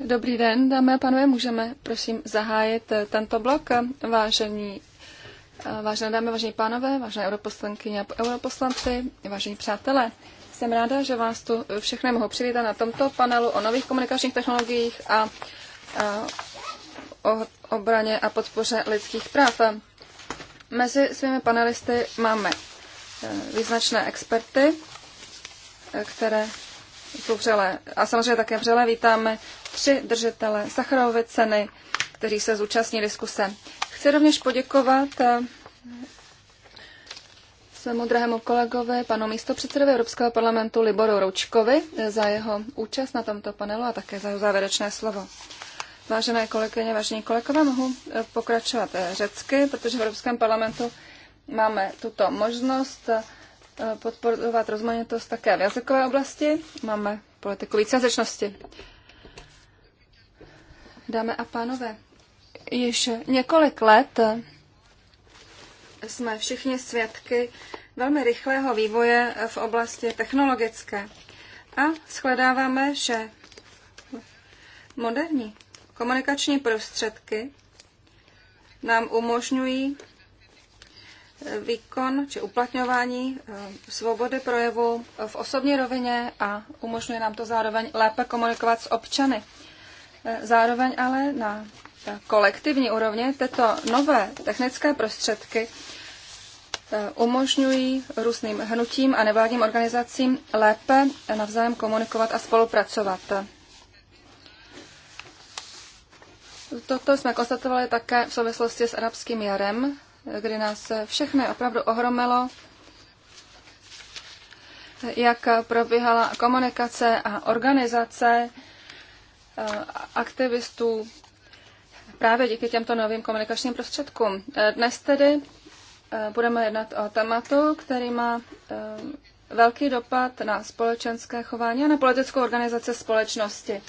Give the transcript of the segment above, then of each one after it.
Dobrý den, dámy a pánové, můžeme prosím zahájit eh, tento blok. Vážení, eh, vážené dámy, vážení pánové, vážené europoslankyně a europoslanci, vážení přátelé, jsem ráda, že vás tu všechny mohu přivítat na tomto panelu o nových komunikačních technologiích a, a o obraně a podpoře lidských práv. Mezi svými panelisty máme eh, význačné experty, které jsou vřele, a samozřejmě také vřele vítáme tři držitele Sacharovy ceny, kteří se zúčastní diskuse. Chci rovněž poděkovat eh, svému drahému kolegovi, panu místopředsedovi Evropského parlamentu Liboru Roučkovi eh, za jeho účast na tomto panelu a také za jeho závěrečné slovo. Vážené kolegyně, vážení kolegové, mohu eh, pokračovat řecky, protože v Evropském parlamentu máme tuto možnost Eh, podporovat rozmanitost také v jazykové oblasti. Máme politiku vícejazyčnosti. Dámy a pánové, již několik let jsme všichni svědky velmi rychlého vývoje v oblasti technologické. A shledáváme, že moderní komunikační prostředky nám umožňují výkon či uplatňování eh, svobody projevu v osobní rovině a umožňuje nám to zároveň lépe komunikovat s občany. Eh, zároveň ale na eh, kolektivní úrovni tyto nové technické prostředky umožňují různým hnutím a nevládním organizacím lépe navzájem komunikovat a spolupracovat. Toto jsme konstatovali také v souvislosti s arabským jarem, kdy nás všechny opravdu ohromilo, jak probíhala komunikace a organizace eh, aktivistů právě díky těmto novým komunikačním prostředkům. Eh, dnes tedy eh, budeme jednat o tématu, který má velký dopad na společenské chování a na politickou organizaci společnosti.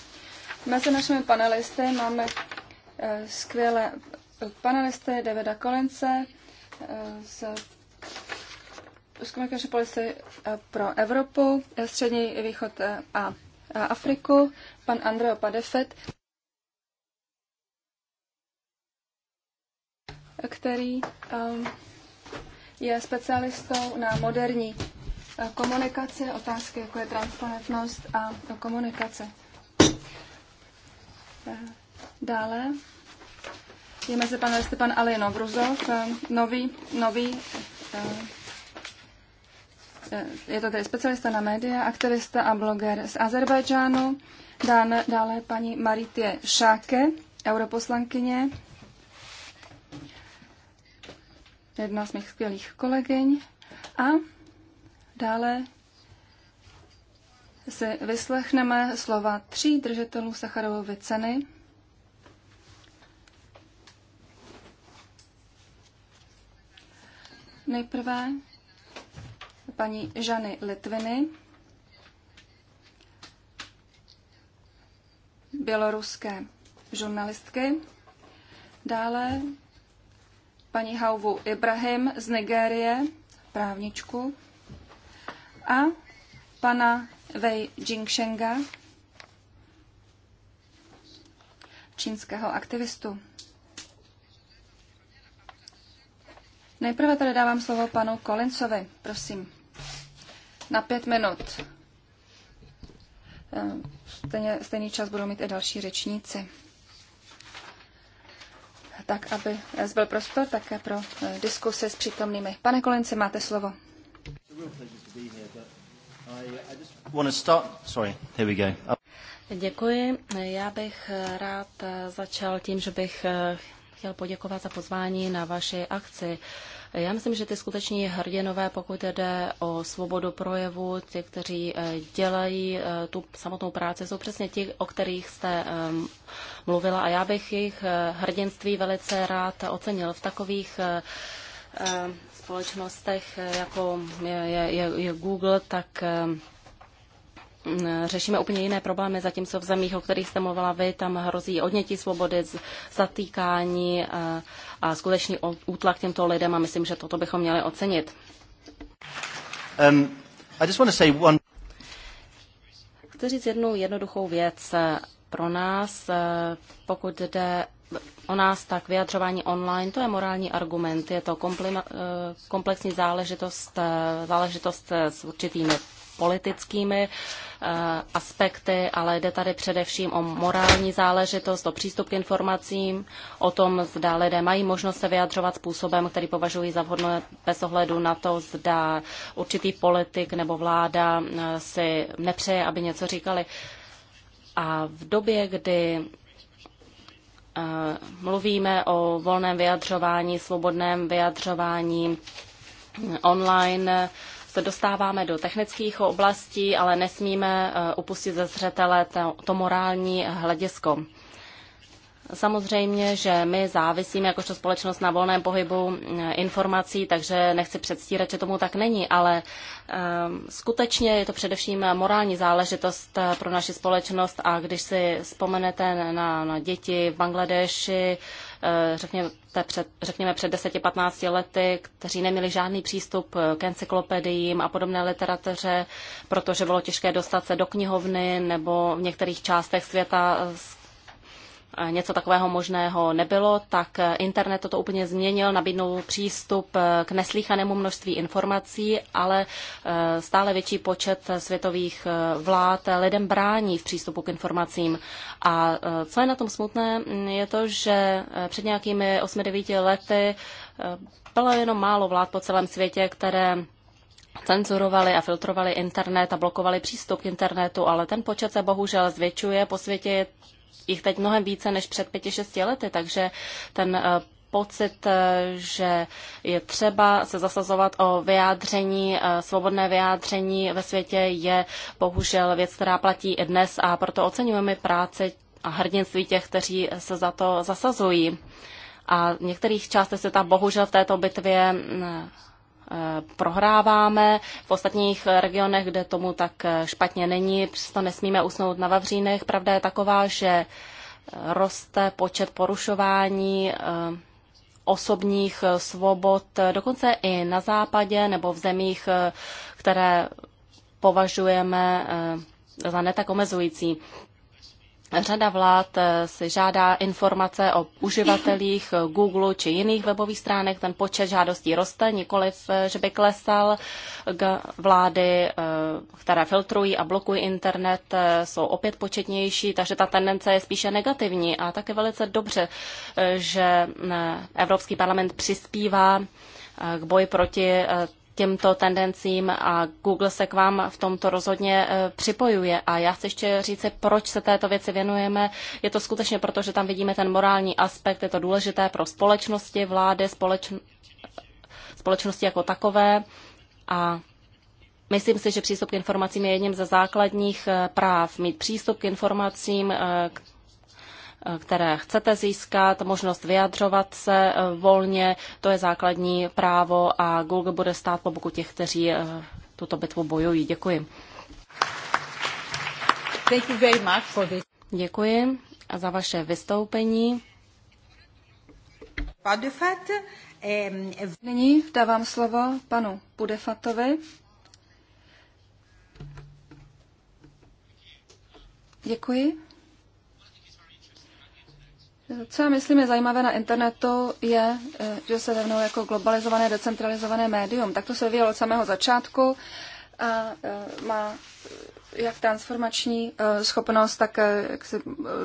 Mezi našimi panelisty máme skvělé panelisty Davida Kolince eh, z z Communication Policy pro Evropu, eh, Střední východ eh, a Afriku, pan Andreo Padefet, který ehm, je specialistou na moderní komunikaci, otázky jako je transparentnost a komunikace. Dále je mezi pan pan Ali Novruzov, eh, nový, nový, eh, eh, je to tedy specialista na média, aktivista a bloger z Azerbajdžánu. Dále, dále paní Maritě Šáke, europoslankyně, jedna z mých skvělých kolegyň. A dále si vyslechneme slova tří držitelů Sacharovovy ceny Nejprve paní Žany Litviny, běloruské žurnalistky, dále paní Hauvu Ibrahim z Nigérie, právničku, a pana Wei Jingshenga, čínského aktivistu. Nejprve tady dávám slovo panu Kolincovi, prosím. Na pět minut. Eh, stejně, stejný čas budou mít i další řečníci. Tak, aby zbyl eh, prostor také pro eh, diskuse s přítomnými. Pane Kolinci, máte slovo. Děkuji. Já bych rád začal tím, že bych chtěl poděkovat za pozvání na vaši akci. Já myslím, že ty skuteční hrdinové, pokud jde o svobodu projevu, ti, kteří eh, dělají eh, tu samotnou práci, jsou přesně ti, o kterých jste eh, mluvila a já bych jejich hrdinství velice rád ocenil v takových společnostech, jako je, je, je Google, tak řešíme úplně jiné problémy, zatímco v zemích, o kterých jste mluvila vy, tam hrozí odnětí svobody, zatýkání a, eh, a skutečný útlak těmto lidem a myslím, že toto bychom měli ocenit. Um, I just want to say one... Chci říct jednu jednoduchou věc eh, pro nás, eh, pokud jde o nás, tak vyjadřování online, to je morální argument, je to komplexní záležitost, záležitost s určitými politickými eh, aspekty, ale jde tady především o morální záležitost, o přístup k informacím, o tom, zda lidé mají možnost se vyjadřovat způsobem, který považují za vhodné bez ohledu na to, zda určitý politik nebo vláda eh, si nepřeje, aby něco říkali. A v době, kdy eh, mluvíme o volném vyjadřování, svobodném vyjadřování online, se dostáváme do technických oblastí, ale nesmíme eh, upustit ze zřetele to, to morální hledisko. Samozřejmě, že my závisíme jakožto společnost na volném pohybu eh, informací, takže nechci předstírat, že tomu tak není, ale ehm, skutečně je to především morální záležitost eh, pro naši společnost a když si vzpomenete na, na děti v Bangladeši, Eh, řekněme, před, řekněme před 10-15 lety, kteří neměli žádný přístup k encyklopediím a podobné literatuře, protože bylo těžké dostat se do knihovny nebo v některých částech světa z něco takového možného nebylo, tak internet toto úplně změnil, nabídnul přístup k neslíchanému množství informací, ale eh, stále větší počet světových eh, vlád lidem brání v přístupu k informacím. A eh, co je na tom smutné, mm, je to, že před nějakými 8-9 lety bylo jenom málo vlád po celém světě, které cenzurovali a filtrovali internet a blokovali přístup k internetu, ale ten počet se bohužel zvětšuje. Po světě je jich teď mnohem více než před pěti, šesti lety, takže ten eh, pocit, eh, že je třeba se zasazovat o vyjádření, eh, svobodné vyjádření ve světě je bohužel věc, která platí i dnes a proto oceňujeme práci a hrdinství těch, kteří se za to zasazují. A v některých částech se ta bohužel v této bitvě mm, Eh, prohráváme. V ostatních regionech, kde tomu tak eh, špatně není, přesto nesmíme usnout na Vavřínech. Pravda je taková, že eh, roste počet porušování osobních svobod, dokonce i na západě nebo v zemích, které považujeme za netak omezující. Řada vlád eh, si žádá informace o uživatelích eh, Google či jiných webových stránek. Ten počet žádostí roste, nikoliv, eh, že by klesal. Vlády, které filtrují a blokují internet, jsou opět početnější, takže ta tendence je spíše negativní. A také velice dobře, že Evropský parlament přispívá k boji proti těmto tendencím a Google se k vám v tomto rozhodně eh, připojuje. A já chci ještě říct, proč se této věci věnujeme. Je to skutečně proto, že tam vidíme ten morální aspekt, je to důležité pro společnosti, vlády, společn společnosti jako takové. A Myslím si, že přístup k informacím je jedním ze základních eh, práv. Mít přístup k informacím, eh, které chcete získat, možnost vyjadřovat se eh, volně, to je základní právo a Google bude stát po boku těch, kteří eh, tuto bitvu bojují. Děkuji. Thank you very much for this. Děkuji za vaše vystoupení. Nyní dávám slovo panu Pudefatovi. Děkuji. Co já myslím je zajímavé na internetu, je, eh, že se mnou jako globalizované, decentralizované médium. Tak to se vyvíjelo od samého začátku a eh, má eh, jak transformační schopnost, tak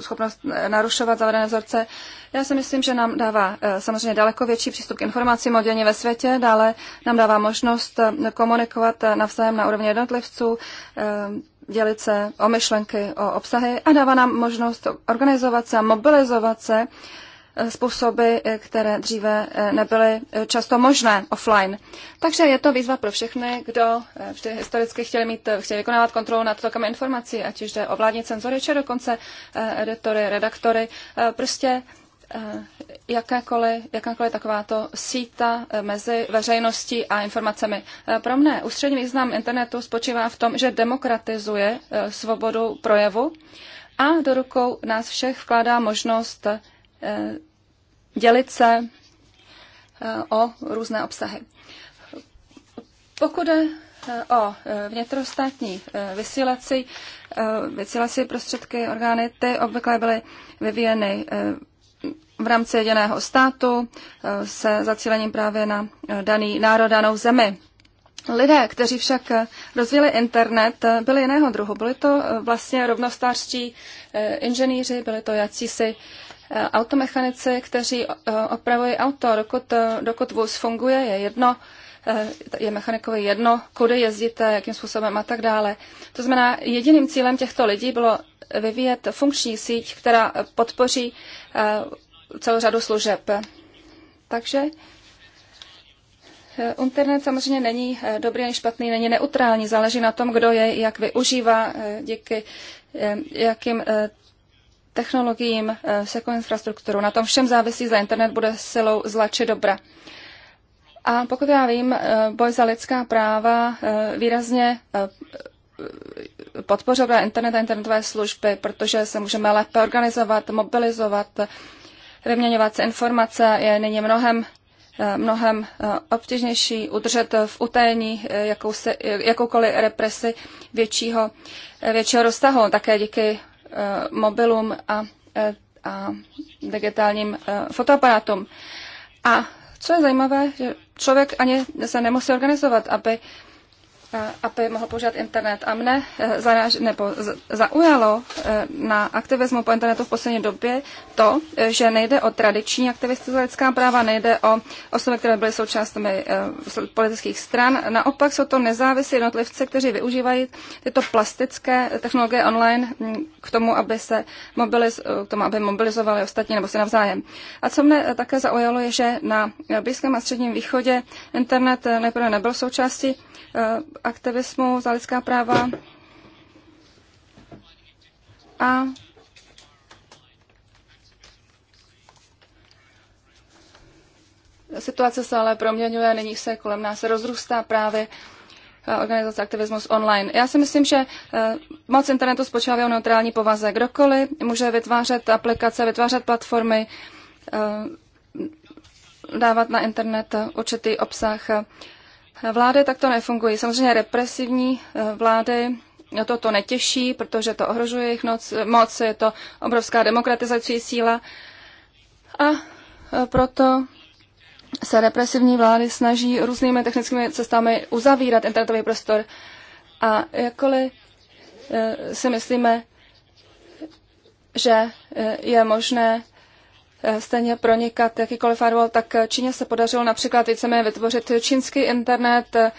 schopnost narušovat zavedené vzorce. Já si myslím, že nám dává samozřejmě daleko větší přístup k informacím o dění ve světě, dále nám dává možnost komunikovat navzájem na úrovni jednotlivců, dělit se o myšlenky, o obsahy a dává nám možnost organizovat se a mobilizovat se eh, způsoby, eh, které dříve eh, nebyly často možné offline. Takže je to výzva pro všechny, kdo vždy historicky chtěli, mít, chtěli vykonávat kontrolu nad tokem informací, ať už jde o vládní cenzory, či dokonce editory, redaktory. Prostě Eh, jakákoliv jakákoliv takováto síta eh, mezi veřejností a informacemi. Eh, pro mne ústřední význam internetu spočívá v tom, že demokratizuje svobodu projevu a do rukou nás všech vkládá možnost dělit se o různé obsahy. Pokud o vnitrostátní vysílací, vysílací prostředky, orgány, ty obvykle byly vyvíjeny v rámci jediného státu eh, se zacílením právě na eh, daný národ, danou zemi. Lidé, kteří však eh, rozvíjeli internet, byli jiného druhu. Byli to vlastně rovnostářští inženýři, byli to jacísi automechanici, kteří opravují auto. Dokud, dokud vůz funguje, je jedno, je mechanikové jedno, kudy jezdíte, jakým způsobem a tak dále. To znamená, jediným cílem těchto lidí bylo vyvíjet funkční síť, která podpoří celou řadu služeb. Takže eh, Internet samozřejmě není eh, dobrý ani špatný, není neutrální, záleží na tom, kdo je, jak využívá, eh, díky jakým technologiím, s jakou infrastrukturu. Na tom všem závisí, za internet bude silou zla či dobra. A pokud já vím, boj za lidská práva výrazně podpořil internet a internetové služby, protože se můžeme lépe organizovat, mobilizovat, vyměňovat se informace je nyní mnohem eh, mnohem eh, obtížnější udržet v utajení eh, jakousi, jakoukoliv represi většího, většího rozsahu, také díky mobilům a, a digitálním fotoaparátům. A co je zajímavé, že člověk ani se nemusí organizovat, aby aby mohl používat internet. A mne eh, zaráž, nebo zaujalo eh, na aktivismu po internetu v poslední době to, eh, že nejde o tradiční aktivisty za lidská práva, nejde o osoby, které byly součástmi politických stran. Naopak jsou to nezávislí jednotlivci, kteří využívají tyto plastické technologie online hm, k tomu, aby se mobiliz, k tomu, aby mobilizovali ostatní nebo se navzájem. A co mne také zaujalo, je, že na Blízkém a Středním východě internet nejprve nebyl součástí aktivismu za lidská práva a Situace se ale proměňuje, nyní se kolem nás rozrůstá právě eh, organizace Aktivismus online. Já si myslím, že eh, moc internetu spočívá v neutrální povaze. Kdokoliv může vytvářet aplikace, vytvářet platformy, eh, dávat na internet určitý obsah. Vlády takto nefungují. Samozřejmě represivní eh, vlády toto no netěší, protože to ohrožuje jejich eh, moc, je to obrovská demokratizační síla. A eh, proto se represivní vlády snaží různými technickými cestami uzavírat internetový prostor. A jakkoliv si myslíme, že je možné Eh, stejně pronikat jakýkoliv firewall, tak eh, Číně se podařilo například víceméně vytvořit čínský internet, eh,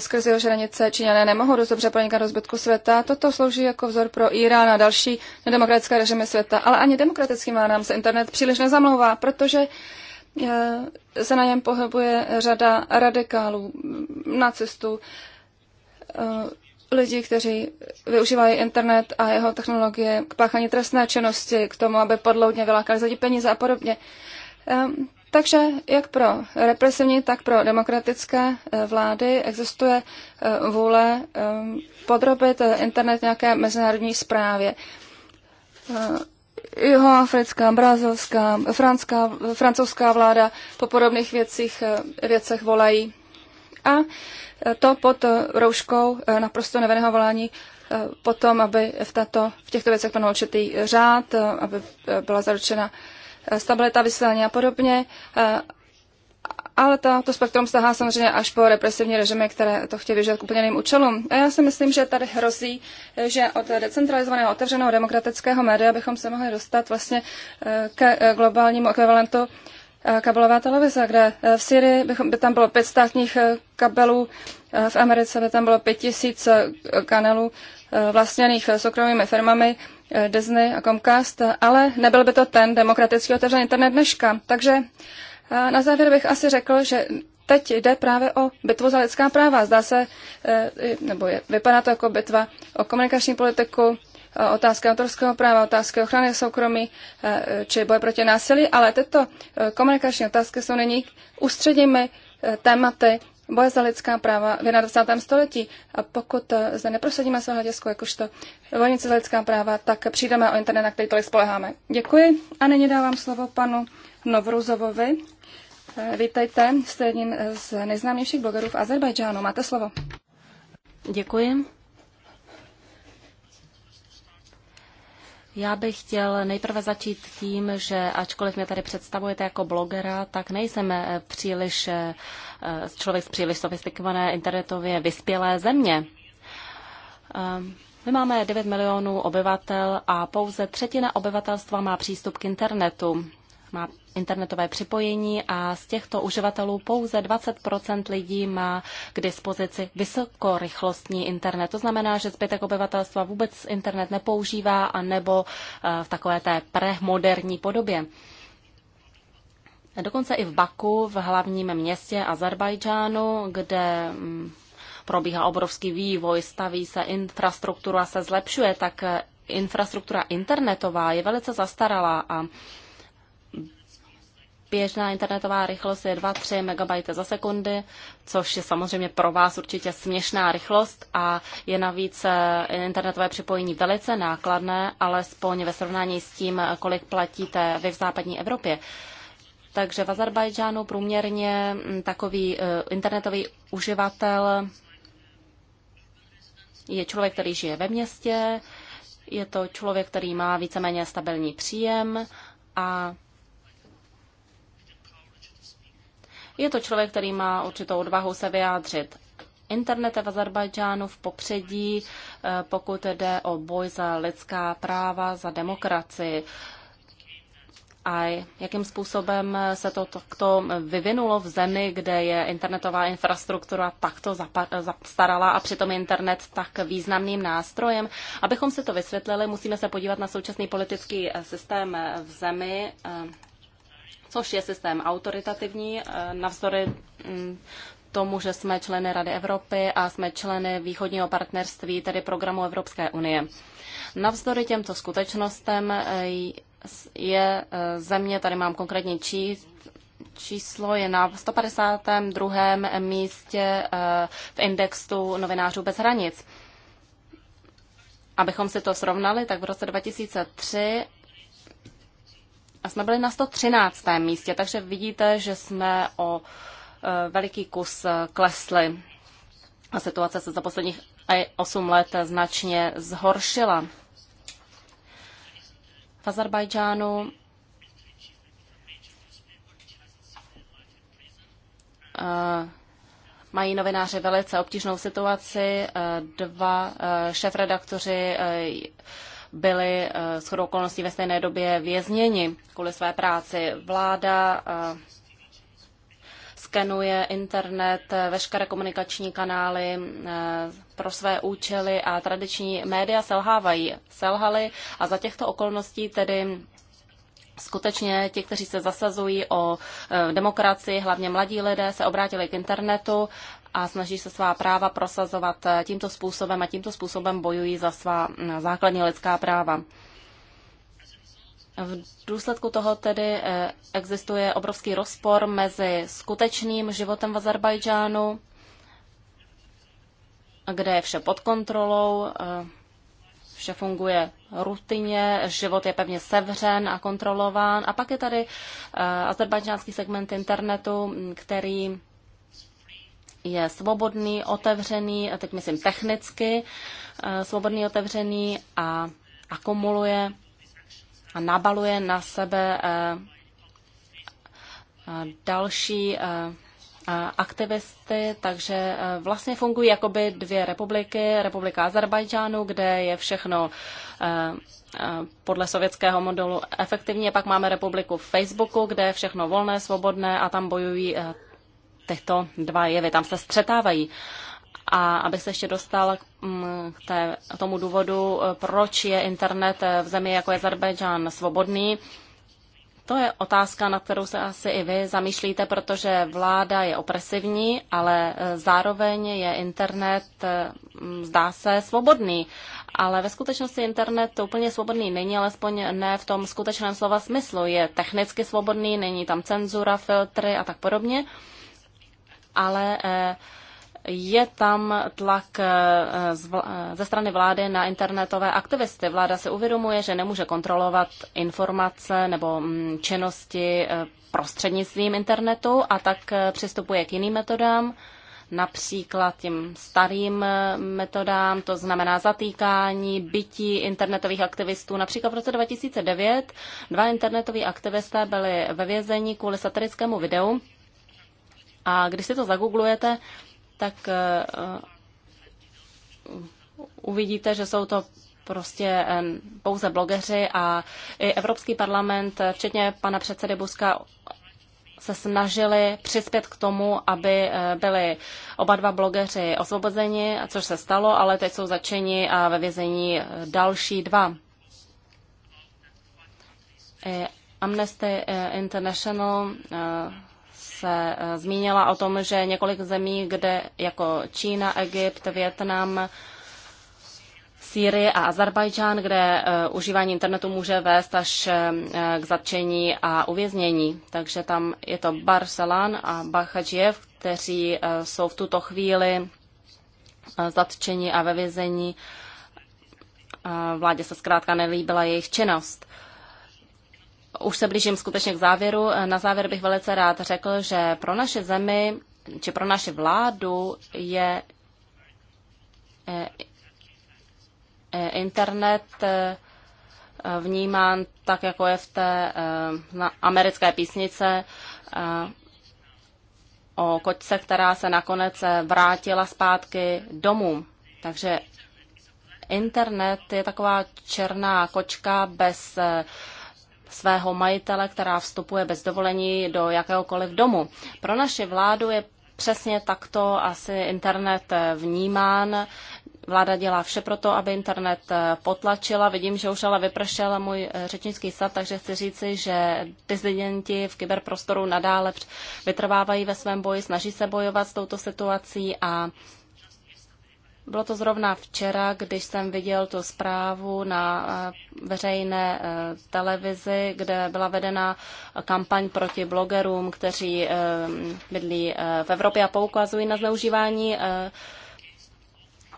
skrze jeho hranice Číňané nemohou dost dobře pronikat do zbytku světa. Toto slouží jako vzor pro Irán a další nedemokratické režimy světa. Ale ani demokratickým nám se internet příliš nezamlouvá, protože se na něm pohybuje řada radikálů, nacistů, lidi, kteří využívají internet a jeho technologie k páchání trestné činnosti, k tomu, aby podloudně vylákali za peníze a podobně. Ehm, takže jak pro represivní, tak pro demokratické eh, vlády existuje eh, vůle ehm, podrobit eh, internet nějaké mezinárodní zprávě. africká, brazilská, francouzská vláda po podobných věcích, věcech volají a to pod rouškou eh, naprosto neveného volání eh, potom, aby v, tato, v těchto věcech panul určitý řád, eh, aby byla zaručena stabilita vysílání a podobně. Ale to to spektrum stahá samozřejmě až po represivní režimy, které to chtějí vyžít k úplně jiným účelům. A já si myslím, že tady hrozí, že od decentralizovaného, otevřeného demokratického média bychom se mohli dostat vlastně ke globálnímu ekvivalentu Eh, kabelová televize, kde eh, v Syrii by tam bylo pět státních eh, kabelů, v Americe by tam bylo pět tisíc kanálů vlastněných soukromými firmami Disney a Comcast, ale nebyl by to ten demokraticky otevřený internet dneška. Takže na závěr bych asi řekl, že teď jde právě o bitvu za lidská práva. Zdá se, nebo je, vypadá to jako bitva o komunikační politiku, Eh, otázky autorského práva, otázky ochrany soukromí eh, či boje proti násilí, ale tyto eh, komunikační otázky jsou nyní ústředními tématy boje za lidská práva v 21. století. A pokud zde neprosadíme své hledisko jakožto vojnice za lidská práva, tak přijdeme o internet, na který tolik spoleháme. Děkuji a nyní dávám slovo panu Novruzovovi. Vítejte, jste jedním z nejznámějších blogerů v Azerbajdžánu. Máte slovo. Děkuji. Já bych chtěl nejprve začít tím, že ačkoliv mě tady představujete jako blogera, tak nejsem eh, příliš eh, eh, člověk z příliš sofistikované internetově vyspělé země. My máme 9 milionů obyvatel a pouze třetina obyvatelstva má přístup k internetu má internetové připojení a z těchto uživatelů pouze 20 lidí má k dispozici vysokorychlostní internet. To znamená, že zbytek obyvatelstva vůbec internet nepoužívá a nebo eh, v takové té premoderní podobě. Dokonce i v Baku, v hlavním městě Azerbajdžánu, kde mm, probíhá obrovský vývoj, staví se infrastruktura, se zlepšuje, tak eh, infrastruktura internetová je velice zastaralá a běžná internetová rychlost je 2-3 MB za sekundy, což je samozřejmě pro vás určitě směšná rychlost a je navíc eh, internetové připojení velice nákladné, alespoň ve srovnání s tím, kolik platíte vy v západní Evropě. Takže v Azerbajdžánu průměrně hm, takový eh, internetový uživatel je člověk, který žije ve městě, je to člověk, který má víceméně stabilní příjem a Je to člověk, který má určitou odvahu se vyjádřit. Internet v Azerbajdžánu v popředí, eh, pokud jde o boj za lidská práva, za demokracii. A jakým způsobem se to takto vyvinulo v zemi, kde je internetová infrastruktura takto zastarala a přitom internet tak významným nástrojem? Abychom si to vysvětlili, musíme se podívat na současný politický eh, systém eh, v zemi což je systém autoritativní, eh, navzdory mm, tomu, že jsme členy Rady Evropy a jsme členy východního partnerství, tedy programu Evropské unie. Navzdory těmto skutečnostem eh, je eh, země, tady mám konkrétně číst, číslo je na 152. místě v indexu novinářů bez hranic. Abychom si to srovnali, tak v roce 2003 a jsme byli na 113. místě, takže vidíte, že jsme o e, veliký kus e, klesli a situace se za posledních 8 e, let značně zhoršila. V Azerbajdžánu mají novináři velice obtížnou situaci. Dva šéfredaktoři byli eh, s chodou okolností ve stejné době vězněni kvůli své práci. Vláda eh, skenuje internet, eh, veškeré komunikační kanály pro své účely a tradiční média selhávají. Selhaly a za těchto okolností tedy skutečně ti, kteří se zasazují o demokracii, hlavně mladí lidé, se obrátili k internetu a snaží se svá práva prosazovat eh, tímto způsobem a tímto způsobem bojují za svá mm, základní lidská práva. V důsledku toho tedy eh, existuje obrovský rozpor mezi skutečným životem v Azerbajdžánu, kde je vše pod kontrolou, eh, vše funguje rutině, život je pevně sevřen a kontrolován. A pak je tady azerbajdžánský segment internetu, mm, který je svobodný, otevřený, a teď myslím technicky, eh, svobodný, otevřený a akumuluje a nabaluje na sebe eh, eh, další aktivisty, takže vlastně fungují jakoby dvě republiky, republika Azerbajdžánu, kde je všechno podle sovětského modelu efektivně, pak máme republiku Facebooku, kde je všechno volné, svobodné a tam bojují tyto dva jevy, tam se střetávají. A aby se ještě dostal k mm, té, tomu důvodu, eh, proč je internet eh, v zemi jako je Azerbajdžán svobodný, to je otázka, na kterou se asi i vy zamýšlíte, protože vláda je opresivní, ale eh, zároveň je internet, mm, zdá se, svobodný. Ale ve skutečnosti internet úplně svobodný není, alespoň ne v tom skutečném slova smyslu. Je technicky svobodný, není tam cenzura, filtry a tak podobně ale eh, je tam tlak eh, eh, ze strany vlády na internetové aktivisty. Vláda se uvědomuje, že nemůže kontrolovat informace nebo mm, činnosti prostřednictvím internetu a tak přistupuje k jiným metodám, například tím starým metodám, to znamená zatýkání, bytí internetových aktivistů. Například v roce 2009 dva internetoví aktivisté byli ve vězení kvůli satirickému videu, a když si to zagooglujete, tak eh, eh, uvidíte, že jsou to prostě pouze blogeři a i Evropský parlament, eh, včetně pana předsedy Buska, se snažili přispět k tomu, aby byli oba dva blogeři osvobozeni, což se stalo, ale teď jsou začeni a ve vězení další dva. Amnesty International se eh, zmínila o tom, že několik zemí, kde jako Čína, Egypt, Větnam, Sýrie a Azerbajdžán, kde eh, užívání internetu může vést až eh, k zatčení a uvěznění. Takže tam je to Barcelan a Bachadžiev, kteří jsou v tuto chvíli zatčeni a ve vězení. Vládě se zkrátka nelíbila jejich činnost. Už se blížím skutečně k závěru. Na závěr bych velice rád řekl, že pro naše zemi či pro naši vládu je eh, eh, internet eh, vnímán tak, jako je v té americké písnice o kočce, která se nakonec vrátila zpátky domů. Takže internet je taková černá kočka bez svého majitele, která vstupuje bez dovolení do jakéhokoliv domu. Pro naši vládu je přesně takto asi internet vnímán. Vláda dělá vše pro to, aby internet potlačila. Vidím, že už ale vypršel můj eh, řečnický stav, takže chci říci, že dizidenti v kyberprostoru nadále vytrvávají ve svém boji, snaží se bojovat s touto situací a bylo to zrovna včera, když jsem viděl tu zprávu na eh, veřejné eh, televizi, kde byla vedena kampaň proti blogerům, kteří eh, bydlí v Evropě a poukazují na zneužívání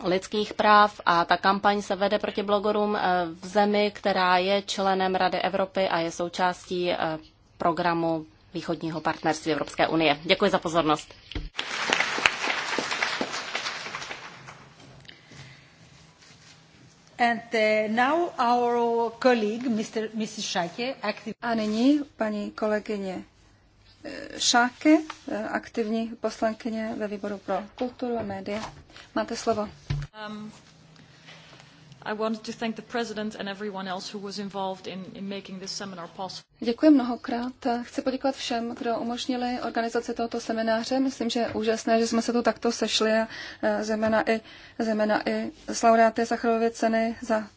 lidských práv a ta kampaň se vede proti blogerům v zemi, která je členem Rady Evropy a je součástí programu východního partnerství Evropské unie. Děkuji za pozornost. And uh, now our colleague, Mr. Mrs. Schake, active... A nyní paní kolegyně Šáke, eh, eh, aktivní poslankyně ve výboru pro kulturu a média. Máte slovo. Um. I wanted to thank the president and everyone else who was involved in, in making this seminar possible. Děkuji mnohokrát. Chci poděkovat všem, kdo umožnili organizaci tohoto semináře. Myslím, že je úžasné, že jsme se tu takto sešli a e, zejména i, zejména i s laureáty Sacharovy ceny za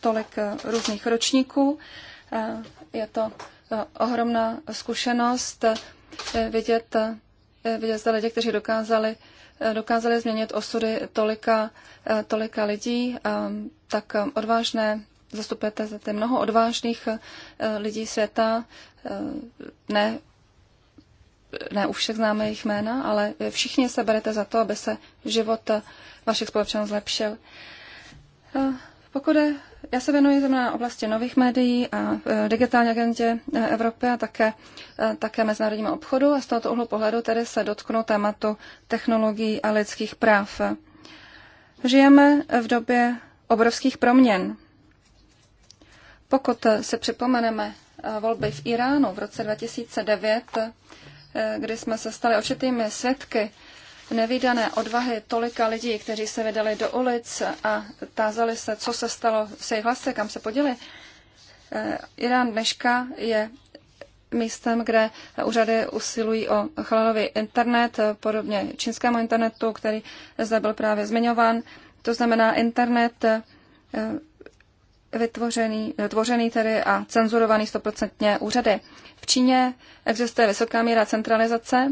tolik e, různých ročníků. E, je to ohromná zkušenost vidět, vidět zde lidi, kteří dokázali dokázali změnit osudy tolika, eh, tolika lidí, tak eh, odvážné zastupujete za ty mnoho odvážných eh, lidí světa, ne, ne u všech známe jejich jména, ale všichni se berete za to, aby se život vašich společnost zlepšil. Pokud je já se věnuji zejména oblasti nových médií a e, digitální agentě e, Evropy a také, e, také mezinárodnímu obchodu a z tohoto uhlu pohledu tedy se dotknu tématu technologií a lidských práv. Žijeme v době obrovských proměn. Pokud se připomeneme volby v Iránu v roce 2009, kdy jsme se stali očitými svědky nevýdané odvahy tolika lidí, kteří se vydali do ulic a tázali se, co se stalo s jejich hlasy, kam se poděli. Eh, Irán dneška je místem, kde úřady usilují o chalalový internet, eh, podobně čínskému internetu, který zde byl právě zmiňován. To znamená internet eh, vytvořený, tvořený tedy a cenzurovaný stoprocentně úřady. V Číně existuje vysoká míra centralizace,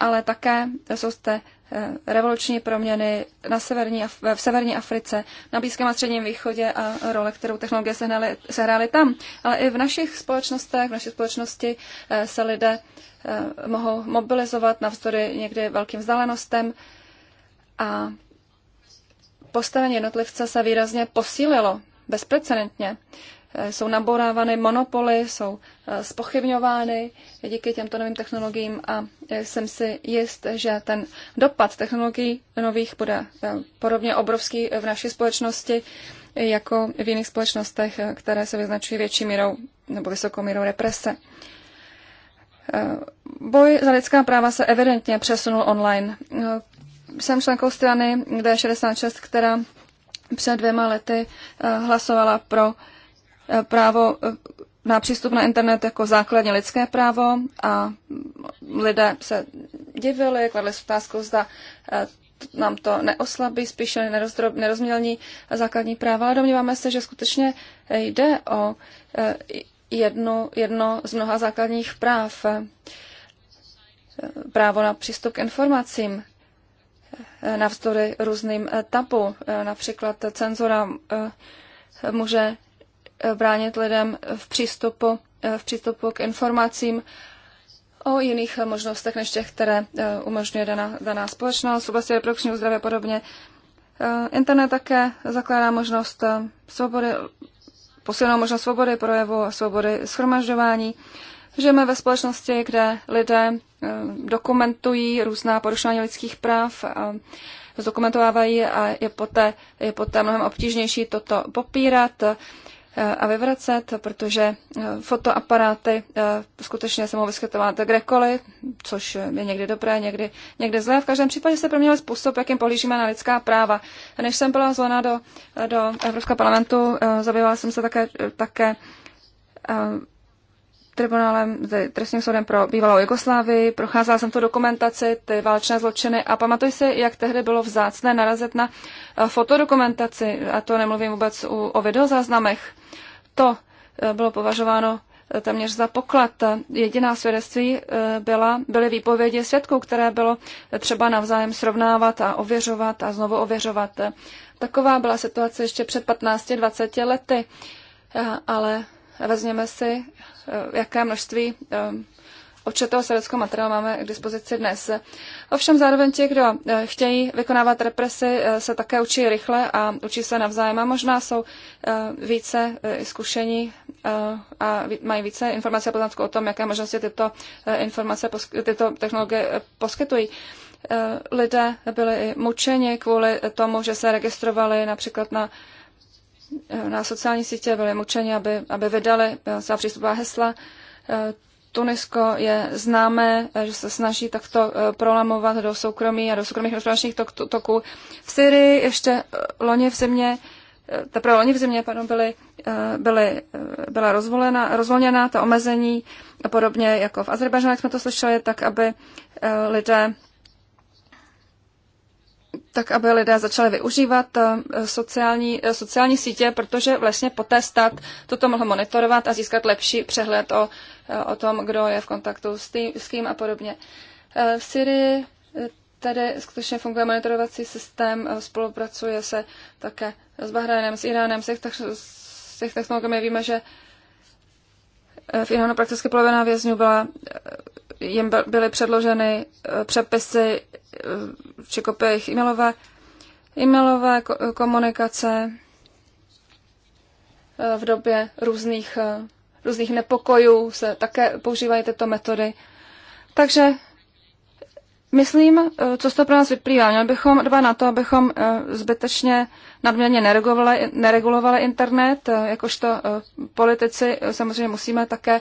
ale také jsou zde eh, revoluční proměny na severní, v severní Africe, na Blízkém a Středním východě a role, kterou technologie sehnaly, sehrály tam. Ale i v našich společnostech, v naší společnosti eh, se lidé eh, mohou mobilizovat navzdory někdy velkým vzdálenostem a postavení jednotlivce se výrazně posílilo bezprecedentně. Eh, jsou nabourávány monopoly, jsou eh, spochybňovány díky těmto novým technologiím a eh, jsem si jist, že ten dopad technologií nových bude podobně obrovský v naší společnosti jako v jiných společnostech, které se vyznačují větší mírou nebo vysokou mírou represe. Boj za lidská práva se evidentně přesunul online. Jsem členkou strany D66, která před dvěma lety hlasovala pro Eh, právo eh, na přístup na internet jako základní lidské právo a lidé se divili, kladli se otázku, zda eh, nám to neoslabí, spíše nerozmělní základní práva, ale domníváme se, že skutečně jde o jedno, jedno z mnoha základních práv. Právo na přístup k informacím, navzdory různým tabu, například cenzura může bránit lidem v přístupu, eh, v přístupu k informacím o jiných možnostech než těch, které eh, umožňuje daná, daná společnost v oblasti reprodukčního zdraví a podobně. Eh, internet také zakládá možnost svobody, posilnou možnost svobody projevu a svobody schromažďování. Žijeme ve společnosti, kde lidé dokumentují různá porušování lidských práv, a zdokumentovávají a je poté, je poté mnohem obtížnější toto popírat a vyvracet, protože eh, fotoaparáty eh, skutečně se mohou vyskytovat kdekoliv, což je někdy dobré, někdy, někdy zlé. V každém případě se proměnil způsob, jakým pohlížíme na lidská práva. Než jsem byla zvolena do, do Evropského parlamentu, eh, zabývala jsem se také, také tribunálem, trestním soudem pro bývalou Jugoslávii, procházela jsem tu dokumentaci, ty válečné zločiny a pamatuj si, jak tehdy bylo vzácné narazit na fotodokumentaci, a to nemluvím vůbec u, o videozáznamech to eh, bylo považováno eh, téměř za poklad. Jediná svědectví eh, byla, byly výpovědi svědků, které bylo třeba navzájem srovnávat a ověřovat a znovu ověřovat. Taková byla situace ještě před 15-20 lety, ale vezměme si, jaké množství toho svědeckého materiálu máme k dispozici dnes. Ovšem zároveň ti, kdo eh, chtějí vykonávat represi, eh, se také učí rychle a učí se navzájem a možná jsou eh, více zkušení a mají více informací a poznatků o tom, jaké možnosti tyto informace, tyto technologie poskytují lidé byli i mučeni kvůli tomu, že se registrovali například na, na sociální sítě, byli mučeni, aby, aby vydali svá přístupová hesla. Tunisko je známé, že se snaží takto eh, prolamovat do soukromí a do soukromých hospodářských toků. V Syrii ještě eh, loni v zimě eh, teprve loni v zimě pardon, byly, byly, byla rozvolena, rozvolněna ta omezení, podobně jako v Azerbajdžánu, jak jsme to slyšeli, tak aby lidé tak aby lidé začali využívat eh, sociální, eh, sociální sítě, protože vlastně poté stát toto mohl monitorovat a získat lepší přehled o, eh, o tom, kdo je v kontaktu s, tý, s kým a podobně. V Syrii tady skutečně funguje monitorovací systém, spolupracuje se také s Bahrajnem, s Iránem, s těch technologiemi víme, že v Iránu prakticky polovina vězňů byla, jim byly předloženy přepisy či kopie e-mailové, e-mailové komunikace eh, v době různých, eh, různých nepokojů se také používají tyto metody. Takže myslím, eh, co z toho pro nás vyplývá. Měli bychom dva na to, abychom zbytečně nadměrně neregulovali, neregulovali internet, jakožto politici samozřejmě musíme také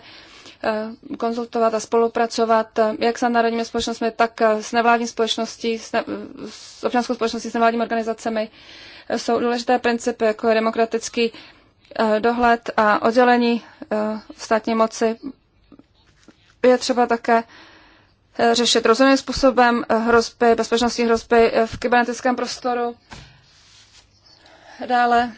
Eh, konzultovat a spolupracovat jak s národními společnostmi, tak eh, s nevládní společností, s, ne, s občanskou společností, s nevládními organizacemi. Eh, jsou důležité principy, jako je demokratický dohled a oddělení státní moci. Je třeba také řešit rozumným způsobem hrozby, bezpečnostní hrozby v kybernetickém prostoru. Dále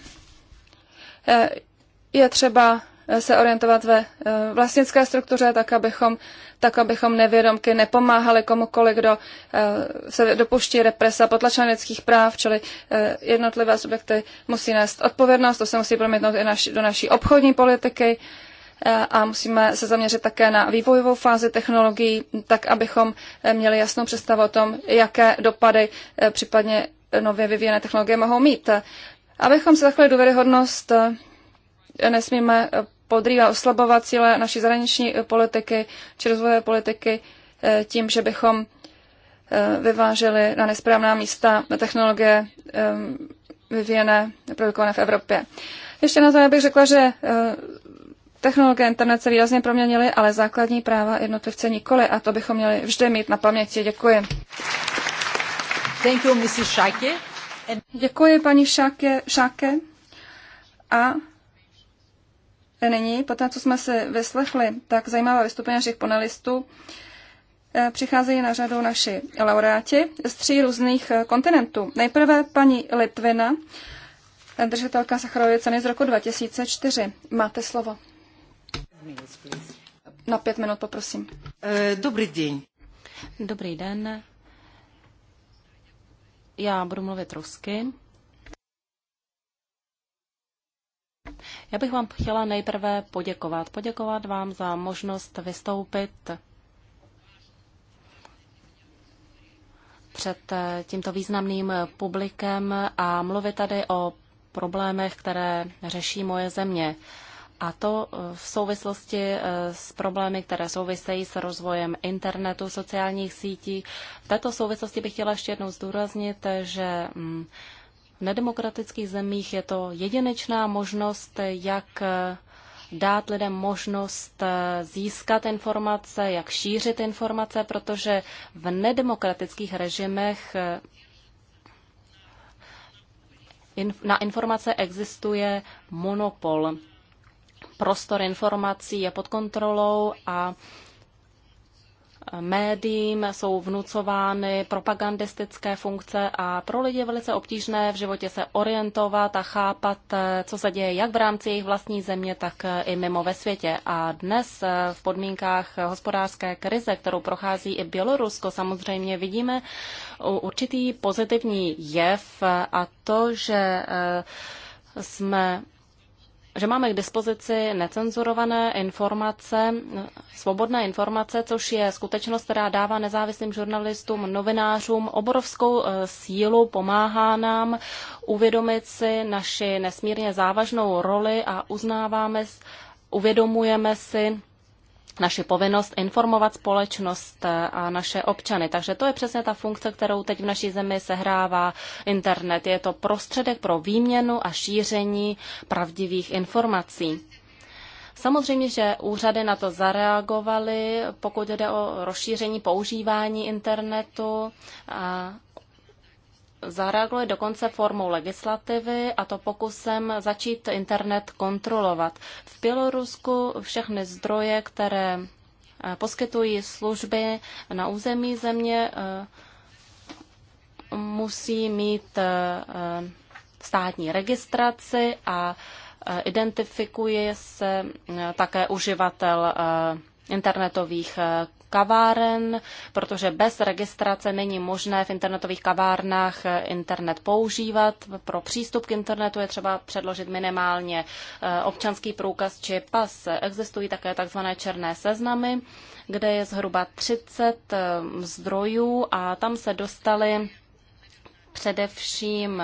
je třeba se orientovat ve eh, vlastnické struktuře, tak abychom, tak abychom nevědomky nepomáhali komukoli, kdo eh, se dopuští represa potlačení lidských práv, čili eh, jednotlivé subjekty musí nést odpovědnost, to se musí promítnout i naši, do naší obchodní politiky a musíme se zaměřit také na vývojovou fázi technologií, tak abychom měli jasnou představu o tom, jaké dopady případně nově vyvíjené technologie mohou mít. Abychom se zachovali důvěryhodnost, nesmíme podrývá, oslabovat cíle naší zahraniční eh, politiky či rozvojové politiky eh, tím, že bychom eh, vyváželi na nesprávná místa technologie vyvíjené, produkované v Evropě. Ještě na to bych řekla, že technologie internet se výrazně proměnily, ale základní práva jednotlivce nikoli a to bychom měli vždy mít na paměti. Děkuji. Thank you, Mrs. Děkuji paní Šáke, Šáke. A Nyní, po té, co jsme si vyslechli, tak zajímavá vystoupení našich panelistů, eh, přicházejí na řadu naši laureáti z tří různých eh, kontinentů. Nejprve paní Litvina, držitelka Sacharovy ceny z roku 2004. Máte slovo. Na pět minut poprosím. Eh, dobrý den. Dobrý den. Já budu mluvit rusky. Já bych vám chtěla nejprve poděkovat. Poděkovat vám za možnost vystoupit před eh, tímto významným publikem a mluvit tady o problémech, které řeší moje země. A to eh, v souvislosti eh, s problémy, které souvisejí s rozvojem internetu, sociálních sítí. V této souvislosti bych chtěla ještě jednou zdůraznit, že mm, nedemokratických zemích je to jedinečná možnost, jak dát lidem možnost získat informace, jak šířit informace, protože v nedemokratických režimech na informace existuje monopol. Prostor informací je pod kontrolou a médiím, jsou vnucovány propagandistické funkce a pro lidi je velice obtížné v životě se orientovat a chápat, eh, co se děje jak v rámci jejich vlastní země, tak eh, i mimo ve světě. A dnes eh, v podmínkách hospodářské krize, kterou prochází i Bělorusko, samozřejmě vidíme určitý pozitivní jev a to, že jsme že máme k dispozici necenzurované informace, svobodné informace, což je skutečnost, která dává nezávislým žurnalistům, novinářům obrovskou eh, sílu, pomáhá nám uvědomit si naši nesmírně závažnou roli a uznáváme, uvědomujeme si naši povinnost informovat společnost a naše občany. Takže to je přesně ta funkce, kterou teď v naší zemi sehrává internet. Je to prostředek pro výměnu a šíření pravdivých informací. Samozřejmě, že úřady na to zareagovaly, pokud jde o rozšíření používání internetu a zareaguje dokonce formou legislativy a to pokusem začít internet kontrolovat. V Bělorusku všechny zdroje, které eh, poskytují služby na území země, eh, musí mít eh, státní registraci a identifikuje se také uživatel internetových kaváren, protože bez registrace není možné v internetových kavárnách eh, internet používat. Pro přístup k internetu je třeba předložit minimálně eh, občanský průkaz či pas. Existují také tzv. černé seznamy, kde je zhruba 30 eh, zdrojů a tam se dostali především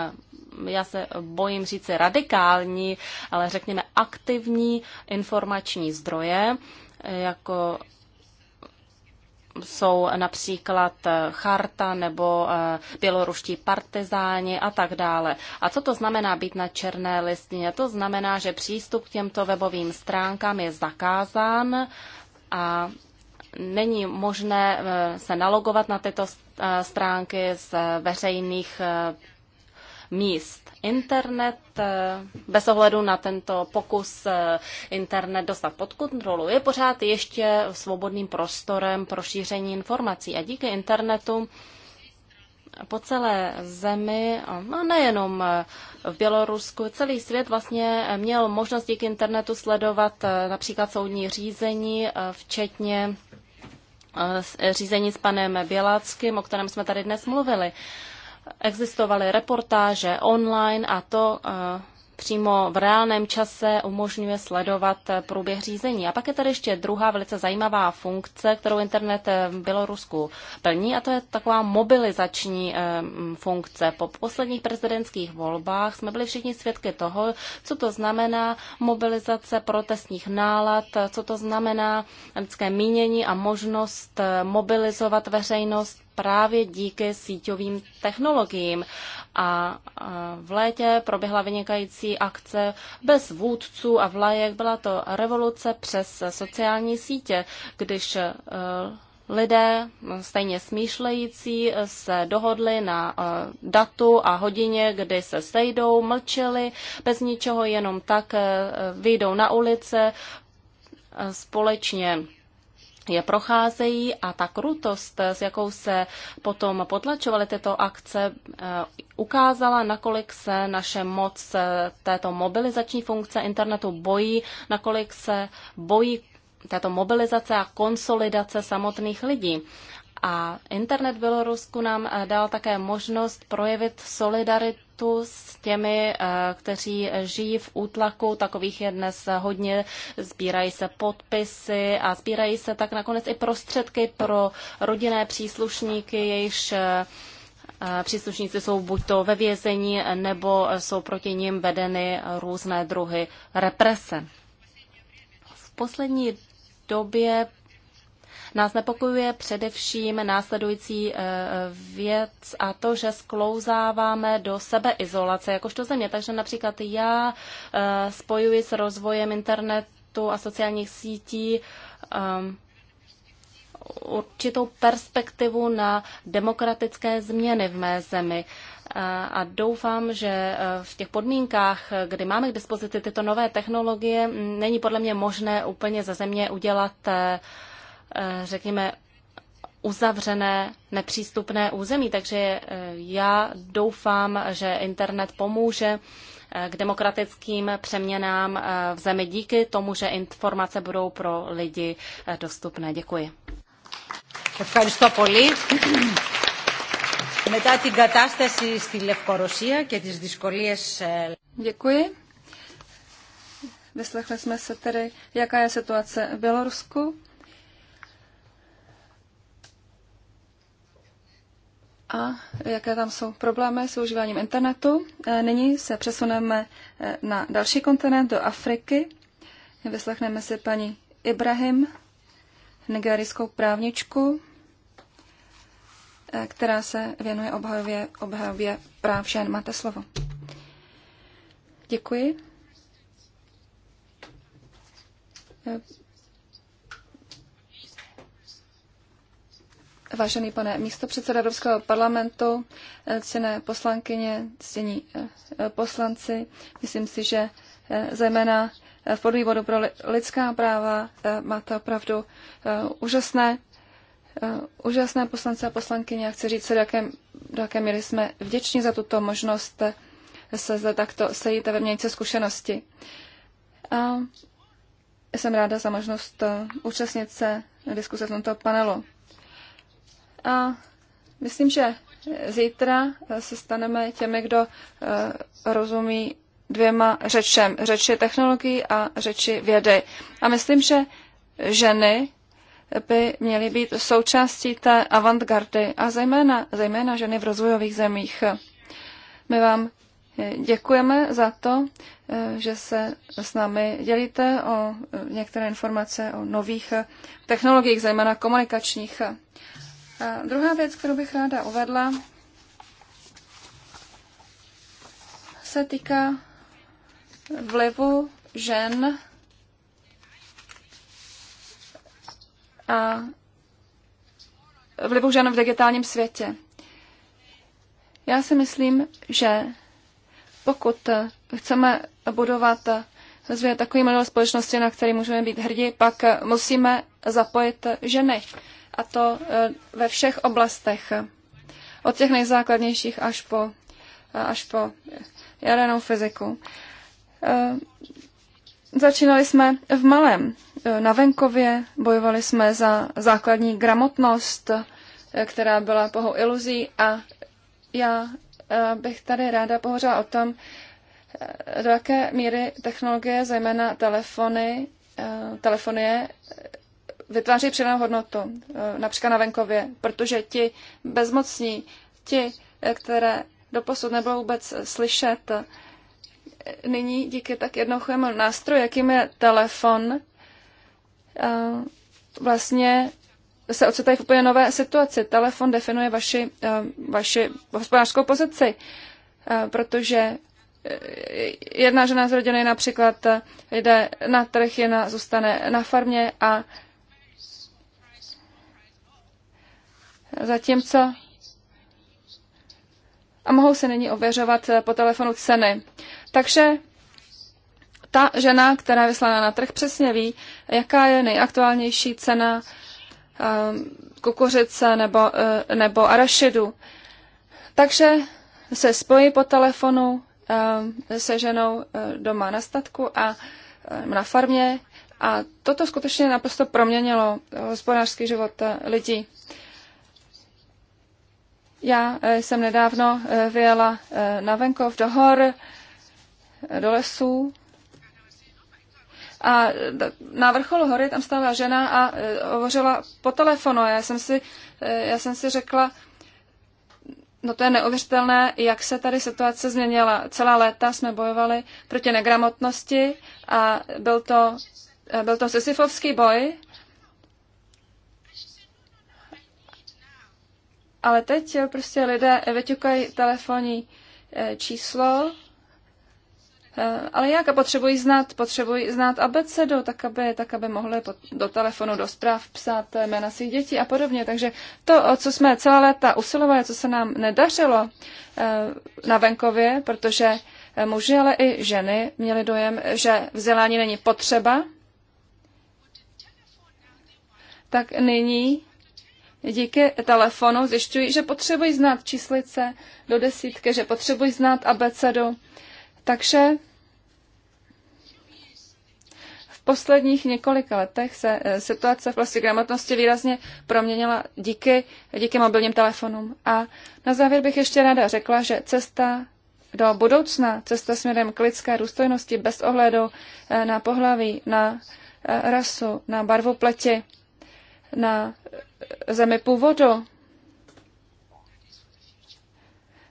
já se bojím říci radikální, ale řekněme aktivní informační zdroje, jako jsou například eh, charta nebo eh, běloruští partizáni a tak dále. A co to znamená být na černé listině? To znamená, že přístup k těmto webovým stránkám je zakázán a není možné eh, se nalogovat na tyto stránky z veřejných míst. Internet, eh, bez ohledu na tento pokus eh, internet dostat pod kontrolu, je pořád ještě svobodným prostorem pro šíření informací. A díky internetu po celé zemi, no nejenom eh, v Bělorusku, celý svět vlastně měl možnost díky internetu sledovat například soudní řízení, včetně řízení s panem Běláckým, o kterém jsme tady dnes mluvili existovaly reportáže online a to eh, přímo v reálném čase umožňuje sledovat eh, průběh řízení. A pak je tady ještě druhá velice zajímavá funkce, kterou internet eh, v Bělorusku plní, a to je taková mobilizační funkce. Po posledních prezidentských volbách jsme byli všichni svědky toho, co to znamená mobilizace protestních nálad, co to znamená lidské mínění a možnost mobilizovat veřejnost právě díky síťovým technologiím. A v létě proběhla vynikající akce bez vůdců a vlajek. Byla to revoluce přes sociální sítě, když e, lidé stejně smýšlející se dohodli na e, datu a hodině, kdy se sejdou, mlčeli, bez ničeho jenom tak e, vyjdou na ulice společně je procházejí a ta krutost, s jakou se potom potlačovaly tyto akce, eh, ukázala, nakolik se naše moc eh, této mobilizační funkce internetu bojí, nakolik se bojí této mobilizace a konsolidace samotných lidí. A internet v Bělorusku nám eh, dal také možnost projevit solidaritu s těmi, eh, kteří žijí v útlaku. Takových je dnes hodně. Sbírají se podpisy a sbírají se tak nakonec i prostředky pro rodinné příslušníky, jejichž eh, příslušníci jsou buď to ve vězení, nebo jsou proti ním vedeny různé druhy represe. V poslední době nás nepokojuje především následující eh, věc a to, že sklouzáváme do sebeizolace jakožto země. Takže například já eh, spojuji s rozvojem internetu a sociálních sítí eh, určitou perspektivu na demokratické změny v mé zemi. A doufám, že v těch podmínkách, kdy máme k dispozici tyto nové technologie, mm, není podle mě možné úplně ze země udělat Eh, řekněme, uzavřené, nepřístupné území. Takže eh, já doufám, že internet pomůže eh, k demokratickým přeměnám v zemi díky tomu, že informace budou pro lidi dostupné. Děkuji. Ευχαριστώ πολύ. Μετά την κατάσταση στη Λευκορωσία και τις δυσκολίες... Děkuji. Vyslechli jsme se tedy, jaká je situace v Bělorusku. a jaké tam jsou problémy s užíváním internetu. E, nyní se přesuneme e, na další kontinent, do Afriky. Vyslechneme si paní Ibrahim, nigerijskou právničku, e, která se věnuje obhajově, obhajově práv žen. Máte slovo. Děkuji. Vážený pane místopředseda Evropského parlamentu, eh, ctěné poslankyně, ctění eh, poslanci, myslím si, že eh, zejména v podvýboru pro lidská práva máte opravdu úžasné, úžasné poslance a poslankyně. A chci říct, do jaké, do jaké míry jsme vděční za tuto možnost se zde takto sejít a ve se zkušenosti. A jsem ráda za možnost účastnit se diskuse v tomto panelu. A myslím, že zítra se staneme těmi, kdo eh, rozumí dvěma řečem. Řeči technologií a řeči vědy. A myslím, že ženy by měly být součástí té avantgardy a zejména, zejména ženy v rozvojových zemích. My vám eh, děkujeme za to, eh, že se s námi dělíte o některé informace o nových technologiích, zejména komunikačních. Eh, druhá věc, kterou bych ráda uvedla, se týká vlivu žen a vlivu žen v digitálním světě. Já si myslím, že pokud chceme budovat rozvíjet takový model společnosti, na který můžeme být hrdí, pak musíme zapojit ženy a to e, ve všech oblastech. Od těch nejzákladnějších až po, e, až po jadernou fyziku. E, začínali jsme v malém, na venkově, bojovali jsme za základní gramotnost, která byla pohou iluzí a já bych tady ráda pohořila o tom, do jaké míry technologie, zejména telefony, telefonie, vytváří přidanou hodnotu, e, například na venkově, protože ti bezmocní, ti, e, které doposud nebylo vůbec slyšet, e, nyní díky tak jednoduchému nástroji, jakým je telefon, vlastně se ocitají v úplně nové situaci. Telefon definuje vaši, vaši hospodářskou pozici, protože jedna žena z rodiny například jde na trh, jedna zůstane na farmě a zatímco a mohou se nyní ověřovat eh, po telefonu ceny. Takže ta žena, která je vyslána na trh, přesně ví, jaká je nejaktuálnější cena ehm, kukuřice nebo, eh, nebo arašidu. Takže se spojí po telefonu ehm, se ženou eh, doma na statku a na farmě a toto skutečně naprosto proměnilo hospodářský život lidí. Já eh, jsem nedávno eh, vyjela eh, na venkov do hor, do lesů. A na vrcholu hory tam stála žena a hovořila po telefonu. Já jsem si, já jsem si řekla, no to je neuvěřitelné, jak se tady situace změnila. Celá léta jsme bojovali proti negramotnosti a byl to, byl to sisyfovský boj, Ale teď prostě lidé vyťukají telefonní eh, číslo, eh, ale jak? A potřebují znát, potřebují znát abecedu, tak aby, tak aby mohli do telefonu, do zpráv psát jména svých dětí a podobně. Takže to, o co jsme celá léta usilovali, co se nám nedařilo eh, na venkově, protože muži, ale i ženy měli dojem, že vzdělání není potřeba, tak nyní díky telefonu zjišťují, že potřebují znát číslice do desítky, že potřebují znát abecedu. Takže v posledních několika letech se eh, situace v oblasti gramotnosti výrazně proměnila díky, díky mobilním telefonům. A na závěr bych ještě ráda řekla, že cesta do budoucna, cesta směrem k lidské důstojnosti bez ohledu eh, na pohlaví, na eh, rasu, na barvu pleti, na zemi původu.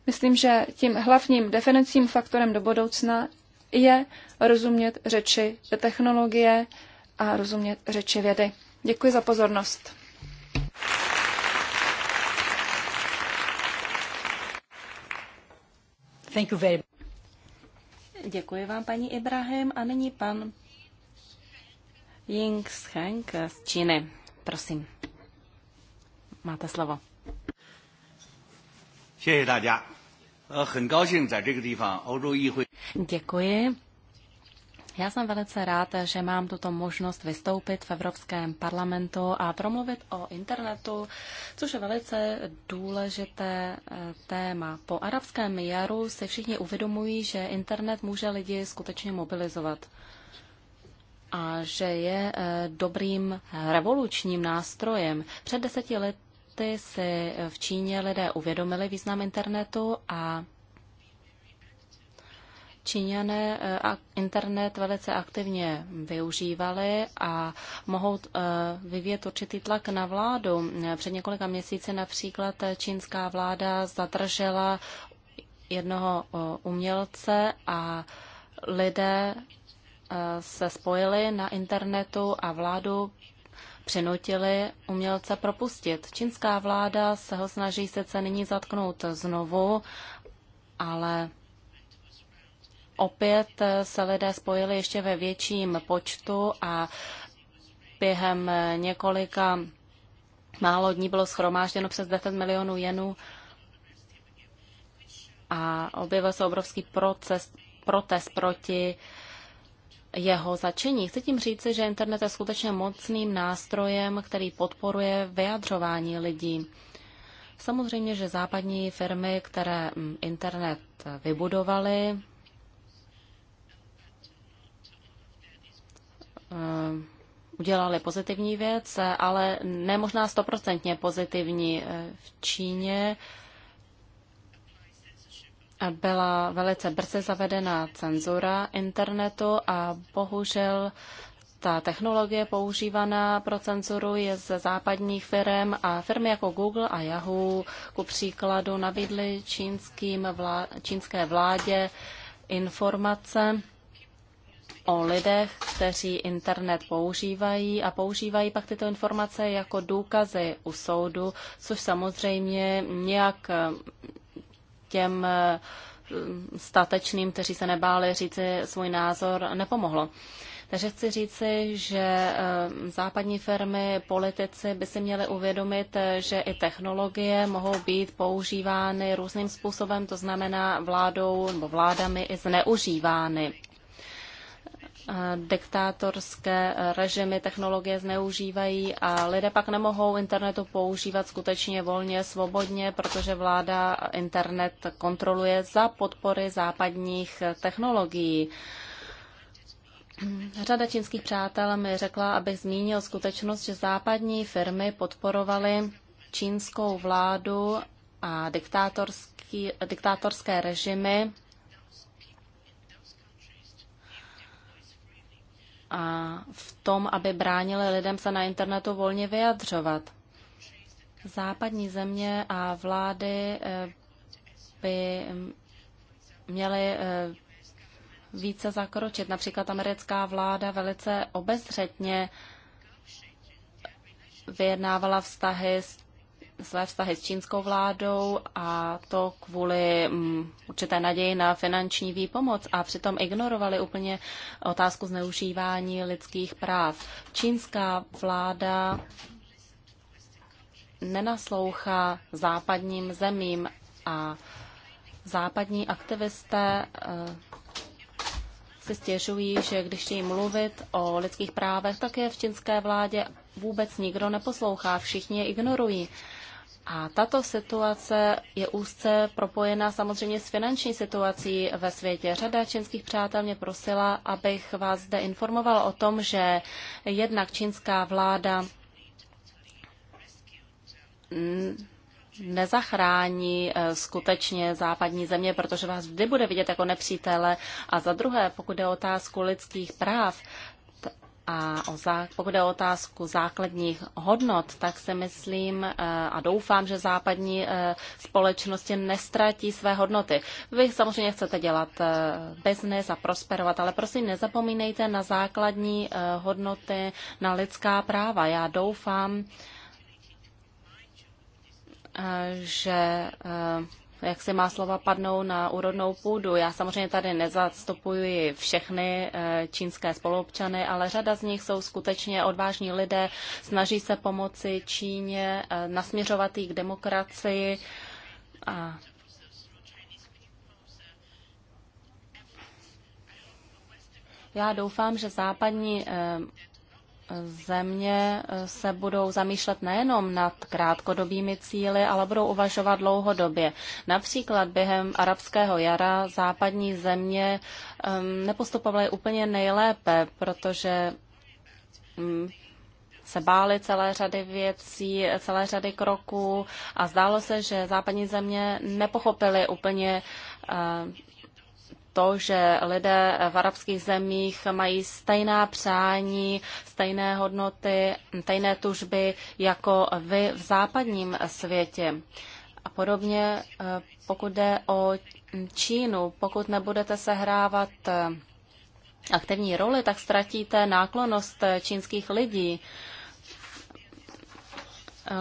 Myslím, že tím hlavním definicím faktorem do budoucna je rozumět řeči technologie a rozumět řeči vědy. Děkuji za pozornost. Thank you very Děkuji vám, paní Ibrahim. A nyní pan Ying Scheng z Číny. Prosím. Máte slovo. Děkuji. Já jsem velice rád, že mám tuto možnost vystoupit v Evropském parlamentu a promluvit o internetu, což je velice důležité eh, téma. Po arabském jaru si všichni uvědomují, že internet může lidi skutečně mobilizovat a že je eh, dobrým revolučním nástrojem. Před deseti let lety si v Číně lidé uvědomili význam internetu a Číňané eh, internet velice aktivně využívali a mohou eh, vyvíjet určitý tlak na vládu. Před několika měsíci například čínská vláda zadržela jednoho eh, umělce a lidé se spojili na internetu a vládu přinutili umělce propustit. Čínská vláda se ho snaží sice nyní zatknout znovu, ale opět se lidé spojili ještě ve větším počtu a během několika málo dní bylo schromážděno přes 10 milionů jenů a objevil se obrovský proces, protest proti jeho začení. Chci tím říci, že internet je skutečně mocným nástrojem, který podporuje vyjadřování lidí. Samozřejmě, že západní firmy, které mm, internet vybudovaly, eh, udělali pozitivní věc, ale nemožná stoprocentně pozitivní. Eh, v Číně byla velice brzy zavedena cenzura internetu a bohužel ta technologie používaná pro cenzuru je ze západních firm a firmy jako Google a Yahoo ku příkladu nabídly čínským vlá- čínské vládě informace o lidech, kteří internet používají a používají pak tyto informace jako důkazy u soudu, což samozřejmě nějak těm eh, statečným, kteří se nebáli říci svůj názor, nepomohlo. Takže chci říci, že eh, západní firmy, politici by si měli uvědomit, eh, že i technologie mohou být používány různým způsobem, to znamená vládou nebo vládami i zneužívány diktátorské eh, režimy technologie zneužívají a lidé pak nemohou internetu používat skutečně volně, svobodně, protože vláda internet kontroluje za podpory západních eh, technologií. Řada čínských přátel mi řekla, abych zmínil skutečnost, že západní firmy podporovaly čínskou vládu a diktátorské režimy a v tom, aby bránili lidem se na internetu volně vyjadřovat. Západní země a vlády eh, by měly eh, více zakročit. Například americká vláda velice obezřetně vyjednávala vztahy s své vztahy s čínskou vládou a to kvůli um, určité naději na finanční výpomoc a přitom ignorovali úplně otázku zneužívání lidských práv. Čínská vláda nenaslouchá západním zemím a západní aktivisté eh, si stěžují, že když chtějí mluvit o lidských právech, tak je v čínské vládě vůbec nikdo neposlouchá, všichni je ignorují. A tato situace je úzce propojená samozřejmě s finanční situací ve světě. Řada čínských přátel mě prosila, abych vás zde informovala o tom, že jednak čínská vláda nezachrání eh, skutečně západní země, protože vás vždy bude vidět jako nepřítele. A za druhé, pokud je otázku lidských práv, a o zá, pokud je o otázku základních hodnot, tak se myslím eh, a doufám, že západní eh, společnosti nestratí své hodnoty. Vy samozřejmě chcete dělat eh, biznes a prosperovat, ale prosím nezapomínejte na základní hodnoty, na lidská práva. Já doufám, že jak si má slova padnou na úrodnou půdu. Já samozřejmě tady nezastupuji všechny eh, čínské spoluobčany, ale řada z nich jsou skutečně odvážní lidé, snaží se pomoci Číně, eh, nasměřovat jí k demokracii. A já doufám, že západní eh, země eh, se budou zamýšlet nejenom nad krátkodobými cíly, ale budou uvažovat dlouhodobě. Například během arabského jara západní země ehm, nepostupovaly úplně nejlépe, protože hm, se báli celé řady věcí, celé řady kroků a zdálo se, že západní země nepochopily úplně eh, to, že lidé v arabských zemích mají stejná přání, stejné hodnoty, stejné tužby jako vy v západním světě. A podobně, eh, pokud jde o Čínu, pokud nebudete sehrávat eh, aktivní roli, tak ztratíte náklonost eh, čínských lidí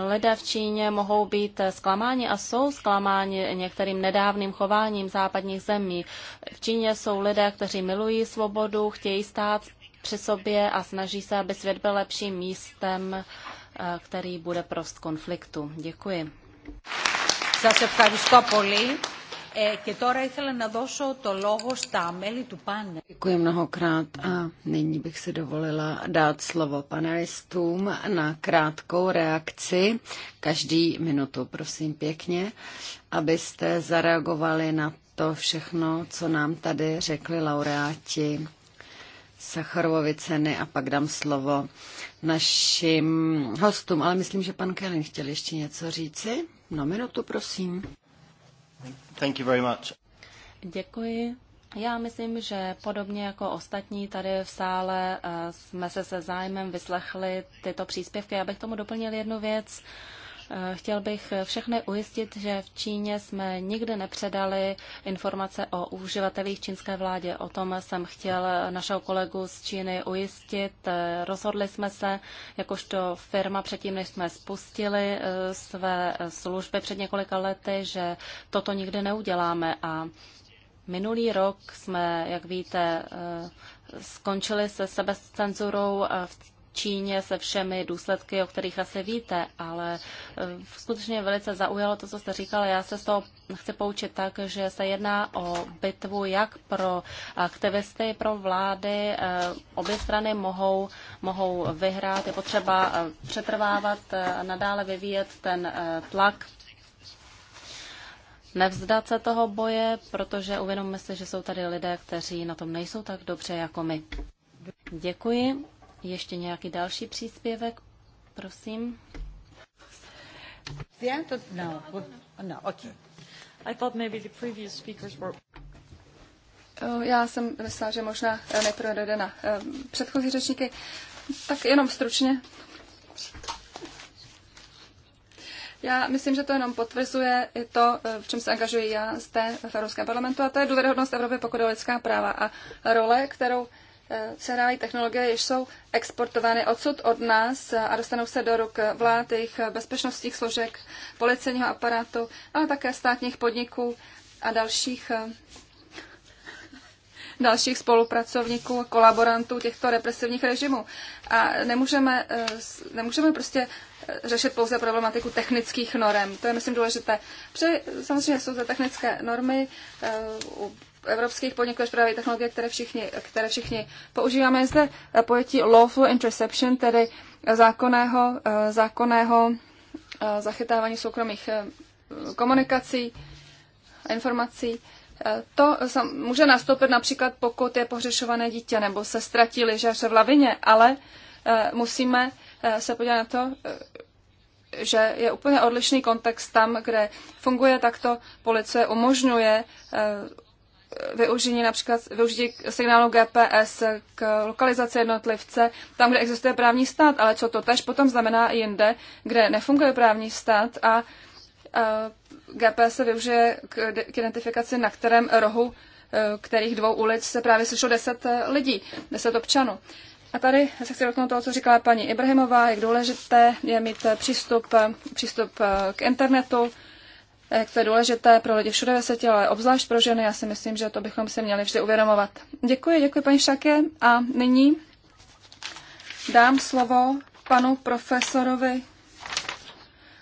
lidé v Číně mohou být zklamáni a jsou zklamáni některým nedávným chováním západních zemí. V Číně jsou lidé, kteří milují svobodu, chtějí stát při sobě a snaží se, aby svět byl lepším místem, eh, který bude prost konfliktu. Děkuji. Zase Děkuji mnohokrát a nyní bych si dovolila dát slovo panelistům na krátkou reakci. Každý minutu, prosím pěkně, abyste zareagovali na to všechno, co nám tady řekli laureáti Sacharovovy ceny a pak dám slovo našim hostům. Ale myslím, že pan Kelly chtěl ještě něco říci. No minutu, prosím. Thank you very much. Děkuji. Já myslím, že podobně jako ostatní tady v sále eh, jsme se se zájmem vyslechli tyto příspěvky. Já bych tomu doplnil jednu věc. Eh, chtěl bych všechny ujistit, že v Číně jsme nikdy nepředali informace o uživatelích čínské vládě. O tom jsem chtěl našeho kolegu z Číny ujistit. Eh, rozhodli jsme se, jakožto firma předtím, než jsme spustili eh, své služby před několika lety, že toto nikdy neuděláme a Minulý rok jsme, jak víte, skončili se sebecenzurou v Číně se všemi důsledky, o kterých asi víte, ale eh, skutečně velice zaujalo to, co jste říkal. Já se z toho chci poučit tak, že se jedná o bitvu jak pro aktivisty, pro vlády. Eh, obě strany mohou, mohou vyhrát. Je potřeba eh, přetrvávat, nadále vyvíjet ten tlak nevzdat se toho boje, protože uvědomme si, že jsou tady lidé, kteří na tom nejsou tak dobře jako my. Děkuji. Ještě nějaký další příspěvek, prosím. No, no, okay. I thought maybe the previous speakers were... Já jsem myslela, že možná eh, nejprve dojde na eh, předchozí řečníky. Tak jenom stručně. Já myslím, že to jenom potvrzuje i to, eh, v čem se angažuji já zde v Evropském parlamentu, a to je důvěryhodnost Evropy, pokud je lidská práva a role, kterou Eh, cenály technologie, jež jsou exportovány odsud od nás a dostanou se do ruk vlád, jejich bezpečnostních složek, policejního aparátu, ale také státních podniků a dalších eh, dalších spolupracovníků, kolaborantů těchto represivních režimů. A nemůžeme, eh, nemůžeme prostě řešit pouze problematiku technických norem. To je, myslím, důležité. Protože samozřejmě jsou to technické normy u evropských podniků, které právě technologie, které všichni, které všichni používáme. Je zde eh, pojetí lawful interception, tedy eh, zákonného, eh, zákonného zachytávání soukromých komunikací a informací. To může nastoupit například, pokud je pohřešované dítě nebo se ztratí lyžař v lavině, ale musíme se podívat na to, že je úplně odlišný kontext tam, kde funguje takto, policie umožňuje využití například využití signálu GPS k lokalizaci jednotlivce tam, kde existuje právní stát, ale co to tež potom znamená i jinde, kde nefunguje právní stát a, a GPS se využije k, k identifikaci, na kterém rohu e, kterých dvou ulic se právě sešlo deset e, lidí, deset občanů. A tady se chci dotknout toho, co říkala paní Ibrahimová, jak důležité je mít e, přístup, přístup k internetu, jak eh, to je důležité pro lidi všude ve světě, ale obzvlášť pro ženy. Já si myslím, že to bychom si měli vždy uvědomovat. Děkuji, děkuji paní Šaké a nyní dám slovo panu profesorovi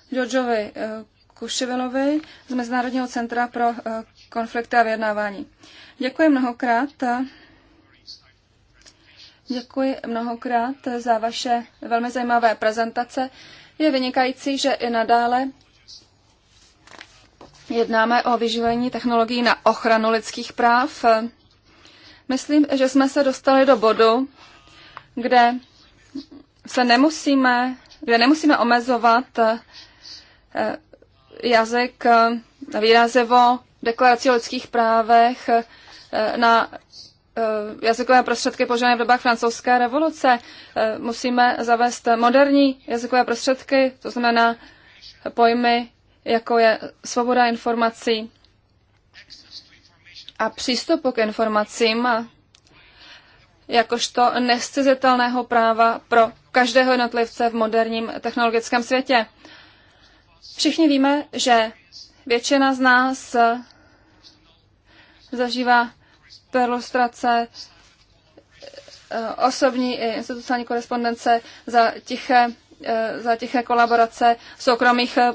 Georgeovi eh, Kuševilovi z Mezinárodního centra pro eh, konflikty a vyjednávání. Děkuji mnohokrát. Děkuji mnohokrát za vaše velmi zajímavé prezentace. Je vynikající, že i nadále jednáme o vyživení technologií na ochranu lidských práv. Myslím, že jsme se dostali do bodu, kde se nemusíme, kde nemusíme omezovat eh, jazyk eh, výrazevo deklarací o lidských právech eh, na jazykové prostředky požené v dobách francouzské revoluce. Musíme zavést moderní jazykové prostředky, to znamená pojmy jako je svoboda informací a přístupu k informacím jakožto nescizitelného práva pro každého jednotlivce v moderním technologickém světě. Všichni víme, že většina z nás zažívá perlustrace eh, osobní i institucionální korespondence za tiché, eh, za tiché kolaborace soukromých eh,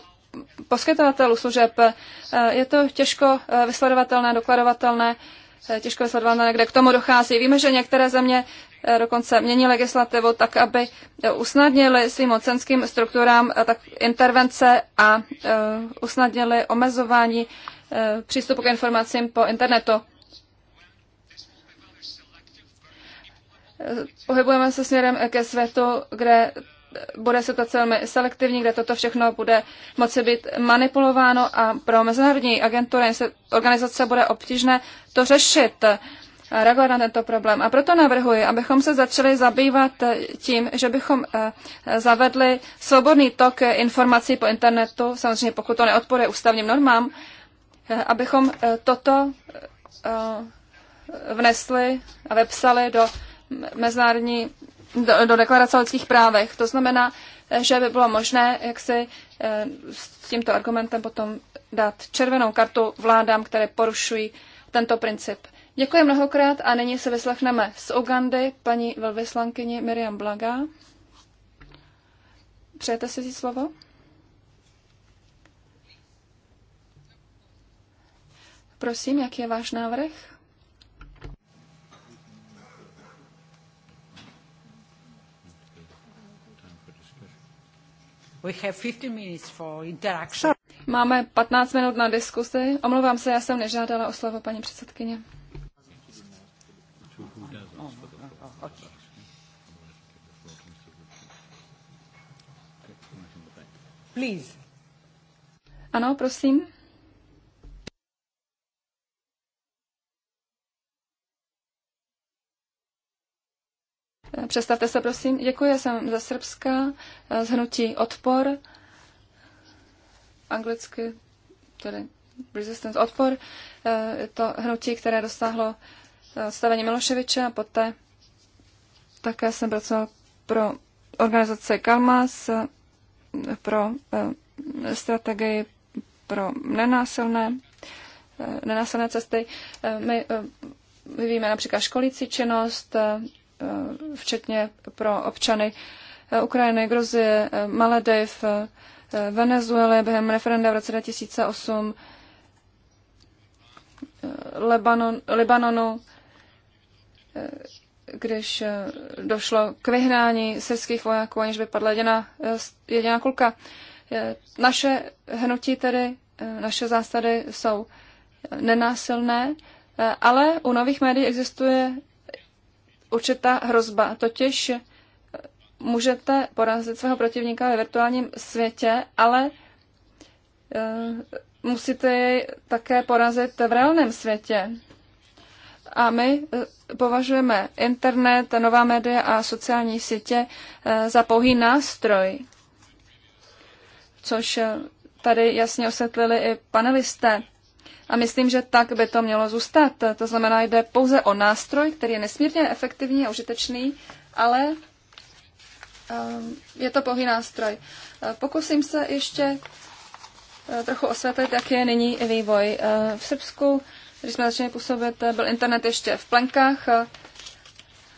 poskytovatelů služeb. Eh, je to těžko eh, vysledovatelné, dokladovatelné, eh, těžko vysledovatelné, kde k tomu dochází. Víme, že některé země dokonce mění legislativu tak, aby usnadnili svým mocenským strukturám tak intervence a usnadnili omezování přístupu k informacím po internetu. Pohybujeme se směrem ke světu, kde bude situace velmi selektivní, kde toto všechno bude moci být manipulováno a pro mezinárodní agentury organizace bude obtížné to řešit, eh, reagovat na tento problém. A proto navrhuji, abychom se začali zabývat eh, tím, že bychom eh, zavedli svobodný tok informací po internetu, samozřejmě pokud to neodporuje ústavním normám, abychom toto vnesli a vepsali do mezinárodní do, do deklarace o lidských právech. To znamená, že by bylo možné, jak si eh, s tímto argumentem potom dát červenou kartu vládám, které porušují tento princip. Děkuji mnohokrát a nyní se vyslechneme z Ugandy paní velvyslankyni Miriam Blaga. Přejete si říct slovo? Prosím, jaký je váš návrh? We have 15 minutes for interaction. Máme 15 minut na diskusi. Omlouvám se, já jsem nežádala o slovo, paní předsedkyně. Please. Ano, prosím. Představte se, prosím. Děkuji, jsem ze Srbska, eh, z hnutí Odpor, anglicky tedy Resistance Odpor. Eh, je to hnutí, které dosáhlo eh, stavení Miloševiče a poté také jsem pracoval pro organizace Kalmas, pro strategii pro nenásilné, nenásilné cesty. My vyvíjíme například školící činnost, Eh, včetně pro občany eh, Ukrajiny, Gruzie, eh, Malediv, Venezuely během referenda v roce 2008, Lebanon, Libanonu, když došlo k vyhnání syrských vojáků, aniž by padla jediná, jediná kulka. Naše hnutí tedy, naše zásady jsou nenásilné, ale u nových médií existuje určitá hrozba, totiž můžete porazit svého protivníka ve virtuálním světě, ale eh, musíte jej také porazit v reálném světě. A my eh, považujeme internet, nová média a sociální sítě eh, za pouhý nástroj, což tady jasně osvětlili i panelisté a myslím, že tak by to mělo zůstat. To znamená, jde pouze o nástroj, který je nesmírně efektivní a užitečný, ale ehm, je to pouhý nástroj. E, pokusím se ještě e, trochu osvětlit, jak je nyní vývoj. E, v Srbsku, když jsme začali působit, byl internet ještě v plenkách,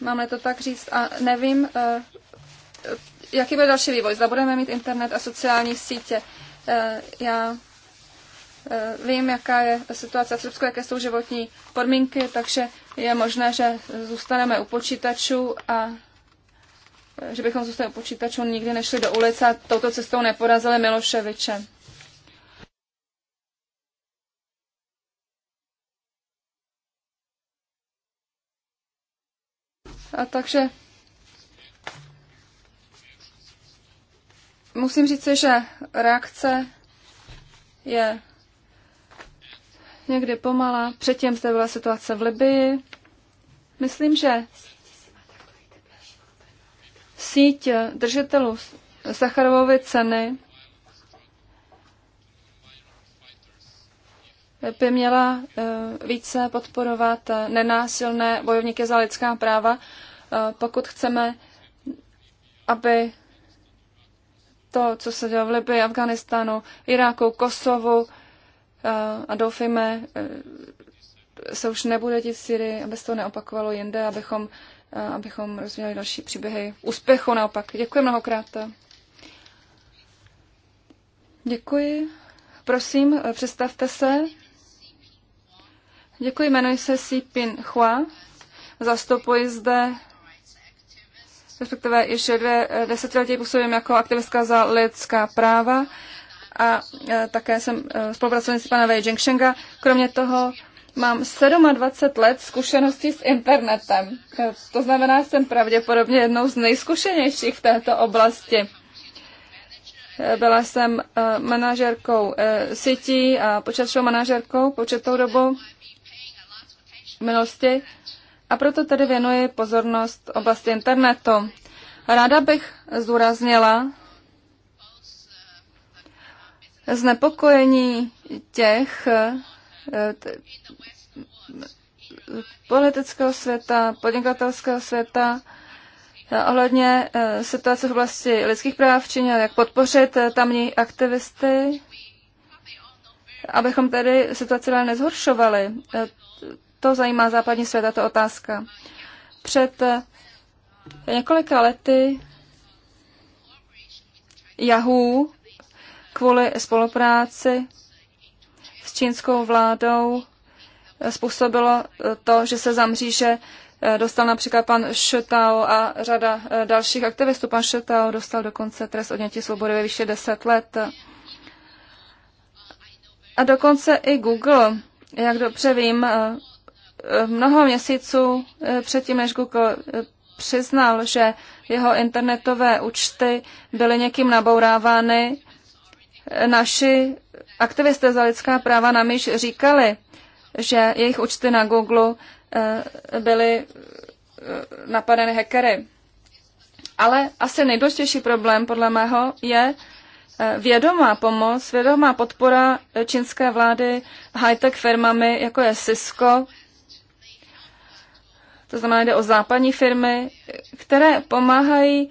máme to tak říct, a nevím, jaký bude další vývoj. Zda budeme mít internet a sociální sítě. Já Eh, vím, jaká je situace v Srbsku, jaké jsou životní podmínky, takže je možné, že zůstaneme u počítačů a eh, že bychom zůstali u počítačů, nikdy nešli do ulice a touto cestou neporazili Miloševiče. A takže musím říci, že reakce je někdy vlastně, pomala, Předtím zde byla situace v Libii. Myslím, že síť držitelů Sacharovovy ceny by měla eh, více podporovat eh, nenásilné bojovníky za lidská práva, eh, pokud chceme, aby to, co se dělo v Libii, Afganistánu, Iráku, Kosovu, a doufejme, e, se už nebude dít v Syrii, aby se to neopakovalo jinde, abychom, e, abychom rozvíjeli další příběhy úspěchu naopak. Děkuji mnohokrát. Děkuji. Prosím, e, představte se. Děkuji, jmenuji se Si Pin Hua. Zastupuji zde, respektive již dvě desetiletí působím jako aktivistka za lidská práva a e, také jsem e, spolupracovník s pana Wei Jingshenga. Kromě toho mám 27 let zkušeností s internetem. E, to znamená, že jsem pravděpodobně jednou z nejzkušenějších v této oblasti. Byla jsem manažerkou sítí a počátečnou manažerkou početou dobu v minulosti a proto tedy věnuji pozornost oblasti internetu. Ráda bych zdůraznila, znepokojení těch eh, politického světa, podnikatelského světa, eh, ohledně eh, situace v oblasti lidských práv v Číně, jak podpořit tamní aktivisty, abychom tedy situaci dále nezhoršovali. To zajímá západní svět, tato otázka. Před několika lety Yahoo kvůli spolupráci s čínskou vládou způsobilo to, že se že eh, dostal například pan Šetao a řada eh, dalších aktivistů. Pan Šetao dostal dokonce trest odnětí svobody ve výši 10 let. A dokonce i Google, jak dobře vím, eh, mnoho měsíců předtím, než Google přiznal, že jeho internetové účty byly někým nabourávány, naši aktivisté za lidská práva nám již říkali, že jejich účty na Google eh, byly eh, napadeny hackery. Ale asi nejdůležitější problém, podle mého, je eh, vědomá pomoc, vědomá podpora čínské vlády high-tech firmami, jako je Cisco, to znamená, jde o západní firmy, které pomáhají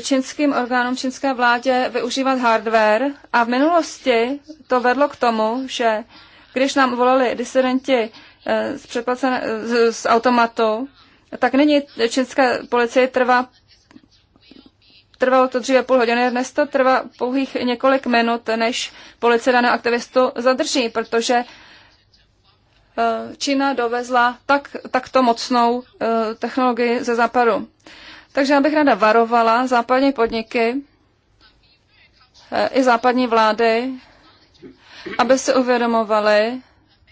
čínským orgánům, čínské vládě využívat hardware a v minulosti to vedlo k tomu, že když nám volali disidenti eh, z, eh, z, z automatu, tak nyní čínské policie trvá Trvalo to dříve půl hodiny, dnes to trvá pouhých několik minut, než policie daného aktivistu zadrží, protože eh, Čína dovezla tak, takto mocnou technologii ze západu. Takže já bych ráda varovala západní podniky eh, i západní vlády, aby si uvědomovali,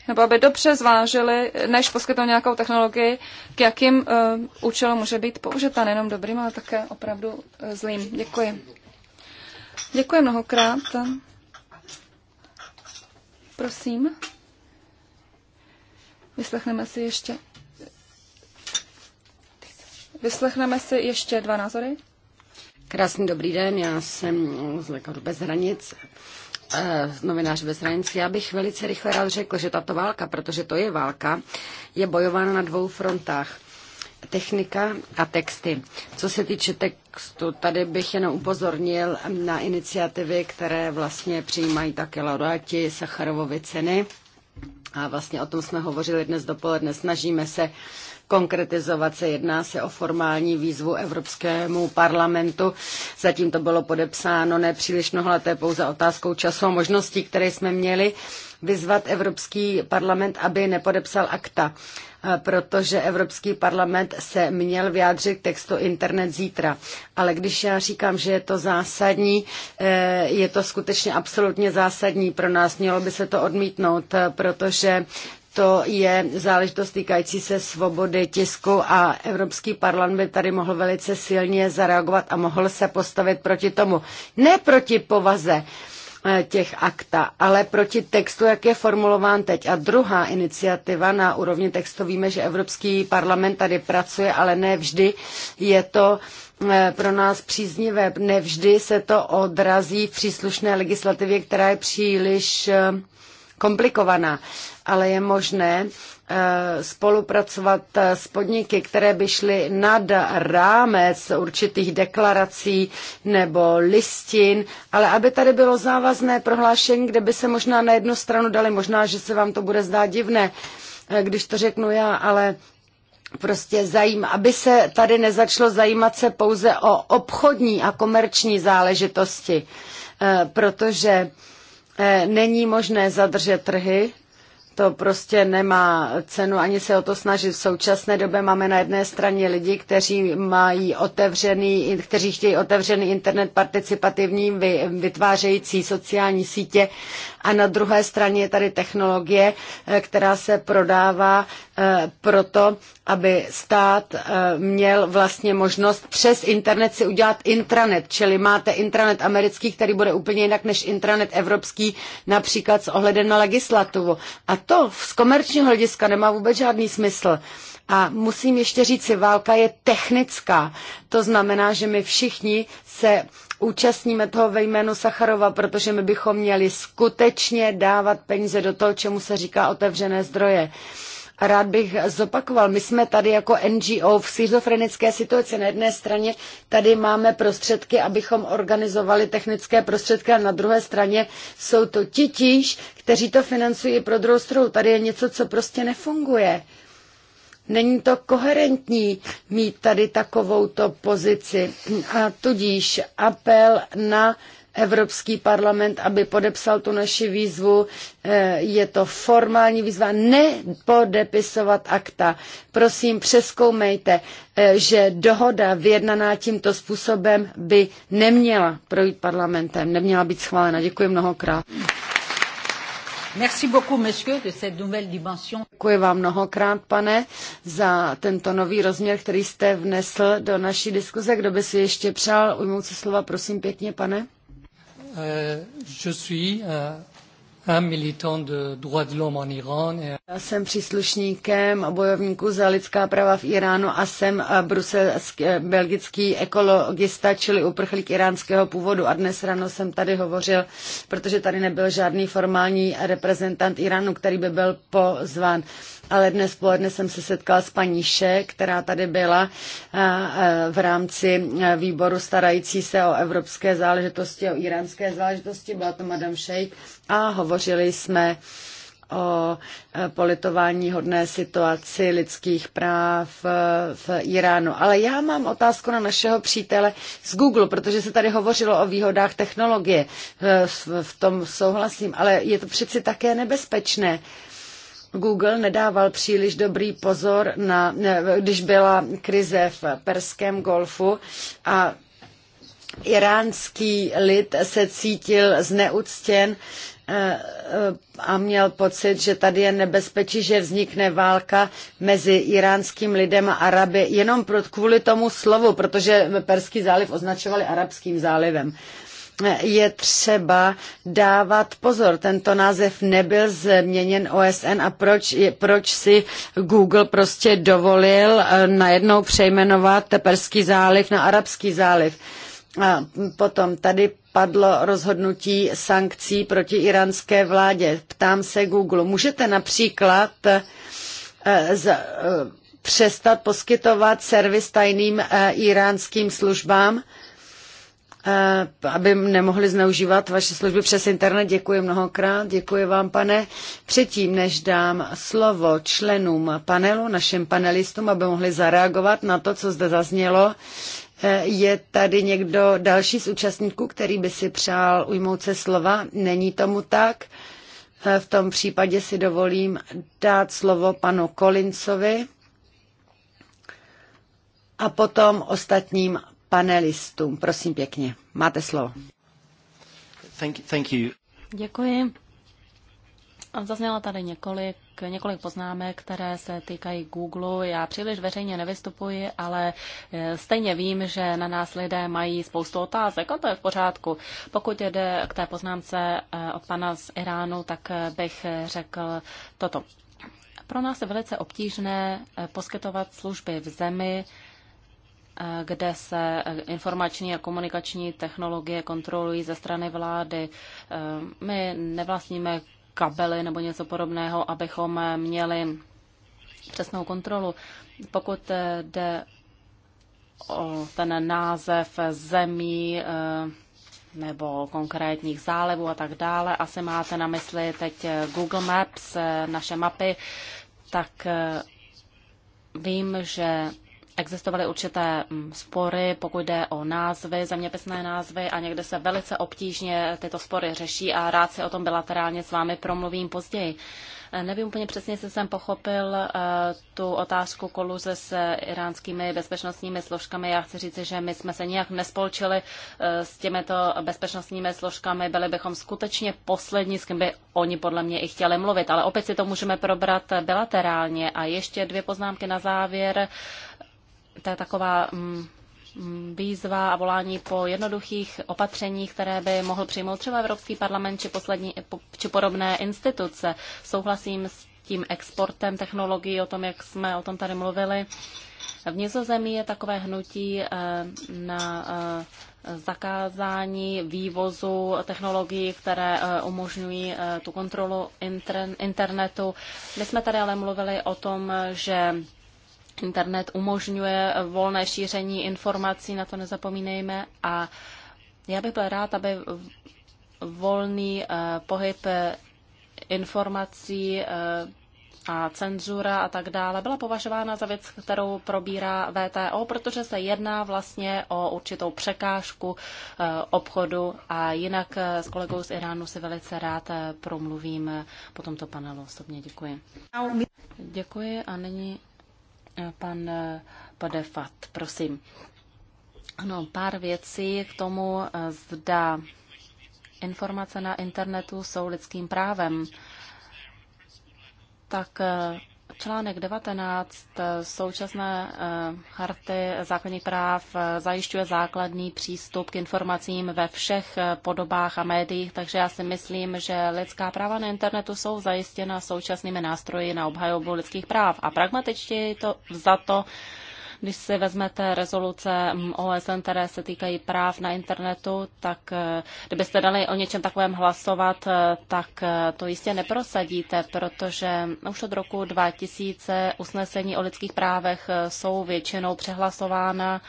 nebo aby dobře zvážili, než poskytnou nějakou technologii, k jakým uh, účelům může být použita, nejenom dobrým, ale také opravdu uh, zlým. Děkuji. Děkuji mnohokrát. Prosím. Vyslechneme si ještě Vyslechneme si ještě dva názory. Krásný dobrý den, já jsem z Lekaru bez hranic eh, novinář bez hranic. Já bych velice rychle rád řekl, že tato válka, protože to je válka, je bojována na dvou frontách. Technika a texty. Co se týče textu, tady bych jenom upozornil na iniciativy, které vlastně přijímají také laureáti Sacharovovy ceny. A vlastně o tom jsme hovořili dnes dopoledne. Snažíme se uh, konkretizovat se. Jedná se o formální výzvu Evropskému parlamentu. Zatím to bylo podepsáno nepříliš mnoho, ale to je pouze otázkou času a možností, které jsme měli vyzvat Evropský parlament, aby nepodepsal akta, protože Evropský parlament se měl vyjádřit k textu internet zítra. Ale když já říkám, že je to zásadní, eh, je to skutečně absolutně zásadní pro nás. Mělo by se to odmítnout, protože to je záležitost týkající se svobody tisku a Evropský parlament by tady mohl velice silně zareagovat a mohl se postavit proti tomu. Ne proti povaze eh, těch akta, ale proti textu, jak je formulován teď. A druhá iniciativa na úrovni textu, víme, že Evropský parlament tady pracuje, ale ne vždy je to eh, pro nás příznivé. Nevždy se to odrazí v příslušné legislativě, která je příliš eh, komplikovaná ale je možné eh, spolupracovat eh, s podniky, které by šly nad rámec určitých deklarací nebo listin, ale aby tady bylo závazné prohlášení, kde by se možná na jednu stranu dali, možná, že se vám to bude zdát divné, eh, když to řeknu já, ale prostě zajím, aby se tady nezačalo zajímat se pouze o obchodní a komerční záležitosti, protože není možné zadržet trhy, to prostě nemá cenu ani se o to snažit. V současné době máme na jedné straně lidi, kteří mají otevřený, kteří chtějí otevřený internet participativní, vytvářející sociální sítě a na druhé straně je tady technologie, eh, která se prodává Eh, proto, aby stát eh, měl vlastně možnost přes internet si udělat intranet, čili máte intranet americký, který bude úplně jinak než intranet evropský, například s ohledem na legislativu. A to z komerčního hlediska nemá vůbec žádný smysl. A musím ještě říct si, válka je technická. To znamená, že my všichni se účastníme toho ve jménu Sacharova, protože my bychom měli skutečně dávat peníze do toho, čemu se říká otevřené zdroje. A rád bych zopakoval, my jsme tady jako NGO v schizofrenické situaci. Na jedné straně tady máme prostředky, abychom organizovali technické prostředky a na druhé straně jsou to titíž, kteří to financují pro druhou stranu. Tady je něco, co prostě nefunguje. Není to koherentní mít tady takovouto pozici. A tudíž apel na Evropský parlament, aby podepsal tu naši výzvu. Eh, Je to formální výzva nepodepisovat akta. Prosím, přeskoumejte, eh, že dohoda vyjednaná tímto způsobem by neměla projít parlamentem, neměla být schválena. Děkuji mnohokrát. Děkuji vám mnohokrát, pane, za tento nový rozměr, který jste vnesl do naší diskuze. Kdo by si ještě přál ujmout se slova, prosím pěkně, pane jsem příslušníkem bojovníků za lidská práva v Iránu a jsem eh, bruselský, eh, belgický ekologista, čili uprchlík iránského původu. A dnes ráno jsem tady hovořil, protože tady nebyl žádný formální reprezentant Iránu, který by byl pozván ale dnes poledne jsem se setkal s paní Še, která tady byla v rámci e, výboru starající se o evropské záležitosti, o iránské záležitosti, byla to Madame Sheikh a hovořili jsme o e, politování hodné situaci lidských práv e, v Iránu. Ale já mám otázku na našeho přítele z Google, protože se tady hovořilo o výhodách technologie. V tom souhlasím, ale je to přeci také nebezpečné. Google nedával příliš dobrý pozor, na, když byla krize v Perském golfu a iránský lid se cítil zneuctěn eh, eh, a měl pocit, že tady je nebezpečí, že vznikne válka mezi iránským lidem a Araby jenom kvůli tomu slovu, protože Perský záliv označovali arabským zálivem je třeba dávat pozor. Tento název nebyl změněn OSN a proč, je, proč si Google prostě dovolil eh, najednou přejmenovat teperský záliv na Arabský záliv. A potom tady padlo rozhodnutí sankcí proti iránské vládě. Ptám se Google, můžete například eh, z, eh, přestat poskytovat servis tajným iránským službám? Eh, aby nemohli zneužívat vaše služby přes internet. Děkuji mnohokrát, děkuji vám, pane. Předtím, než dám slovo členům panelu, našim panelistům, aby mohli zareagovat na to, co zde zaznělo, eh, je tady někdo další z účastníků, který by si přál ujmout se slova? Není tomu tak. Eh, v tom případě si dovolím dát slovo panu Kolincovi a potom ostatním panelistům. Prosím pěkně, máte slovo. Thank, you, thank you. Děkuji. Zazněla tady několik, několik poznámek, které se týkají Google. Já příliš veřejně nevystupuji, ale eh, stejně vím, že na nás lidé mají spoustu otázek a to je v pořádku. Pokud jde k té poznámce eh, od pana z Iránu, tak eh, bych řekl toto. Pro nás je velice obtížné poskytovat služby v zemi, Eh, kde se eh, informační a komunikační technologie kontrolují ze strany vlády. Eh, my nevlastníme kabely nebo něco podobného, abychom měli přesnou kontrolu. Pokud jde o ten název zemí nebo konkrétních zálevů a tak dále, asi máte na mysli teď Google Maps, naše mapy, tak vím, že existovaly určité mm, spory, pokud jde o názvy, zeměpisné názvy a někde se velice obtížně tyto spory řeší a rád si o tom bilaterálně s vámi promluvím později. Eh, nevím úplně přesně, jestli jsem pochopil eh, tu otázku koluze s iránskými bezpečnostními složkami. Já chci říct, že my jsme se nijak nespolčili eh, s těmito bezpečnostními složkami. Byli bychom skutečně poslední, s kým by oni podle mě i chtěli mluvit. Ale opět si to můžeme probrat bilaterálně. A ještě dvě poznámky na závěr to je taková mm, výzva a volání po jednoduchých opatřeních, které by mohl přijmout třeba Evropský parlament či, poslední, či podobné instituce. Souhlasím s tím exportem technologií, o tom, jak jsme o tom tady mluvili. V Nizozemí je takové hnutí eh, na eh, zakázání vývozu technologií, které eh, umožňují tu kontrolu internetu. My jsme tady ale mluvili o tom, že Internet umožňuje volné šíření informací, na to nezapomínejme. A já bych byl rád, aby volný eh, pohyb eh, informací eh, a cenzura a tak dále byla považována za věc, kterou probírá VTO, protože se jedná vlastně o určitou překážku obchodu a jinak s kolegou z Iránu si velice rád promluvím po tomto panelu. Osobně děkuji. Děkuji a nyní Pan eh, Podefat, prosím. Ano, pár věcí k tomu, eh, zda informace na internetu jsou lidským právem. Tak eh, Článek 19 eh, současné eh, charty základních práv eh, zajišťuje základní přístup k informacím ve všech podobách a médiích, takže já si myslím, že lidská práva na internetu jsou zajistěna současnými nástroji na obhajobu lidských práv. A pragmatičtěji to za to když si vezmete rezoluce OSN, které se týkají práv na internetu, tak eh, kdybyste dali o něčem takovém hlasovat, eh, tak eh, to jistě neprosadíte, protože už od roku 2000 usnesení o lidských právech jsou většinou přehlasována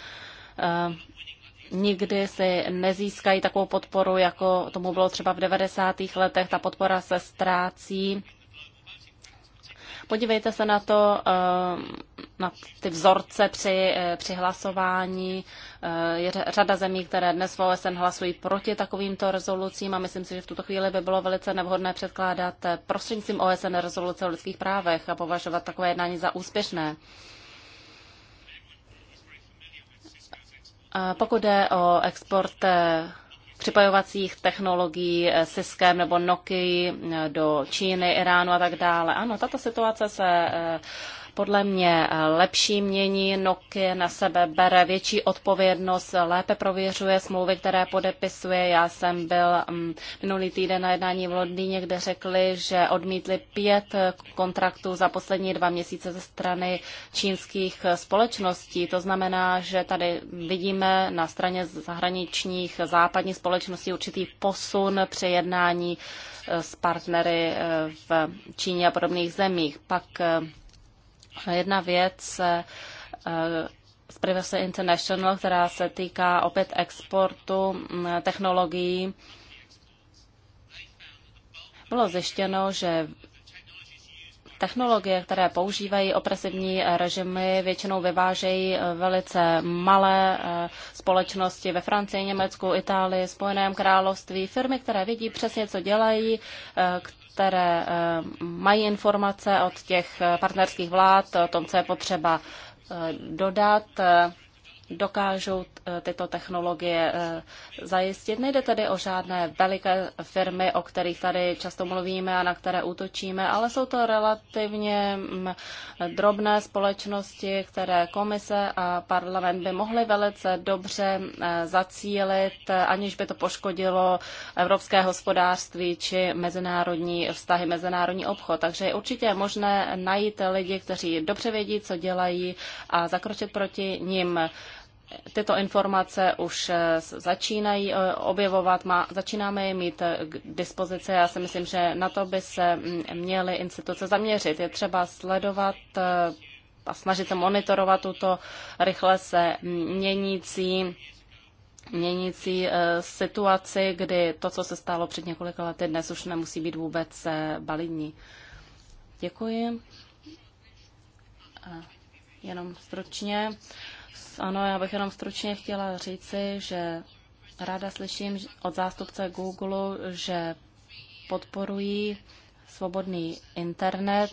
nikdy si nezískají takovou podporu, jako tomu bylo třeba v 90. letech. Ta podpora se ztrácí Podívejte se na to, eh, na ty vzorce při, eh, při hlasování. Eh, je řada zemí, které dnes v OSN hlasují proti takovýmto rezolucím a myslím si, že v tuto chvíli by bylo velice nevhodné předkládat prostřednictvím OSN rezoluce o lidských právech a považovat takové jednání za úspěšné. Pokud jde o export připojovacích technologií eh, Siskem nebo Nokia eh, do Číny, Iránu a tak dále. Ano, tato situace se eh, podle mě lepší mění Nokia na sebe, bere větší odpovědnost, lépe prověřuje smlouvy, které podepisuje. Já jsem byl mm, minulý týden na jednání v Londýně, kde řekli, že odmítli pět kontraktů za poslední dva měsíce ze strany čínských společností. To znamená, že tady vidíme na straně zahraničních západních společností určitý posun při jednání eh, s partnery eh, v Číně a podobných zemích. Pak eh, Jedna věc eh, z Privacy International, která se týká opět exportu mm, technologií. Bylo zjištěno, že technologie, které používají opresivní režimy, většinou vyvážejí eh, velice malé eh, společnosti ve Francii, Německu, Itálii, Spojeném království, firmy, které vidí přesně, co dělají, které eh, mají informace od těch eh, partnerských vlád o tom, co je potřeba eh, dodat dokážou eh, tyto technologie eh, zajistit. Nejde tedy o žádné veliké firmy, o kterých tady často mluvíme a na které útočíme, ale jsou to relativně mm, drobné společnosti, které komise a parlament by mohly velice dobře eh, zacílit, aniž by to poškodilo evropské hospodářství či mezinárodní vztahy, mezinárodní obchod. Takže je určitě možné najít lidi, kteří dobře vědí, co dělají a zakročit proti ním tyto informace už eh, začínají eh, objevovat, má, začínáme je mít eh, k dispozici. Já si myslím, že na to by se mm, měly instituce zaměřit. Je třeba sledovat a snažit se monitorovat tuto rychle se měnící měnící situaci, kdy to, co se stalo před několika lety, dnes už nemusí být vůbec balidní. Děkuji. Jenom stručně. Ano, já bych jenom stručně chtěla říci, že ráda slyším od zástupce Google, že podporují svobodný internet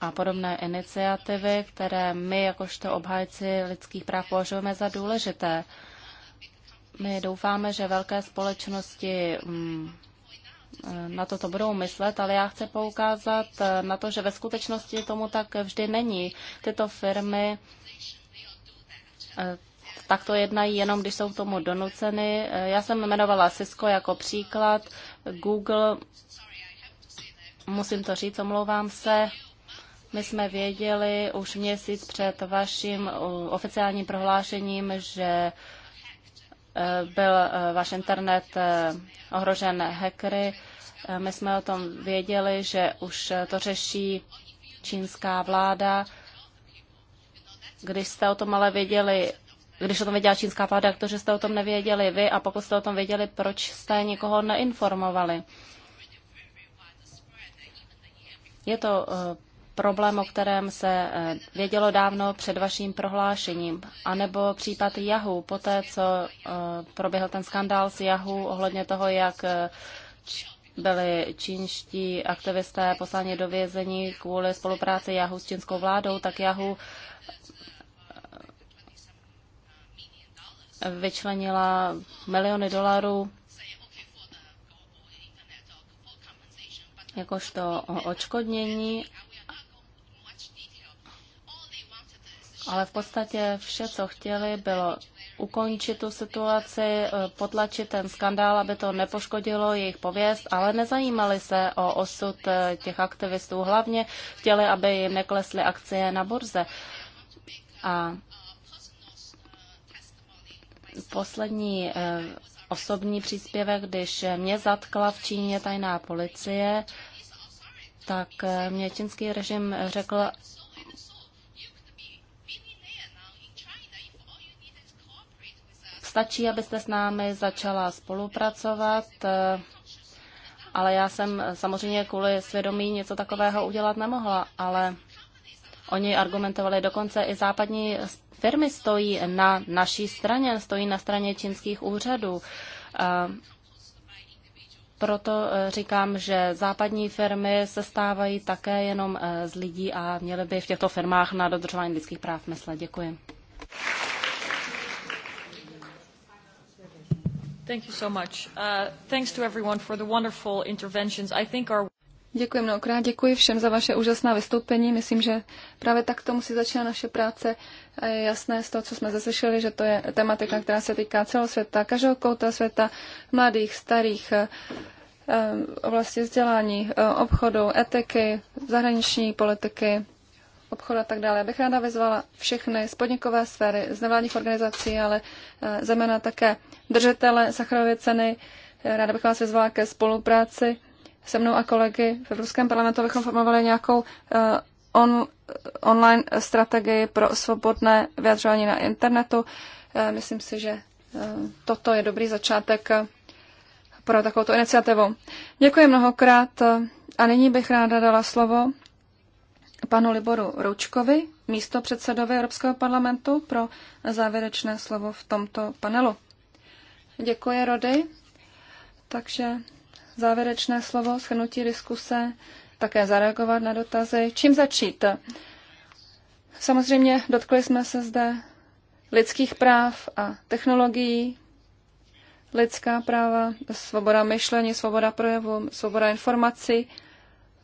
a podobné iniciativy, které my jakožto obhájci lidských práv považujeme za důležité. My doufáme, že velké společnosti mm, na to to budou myslet, ale já chci poukázat eh, na to, že ve skutečnosti tomu tak vždy není. Tyto firmy Eh, takto jednají jenom, když jsou tomu donuceny. Eh, já jsem jmenovala Cisco jako příklad, Google, musím to říct, omlouvám se, my jsme věděli už měsíc před vaším eh, oficiálním prohlášením, že byl váš internet ohrožen hackery. My jsme o tom věděli, že už to řeší čínská vláda. Když jste o tom ale věděli, když o tom věděla čínská vláda, jak to, že jste o tom nevěděli vy a pokud jste o tom věděli, proč jste nikoho neinformovali? Je to eh, problém, o kterém se eh, vědělo dávno před vaším prohlášením, anebo případ Yahoo, poté co eh, proběhl ten skandál s Yahoo ohledně toho, jak byli čínští aktivisté posláni do vězení kvůli spolupráci Yahoo s čínskou vládou, tak Yahoo vyčlenila miliony dolarů jakožto očkodnění, ale v podstatě vše, co chtěli, bylo ukončit tu situaci, potlačit ten skandál, aby to nepoškodilo jejich pověst, ale nezajímali se o osud eh, těch aktivistů. Hlavně chtěli, aby jim neklesly akcie na burze. A poslední eh, osobní příspěvek, když mě zatkla v Číně tajná policie, tak eh, mě čínský režim řekl, stačí, abyste s námi začala spolupracovat, eh, ale já jsem samozřejmě kvůli svědomí něco takového udělat nemohla, ale oni argumentovali dokonce i západní firmy stojí na naší straně, stojí na straně čínských úřadů. proto e, říkám, že západní firmy se stávají také jenom e, z lidí a měly by v těchto firmách na dodržování lidských práv myslet. Děkuji. Thank you so much. Uh, thanks to everyone for the wonderful interventions. I think our Děkuji mnohokrát, děkuji všem za vaše úžasná vystoupení. Myslím, že právě tak to musí začíná naše práce. A je jasné z toho, co jsme zaslyšeli, že to je tematika, která se týká celého světa, každého kouta světa, mladých, starých, vlastně vzdělání, eh, obchodu, etiky, zahraniční politiky, obchodu a tak dále. Já bych ráda vyzvala všechny z podnikové sféry, z nevládních organizací, ale zejména také držitele Sacharovy ceny. Ráda bych vás vyzvala ke spolupráci se mnou a kolegy v Evropském parlamentu, abychom formovali nějakou eh, on, online strategii pro svobodné vyjadřování na internetu. Eh, myslím si, že eh, toto je dobrý začátek pro takovouto iniciativu. Děkuji mnohokrát a nyní bych ráda dala slovo panu Liboru Roučkovi, místo předsedovi Evropského parlamentu, pro závěrečné slovo v tomto panelu. Děkuji, Rody. Takže závěrečné slovo, shrnutí diskuse, také zareagovat na dotazy. Čím začít? Samozřejmě dotkli jsme se zde lidských práv a technologií, lidská práva, svoboda myšlení, svoboda projevu, svoboda informací.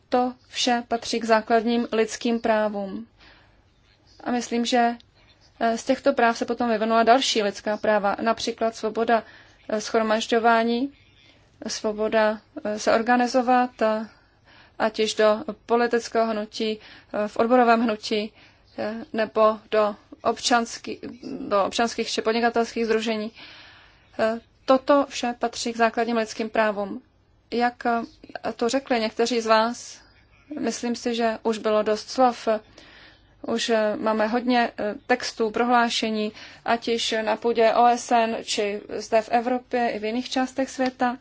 To vše patří k základním lidským právům. A myslím, že e, z těchto práv se potom vyvinula další lidská práva, například svoboda e, schromažďování svoboda eh, se organizovat, eh, ať již do politického hnutí, eh, v odborovém hnutí nebo do, občanský, do občanských či podnikatelských združení. Toto vše patří k základním lidským právům. Jak to řekli někteří z vás, myslím si, že už bylo dost slov. Už máme hodně textů, prohlášení, ať již na půdě OSN, či zde v Evropě i v jiných částech světa.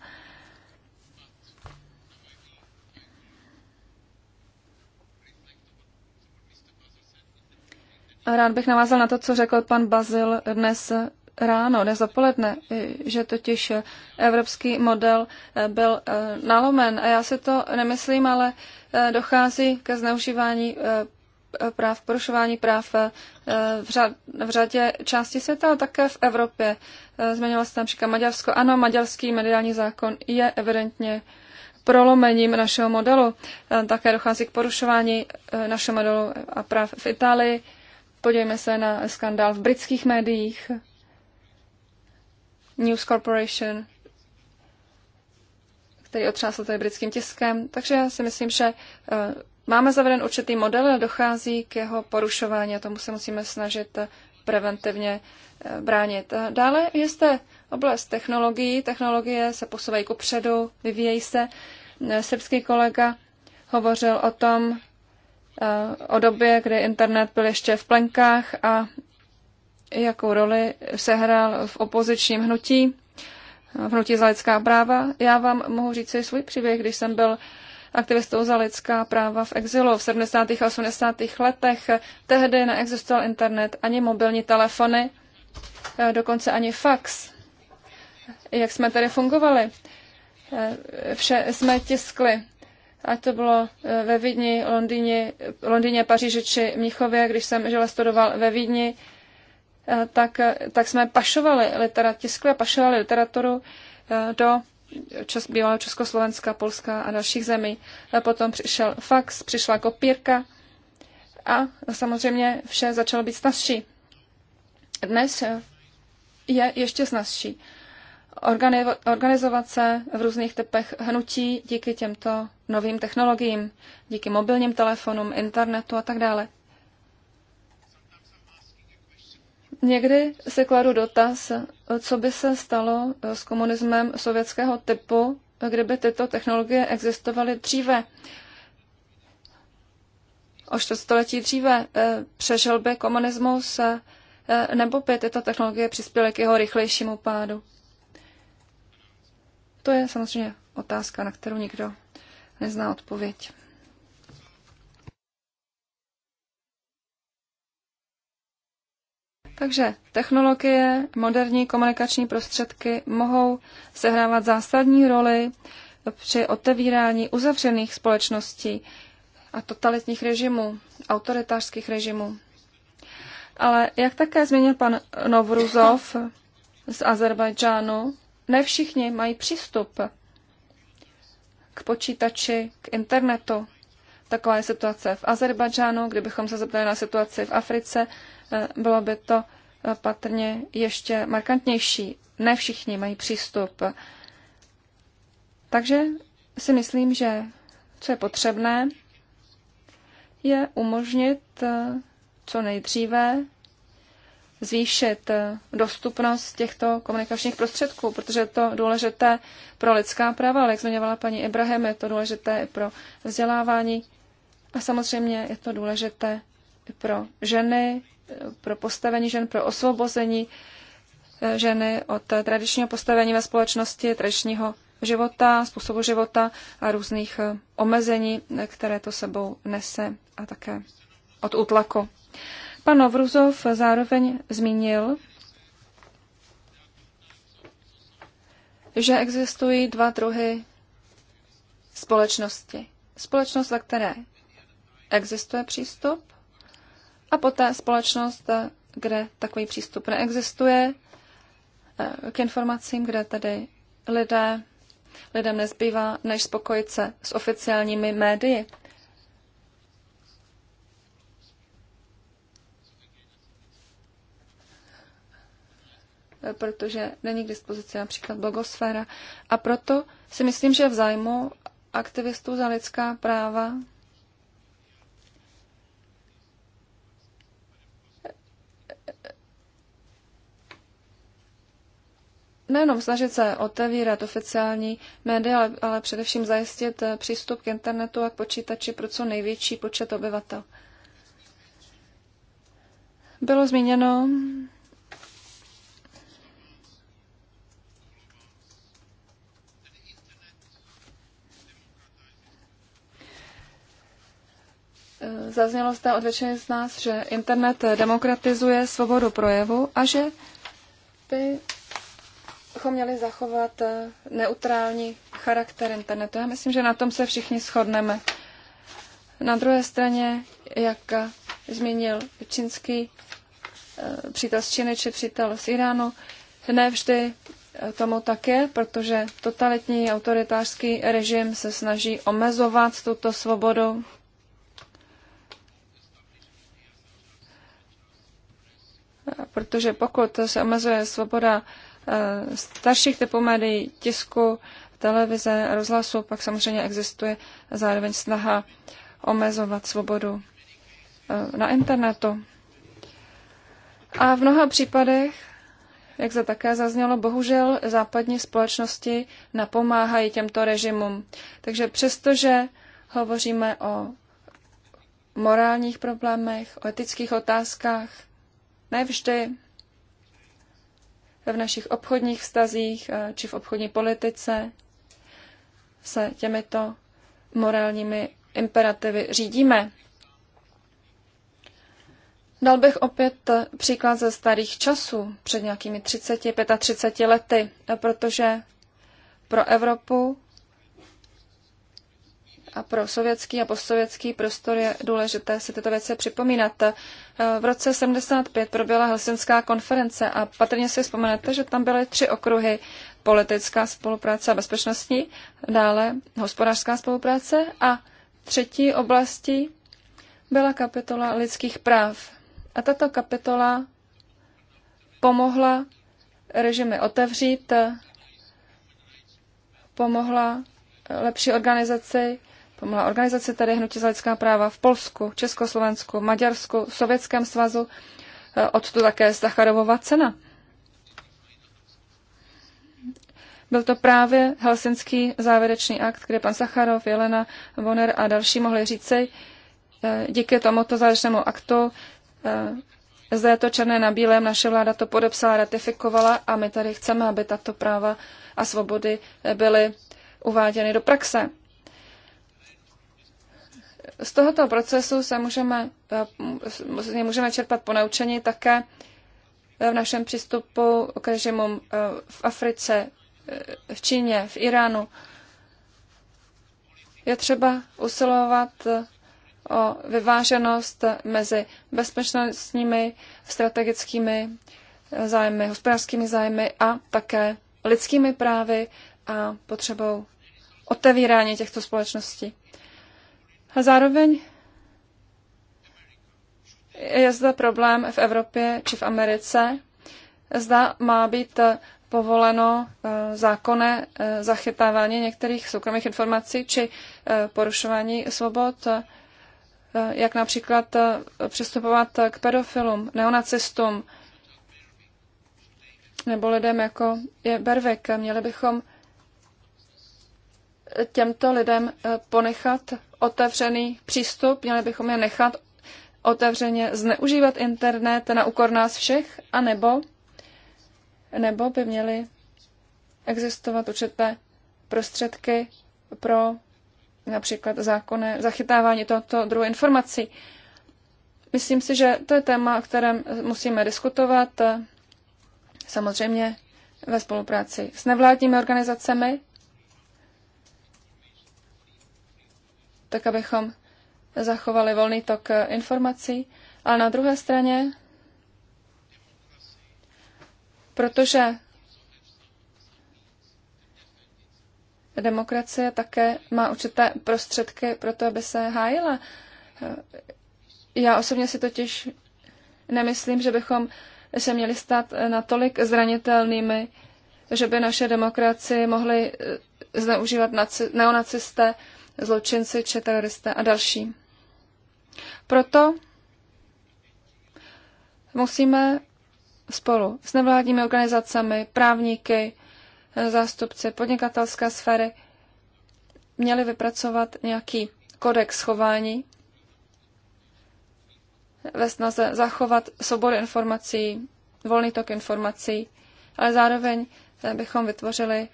Rád bych navázal na to, co řekl pan Bazil dnes ráno, dnes dopoledne, že totiž evropský model byl eh, nalomen. A já si to nemyslím, ale eh, dochází ke zneužívání eh, práv, porušování práv v, řad, v řadě části světa, ale také v Evropě. Zmiňoval jste například Maďarsko. Ano, maďarský mediální zákon je evidentně prolomením našeho modelu. Také dochází k porušování našeho modelu a práv v Itálii. Podívejme se na skandál v britských médiích, News Corporation, který otřásl tady britským tiskem. Takže já si myslím, že eh, máme zaveden určitý model, ale dochází k jeho porušování a tomu se musíme snažit eh, preventivně eh, bránit. Dále je zde oblast technologií. Technologie se posouvají ku předu, vyvíjejí se. Srbský kolega hovořil o tom, Eh, o době, kdy internet byl ještě v plenkách a jakou roli sehrál v opozičním hnutí, v hnutí za lidská práva. Já vám mohu říct si svůj příběh, když jsem byl aktivistou za lidská práva v exilu v 70. a 80. letech. Tehdy neexistoval internet, ani mobilní telefony, eh, dokonce ani fax. Jak jsme tedy fungovali? Eh, vše jsme tiskli a to bylo eh, ve Vídni, Londýně, Londýně Paříži či Mnichově, když jsem žila studoval ve Vídni, eh, tak, eh, tak jsme pašovali literat, tiskli a pašovali literaturu do čes, bývalého Československa, Polska a dalších zemí. A potom přišel fax, přišla kopírka a samozřejmě vše začalo být snazší. Dnes je ještě snazší organizovat se v různých typech hnutí díky těmto novým technologiím, díky mobilním telefonům, internetu a tak dále. Někdy si kladu dotaz, co by se stalo s komunismem sovětského typu, kdyby tyto technologie existovaly dříve. O století dříve eh, přežil by komunismus eh, nebo by tyto technologie přispěly k jeho rychlejšímu pádu. To je samozřejmě otázka, na kterou nikdo nezná odpověď. Takže technologie, moderní komunikační prostředky mohou sehrávat zásadní roli při otevírání uzavřených společností a totalitních režimů, autoritářských režimů. Ale jak také zmínil pan Novruzov z Azerbajdžánu, ne všichni mají přístup k počítači, k internetu. Taková je situace v Azerbajdžánu. Kdybychom se zeptali na situaci v Africe, eh, bylo by to eh, patrně ještě markantnější. Ne všichni mají přístup. Takže si myslím, že co je potřebné, je umožnit eh, co nejdříve zvýšit eh, dostupnost těchto komunikačních prostředků, protože je to důležité pro lidská práva, ale jak zmiňovala paní Ibrahim, je to důležité i pro vzdělávání a samozřejmě je to důležité i pro ženy, eh, pro postavení žen, pro osvobození eh, ženy od tradičního postavení ve společnosti, tradičního života, způsobu života a různých omezení, které to sebou nese a také od útlaku. Pan Novruzov zároveň zmínil, že existují dva druhy společnosti. Společnost, ve které existuje přístup, a poté společnost, kde takový přístup neexistuje, eh, k informacím, kde tedy lidé, lidem nezbývá, než spokojit se s oficiálními médii. Eh, protože není k dispozici například blogosféra. A proto si myslím, že v zájmu aktivistů za lidská práva nejenom snažit se otevírat oficiální média, ale, ale především zajistit eh, přístup k internetu a k počítači pro co největší počet obyvatel. Bylo zmíněno, Eh, zaznělo zde od většiny z nás, že internet demokratizuje svobodu projevu a že bychom měli zachovat eh, neutrální charakter internetu. Já myslím, že na tom se všichni shodneme. Na druhé straně, jak zmínil čínský eh, přítel z Číny či přítel z Iránu, ne vždy tomu tak je, protože totalitní autoritářský režim se snaží omezovat tuto svobodu protože pokud se omezuje svoboda eh, starších typů médií, tisku, televize, rozhlasu, pak samozřejmě existuje zároveň snaha omezovat svobodu eh, na internetu. A v mnoha případech, jak se také zaznělo, bohužel západní společnosti napomáhají těmto režimům. Takže přestože hovoříme o morálních problémech, o etických otázkách, Nevždy v našich obchodních vztazích eh, či v obchodní politice se těmito morálními imperativy řídíme. Dal bych opět eh, příklad ze starých časů, před nějakými 30, 35 lety, eh, protože pro Evropu a pro sovětský a postsovětský prostor je důležité si tyto věci připomínat. E, v roce 75 proběhla Helsinská konference a patrně si vzpomenete, že tam byly tři okruhy politická spolupráce a bezpečnostní, dále hospodářská spolupráce a třetí oblastí byla kapitola lidských práv. A tato kapitola pomohla režimy otevřít, pomohla lepší organizaci Pomohla organizace tady Hnutí za lidská práva v Polsku, Československu, Maďarsku, Sovětském svazu, eh, od to také Zacharovova cena. Byl to právě helsinský závěrečný akt, kde pan Sacharov, Jelena voner a další mohli říci, eh, díky tomuto závěrečnému aktu eh, zde je to černé na bílém, naše vláda to podepsala, ratifikovala a my tady chceme, aby tato práva a svobody byly uváděny do praxe. Z tohoto procesu se můžeme, eh, můžeme čerpat ponaučení také eh, v našem přístupu k režimům eh, v Africe, v Číně, v Iránu. Je třeba usilovat o vyváženost mezi bezpečnostními, strategickými zájmy, hospodářskými zájmy a také lidskými právy a potřebou otevírání těchto společností. A zároveň je zde problém v Evropě či v Americe. Zda má být eh, povoleno eh, zákonné eh, zachytávání některých soukromých informací či porušování svobod, jak například přistupovat k pedofilům, neonacistům nebo lidem jako je Bervek. Měli bychom těmto lidem eh, ponechat otevřený přístup, měli bychom je nechat otevřeně zneužívat internet na úkor nás všech, anebo nebo by měly existovat určité prostředky pro například zákonné zachytávání tohoto druhu informací. Myslím si, že to je téma, o kterém musíme diskutovat, eh, samozřejmě ve spolupráci s nevládními organizacemi, tak abychom zachovali volný tok eh, informací. Ale na druhé straně, protože demokracie také má určité prostředky pro to, aby se hájila. Eh, já osobně si totiž nemyslím, že bychom se měli stát eh, natolik zranitelnými, že by naše demokracie mohly zneužívat neonacisté zločinci či teroristé a další. Proto musíme spolu s nevládními organizacemi, právníky, zástupci podnikatelské sféry měli vypracovat nějaký kodex chování ve snaze zachovat soubor informací, volný tok informací, ale zároveň bychom vytvořili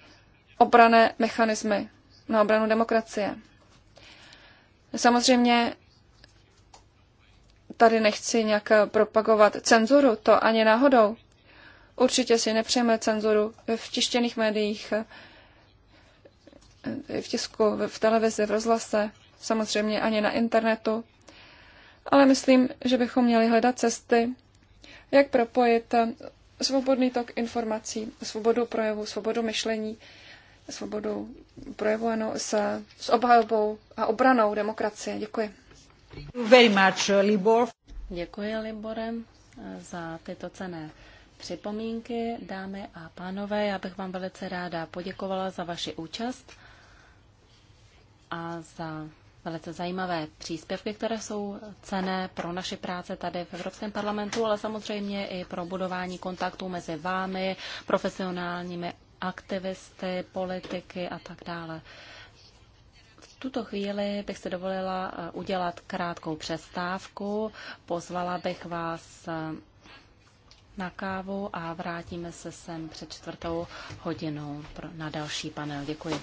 obrané mechanismy na obranu demokracie. Samozřejmě tady nechci nějak propagovat cenzuru, to ani náhodou. Určitě si nepřejeme cenzuru v tištěných médiích, v tisku, v televizi, v rozhlase, samozřejmě ani na internetu. Ale myslím, že bychom měli hledat cesty, jak propojit svobodný tok informací, svobodu projevu, svobodu myšlení svobodou projevu ano, s, s obhajobou a obranou demokracie. Děkuji. Very much, uh, Libor. Děkuji, Libore, za tyto cené připomínky. Dámy a pánové, já bych vám velice ráda poděkovala za vaši účast a za velice zajímavé příspěvky, které jsou cené pro naši práce tady v Evropském parlamentu, ale samozřejmě i pro budování kontaktů mezi vámi, profesionálními aktivisty, politiky a tak dále. V tuto chvíli bych se dovolila eh, udělat krátkou přestávku. Pozvala bych vás eh, na kávu a vrátíme se sem před čtvrtou hodinou na další panel. Děkuji.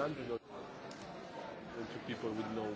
or to people would know.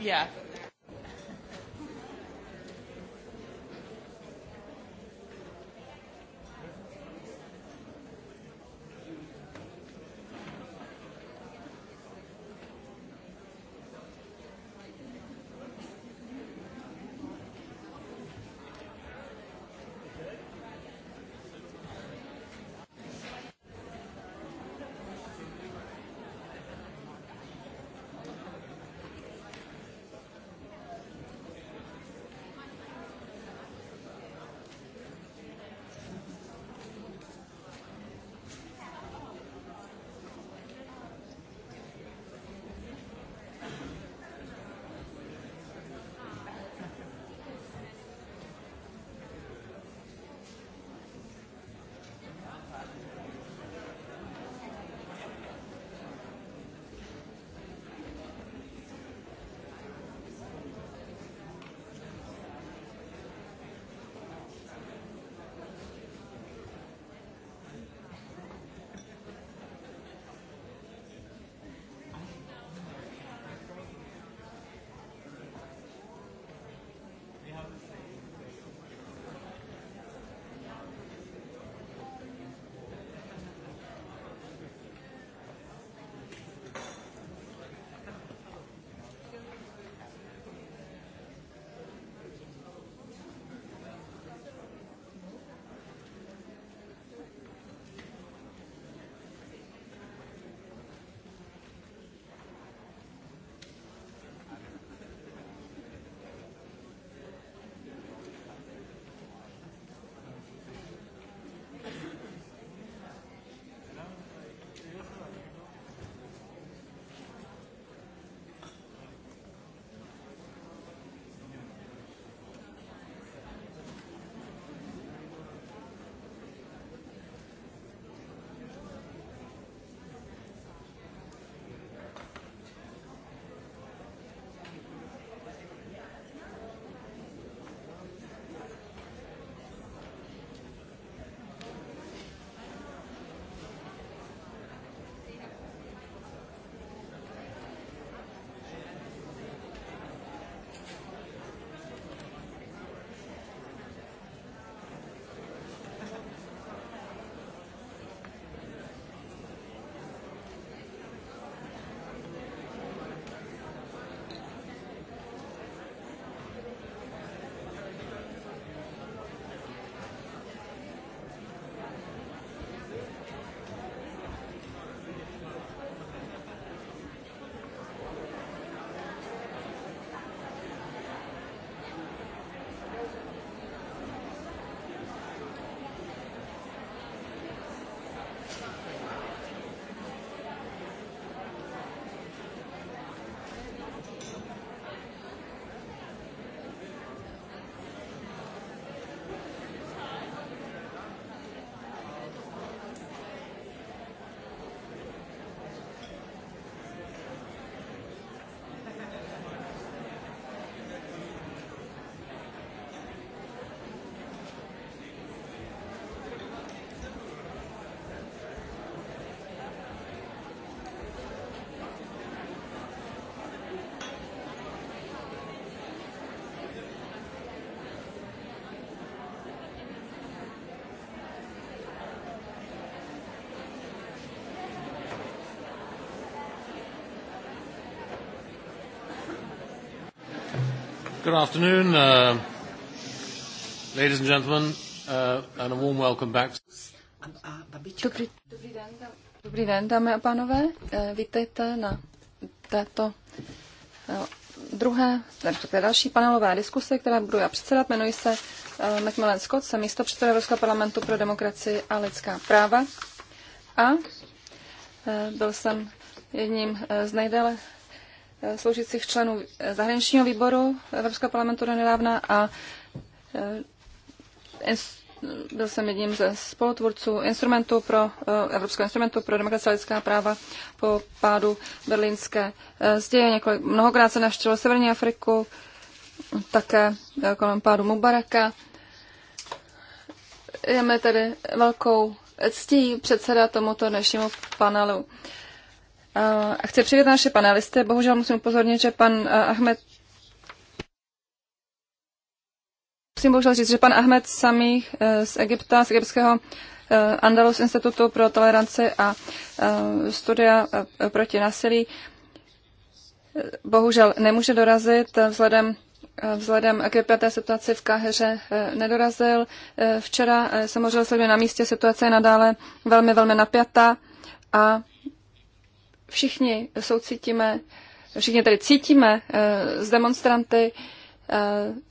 Yeah. Good afternoon, uh, ladies and gentlemen, uh, and a warm welcome back. Dobrý, dobrý, den, dobrý den, dámy a pánové. Eh, vítejte na této eh, druhé, respektive další panelové diskuse, které budu já předsedat. Jmenuji se eh, Macmillan Scott, jsem místo předseda Evropského parlamentu pro demokracii a lidská práva a byl jsem jedním z nejdéle sloužících členů zahraničního výboru Evropského parlamentu do nedávna a eh, byl jsem jedním ze spolutvůrců instrumentu pro, eh, Evropského instrumentu pro demokracie a lidská práva po pádu berlínské eh, zděje. Několik, mnohokrát se navštívil Severní Afriku, také kolem pádu Mubaraka. Jeme tedy velkou ctí předseda tomuto dnešnímu panelu. A chci přivítat naše panelisty. Bohužel musím upozornit, že pan eh, Ahmed Musím bohužel říct, že pan Ahmed Sami eh, z Egypta, z egyptského eh, Andalus Institutu pro toleranci a studia proti násilí, bohužel nemůže dorazit vzhledem Vzhledem k vypjaté situaci v Kaheře nedorazil. Včera samozřejmě na místě situace je nadále velmi, velmi napjatá a všichni soucítíme, všichni tady cítíme eh, s demonstranty, eh,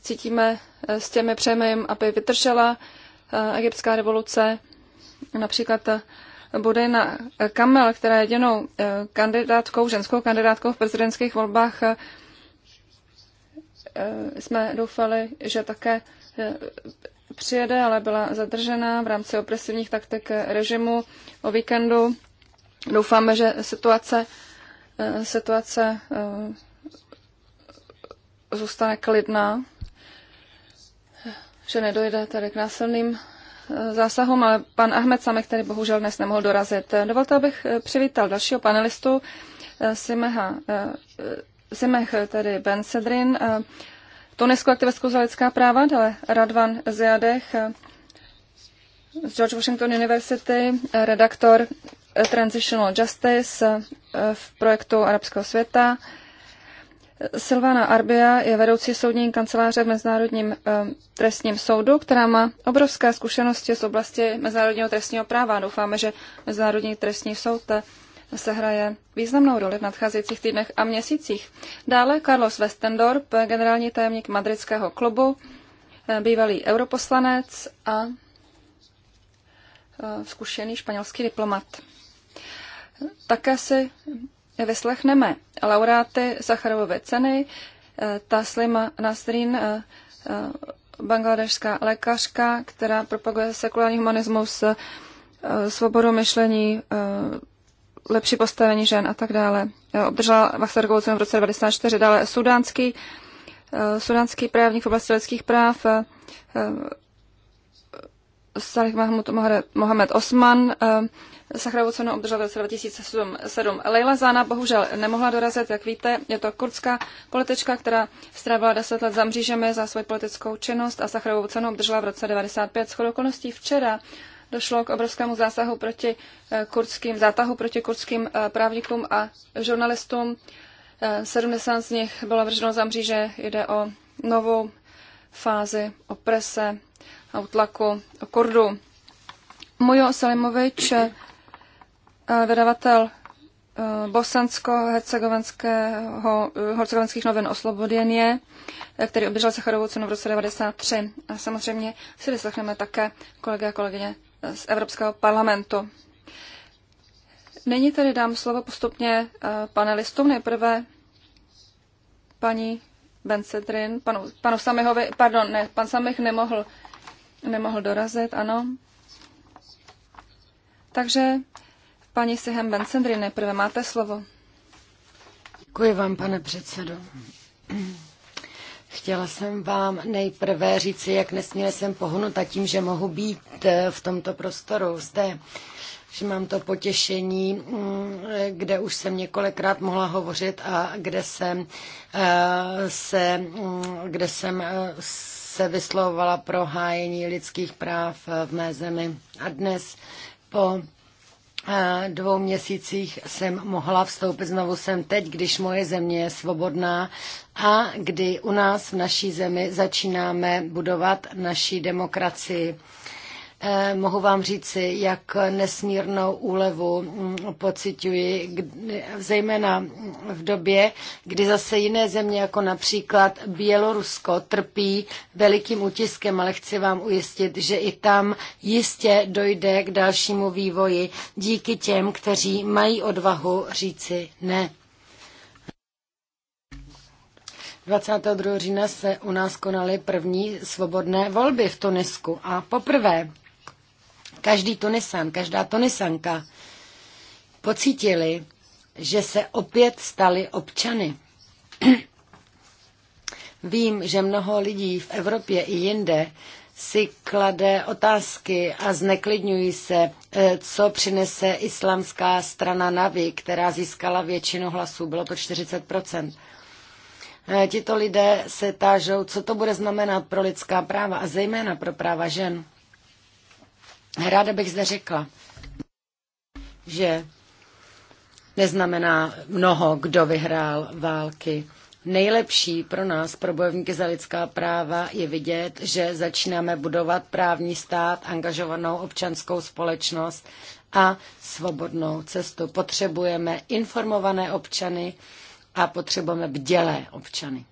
cítíme eh, s těmi, přejmy, aby vytržela egyptská revoluce, například bude na Kamel, která je jedinou kandidátkou, ženskou kandidátkou v prezidentských volbách, jsme doufali, že také přijede, ale byla zadržena v rámci opresivních taktik režimu o víkendu Doufáme, že situace, eh, situace eh, zůstane klidná, že nedojde tady k násilným eh, zásahům, ale pan Ahmed Samek, který bohužel dnes nemohl dorazit. Dovolte, abych přivítal dalšího panelistu, Simeha, Simech, tedy Ben Sedrin, tuniskou aktivistku za lidská práva, dále Radvan Ziadech z George Washington University, redaktor Transitional Justice eh, v projektu arabského světa. Silvana Arbia je vedoucí soudní kanceláře v Mezinárodním eh, trestním soudu, která má obrovské zkušenosti z oblasti mezinárodního trestního práva. Doufáme, že Mezinárodní trestní soud eh, se hraje významnou roli v nadcházejících týdnech a měsících. Dále Carlos Westendorp, generální tajemník madridského klubu, bývalý europoslanec a zkušený španělský diplomat. Také si vyslechneme laureáty Sacharovové ceny, eh, Taslima Nasrin, eh, eh, bangladešská lékařka, která propaguje sekulární humanismus, svobodu myšlení, lepší postavení žen a tak dále. Obdržela Vachsarkovou cenu v roce 1994, dále sudánský, sudánský právník v oblasti lidských práv, Salih Mahmud Mohamed Osman eh, Sacharovu cenu obdržel v roce 2007. Leila Zana bohužel nemohla dorazit, jak víte. Je to kurdská politička, která strávila deset let za mřížemi za svoji politickou činnost a Sacharovu cenu obdržela v roce 95. Schod okolností včera došlo k obrovskému zásahu proti eh, kurdským, zátahu proti kurdským eh, právníkům a žurnalistům. 70 z nich bylo vrženo za mříže. Jde o novou fázi oprese a utlaku Kurdů. Mojo Selimovič, eh, vydavatel eh, bosansko-hercegovinského hercegovinských novin je, eh, který obdržel Sacharovou cenu v roce 1993. A samozřejmě si vyslechneme také kolega a kolegyně z Evropského parlamentu. Nyní tedy dám slovo postupně panelistům. Nejprve paní Bencedrin, panu, panu Samihovi, pardon, ne, pan Samih nemohl nemohl dorazit, ano. Takže paní Sihem Bencendry, nejprve máte slovo. Děkuji vám, pane předsedo. Chtěla jsem vám nejprve říci, jak nesmíle jsem pohnuta tím, že mohu být eh, v tomto prostoru zde, že mám to potěšení, mm, kde už jsem několikrát mohla hovořit a kde jsem, eh, se, mm, kde jsem eh, se vyslovovala pro hájení lidských práv v mé zemi. A dnes po eh, dvou měsících jsem mohla vstoupit znovu sem teď, když moje země je svobodná a kdy u nás v naší zemi začínáme budovat naší demokracii. Eh, mohu vám říci, jak nesmírnou úlevu mm, pociťuji, zejména v době, kdy zase jiné země, jako například Bělorusko, trpí velikým útiskem, ale chci vám ujistit, že i tam jistě dojde k dalšímu vývoji díky těm, kteří mají odvahu říci ne. 22. října se u nás konaly první svobodné volby v Tunisku a poprvé každý Tunisan, každá Tunisanka pocítili, že se opět stali občany. Vím, že mnoho lidí v Evropě i jinde si klade otázky a zneklidňují se, eh, co přinese islamská strana Navi, která získala většinu hlasů, bylo to 40 eh, Tito lidé se tážou, co to bude znamenat pro lidská práva a zejména pro práva žen. Ráda bych zde řekla, že neznamená mnoho, kdo vyhrál války. Nejlepší pro nás, pro bojovníky za lidská práva, je vidět, že začínáme budovat právní stát, angažovanou občanskou společnost a svobodnou cestu. Potřebujeme informované občany a potřebujeme bdělé občany.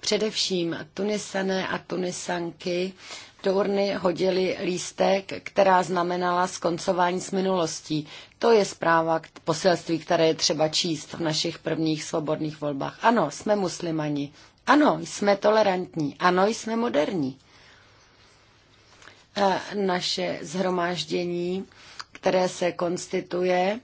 Především tunisané a tunisanky do urny hodili lístek, která znamenala skoncování s minulostí. To je zpráva k poselství, které je třeba číst v našich prvních svobodných volbách. Ano, jsme muslimani. Ano, jsme tolerantní. Ano, jsme moderní. E, naše zhromáždění, které se konstituje,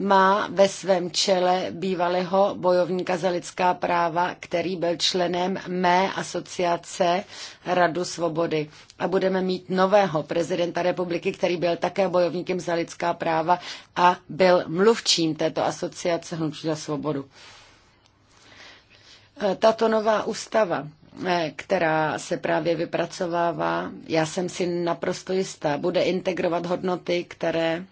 má ve svém čele bývalého bojovníka za lidská práva, který byl členem mé asociace Radu svobody. A budeme mít nového prezidenta republiky, který byl také bojovníkem za lidská práva a byl mluvčím této asociace Hnutí za svobodu. E, tato nová ústava e, která se právě vypracovává, já jsem si naprosto jistá, bude integrovat hodnoty, které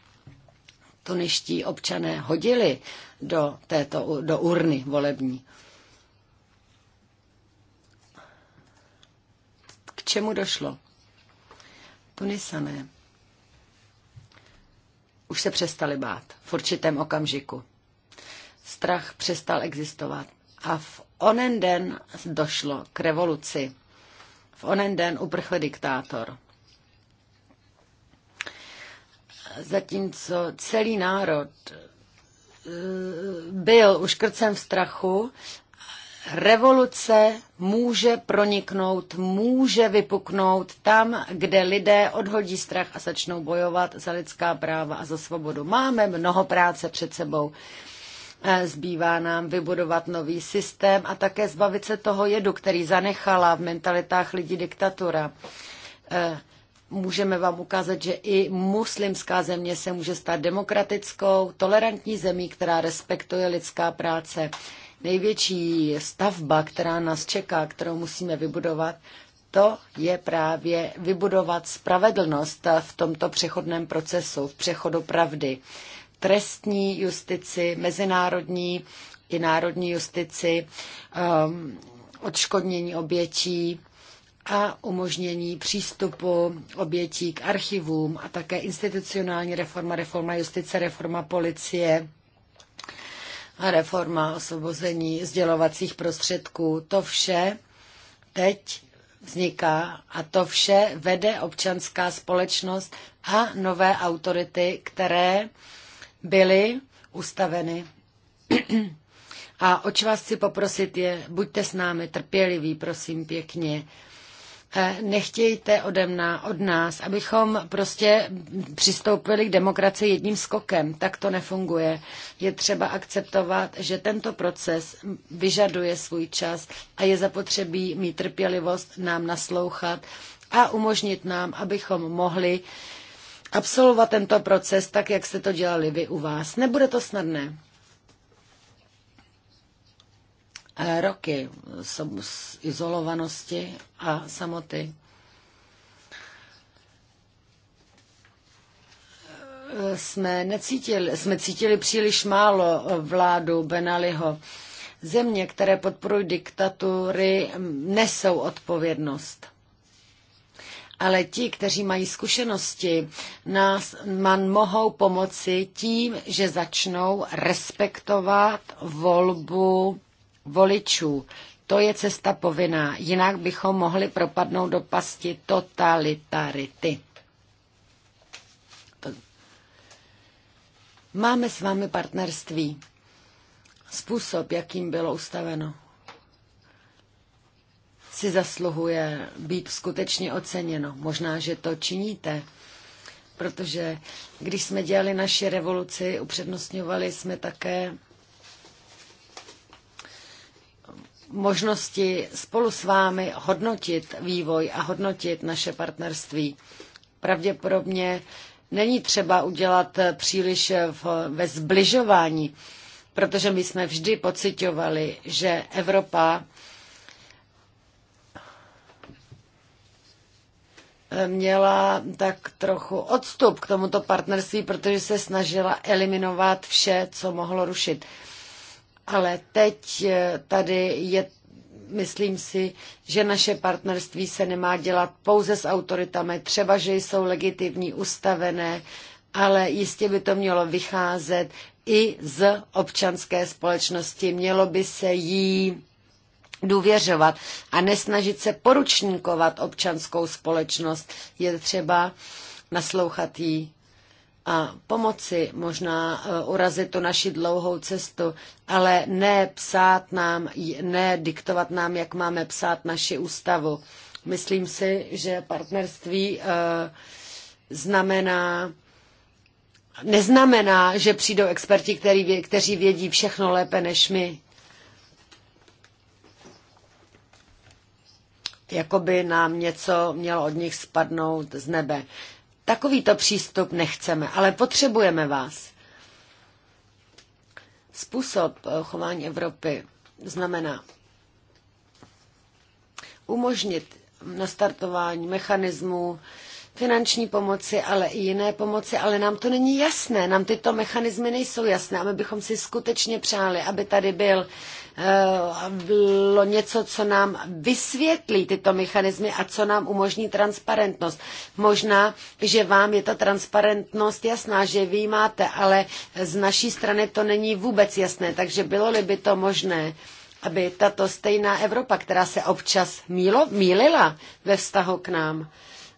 neští občané hodili do, této, do urny volební. K čemu došlo? Tunisané už se přestali bát v určitém okamžiku. Strach přestal existovat a v onen den došlo k revoluci. V onen den uprchl diktátor zatímco celý národ eh, byl uškrcen v strachu, revoluce může proniknout, může vypuknout tam, kde lidé odhodí strach a začnou bojovat za lidská práva a za svobodu. Máme mnoho práce před sebou. Eh, zbývá nám vybudovat nový systém a také zbavit se toho jedu, který zanechala v mentalitách lidí diktatura eh, můžeme vám ukázat, že i muslimská země se může stát demokratickou, tolerantní zemí, která respektuje lidská práce. Největší stavba, která nás čeká, kterou musíme vybudovat, to je právě vybudovat spravedlnost v tomto přechodném procesu, v přechodu pravdy. Trestní justici, mezinárodní i národní justici, um, odškodnění obětí, a umožnění přístupu obětí k archivům a také institucionální reforma, reforma justice, reforma policie a reforma osvobození sdělovacích prostředků. To vše teď vzniká a to vše vede občanská společnost a nové autority, které byly ustaveny. A oč vás chci poprosit je, buďte s námi trpěliví, prosím pěkně, Eh, nechtějte ode mna, od nás, abychom prostě přistoupili k demokracii jedním skokem. Tak to nefunguje. Je třeba akceptovat, že tento proces vyžaduje svůj čas a je zapotřebí mít trpělivost, nám naslouchat a umožnit nám, abychom mohli absolvovat tento proces tak, jak jste to dělali vy u vás. Nebude to snadné. roky izolovanosti a samoty. Jsme, necítili, jsme cítili příliš málo vládu Benaliho. Země, které podporují diktatury, nesou odpovědnost. Ale ti, kteří mají zkušenosti, nás man mohou pomoci tím, že začnou respektovat volbu voličů. To je cesta povinná, jinak bychom mohli propadnout do pasti totalitarity. Máme s vámi partnerství. Způsob, jakým bylo ustaveno, si zasluhuje být skutečně oceněno. Možná, že to činíte, protože když jsme dělali naši revoluci, upřednostňovali jsme také možnosti spolu s vámi hodnotit vývoj a hodnotit naše partnerství. Pravděpodobně není třeba udělat příliš v, ve zbližování, protože my jsme vždy pocitovali, že Evropa eh, měla tak trochu odstup k tomuto partnerství, protože se snažila eliminovat vše, co mohlo rušit. Ale teď eh, tady je myslím si, že naše partnerství se nemá dělat pouze s autoritami, třeba, že jsou legitimní, ustavené, ale jistě by to mělo vycházet i z občanské společnosti. Mělo by se jí důvěřovat a nesnažit se poručníkovat občanskou společnost. Je třeba naslouchat jí a pomoci možná e, urazit tu naši dlouhou cestu, ale ne psát nám, ne diktovat nám, jak máme psát naši ústavu. Myslím si, že partnerství e, znamená, neznamená, že přijdou experti, který, kteří vědí všechno lépe než my. Jakoby nám něco mělo od nich spadnout z nebe. Takovýto přístup nechceme, ale potřebujeme vás. Způsob eh, chování Evropy znamená umožnit nastartování mechanismů finanční pomoci, ale i jiné pomoci, ale nám to není jasné, nám tyto mechanismy nejsou jasné a my bychom si skutečně přáli, aby tady byl bylo něco, co nám vysvětlí tyto mechanismy a co nám umožní transparentnost. Možná, že vám je ta transparentnost jasná, že vy máte, ale z naší strany to není vůbec jasné, takže bylo-li by to možné, aby tato stejná Evropa, která se občas mílo, mílila ve vztahu k nám,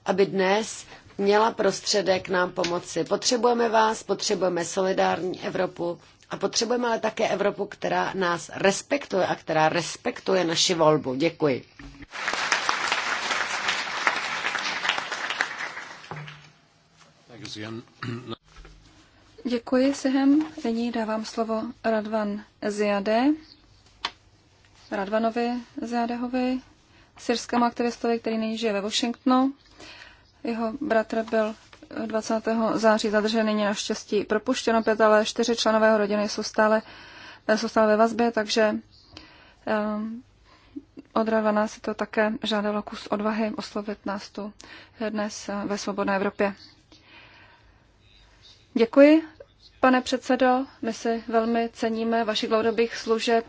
aby dnes měla prostředek nám pomoci. Potřebujeme vás, potřebujeme solidární Evropu, a potřebujeme ale také Evropu, která nás respektuje a která respektuje naši volbu. Děkuji. Děkuji, Sehem. Nyní dávám slovo Radvan Ziade, Radvanovi Ziadehovi, syrskému aktivistovi, který nyní žije ve Washingtonu. Jeho bratr byl 20. září zadržen, není naštěstí propuštěno pět, ale čtyři členové rodiny jsou stále, eh, jsou stále ve vazbě, takže eh, od Ravana si to také žádalo kus odvahy oslovit nás tu dnes eh, ve Svobodné Evropě. Děkuji, pane předsedo. My si velmi ceníme vašich dlouhodobých služeb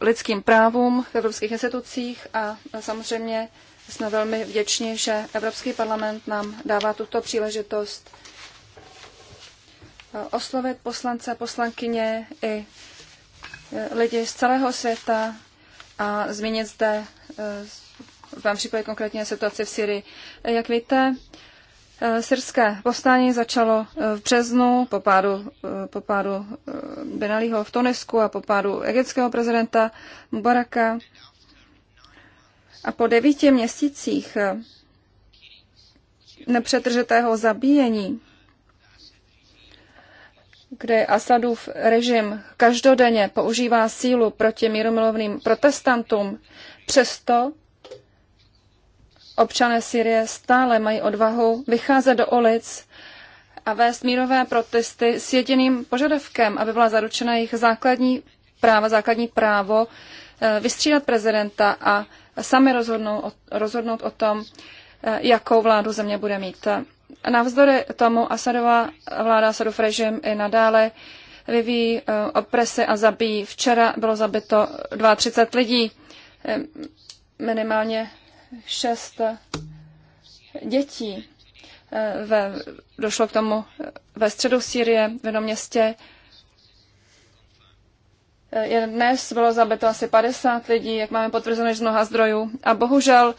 lidským právům v evropských institucích a samozřejmě jsme velmi vděční, že Evropský parlament nám dává tuto příležitost eh, oslovit poslance, poslankyně i eh, lidi z celého světa a zmínit zde eh, vám případě konkrétně situaci v Syrii. Jak víte, syrské povstání začalo v březnu po pádu, po pádu Benalího v Tunisku a po pádu egyptského prezidenta Mubaraka a po devíti měsících eh, nepřetržitého zabíjení, kde Asadův režim každodenně používá sílu proti mírumilovným protestantům, přesto občané Syrie stále mají odvahu vycházet do ulic a vést mírové protesty s jediným požadavkem, aby byla zaručena jejich základní práva, základní právo eh, vystřídat prezidenta a sami rozhodnout o tom, eh, jakou vládu země bude mít. Navzdory tomu Asadová vláda, Asadov režim i nadále vyvíjí eh, opresy a zabíjí. Včera bylo zabito 32 lidí, eh, minimálně 6 dětí. Ve, došlo k tomu ve středu Sýrie, v jednom městě jen dnes bylo zabito asi 50 lidí, jak máme potvrzeno z mnoha zdrojů. A bohužel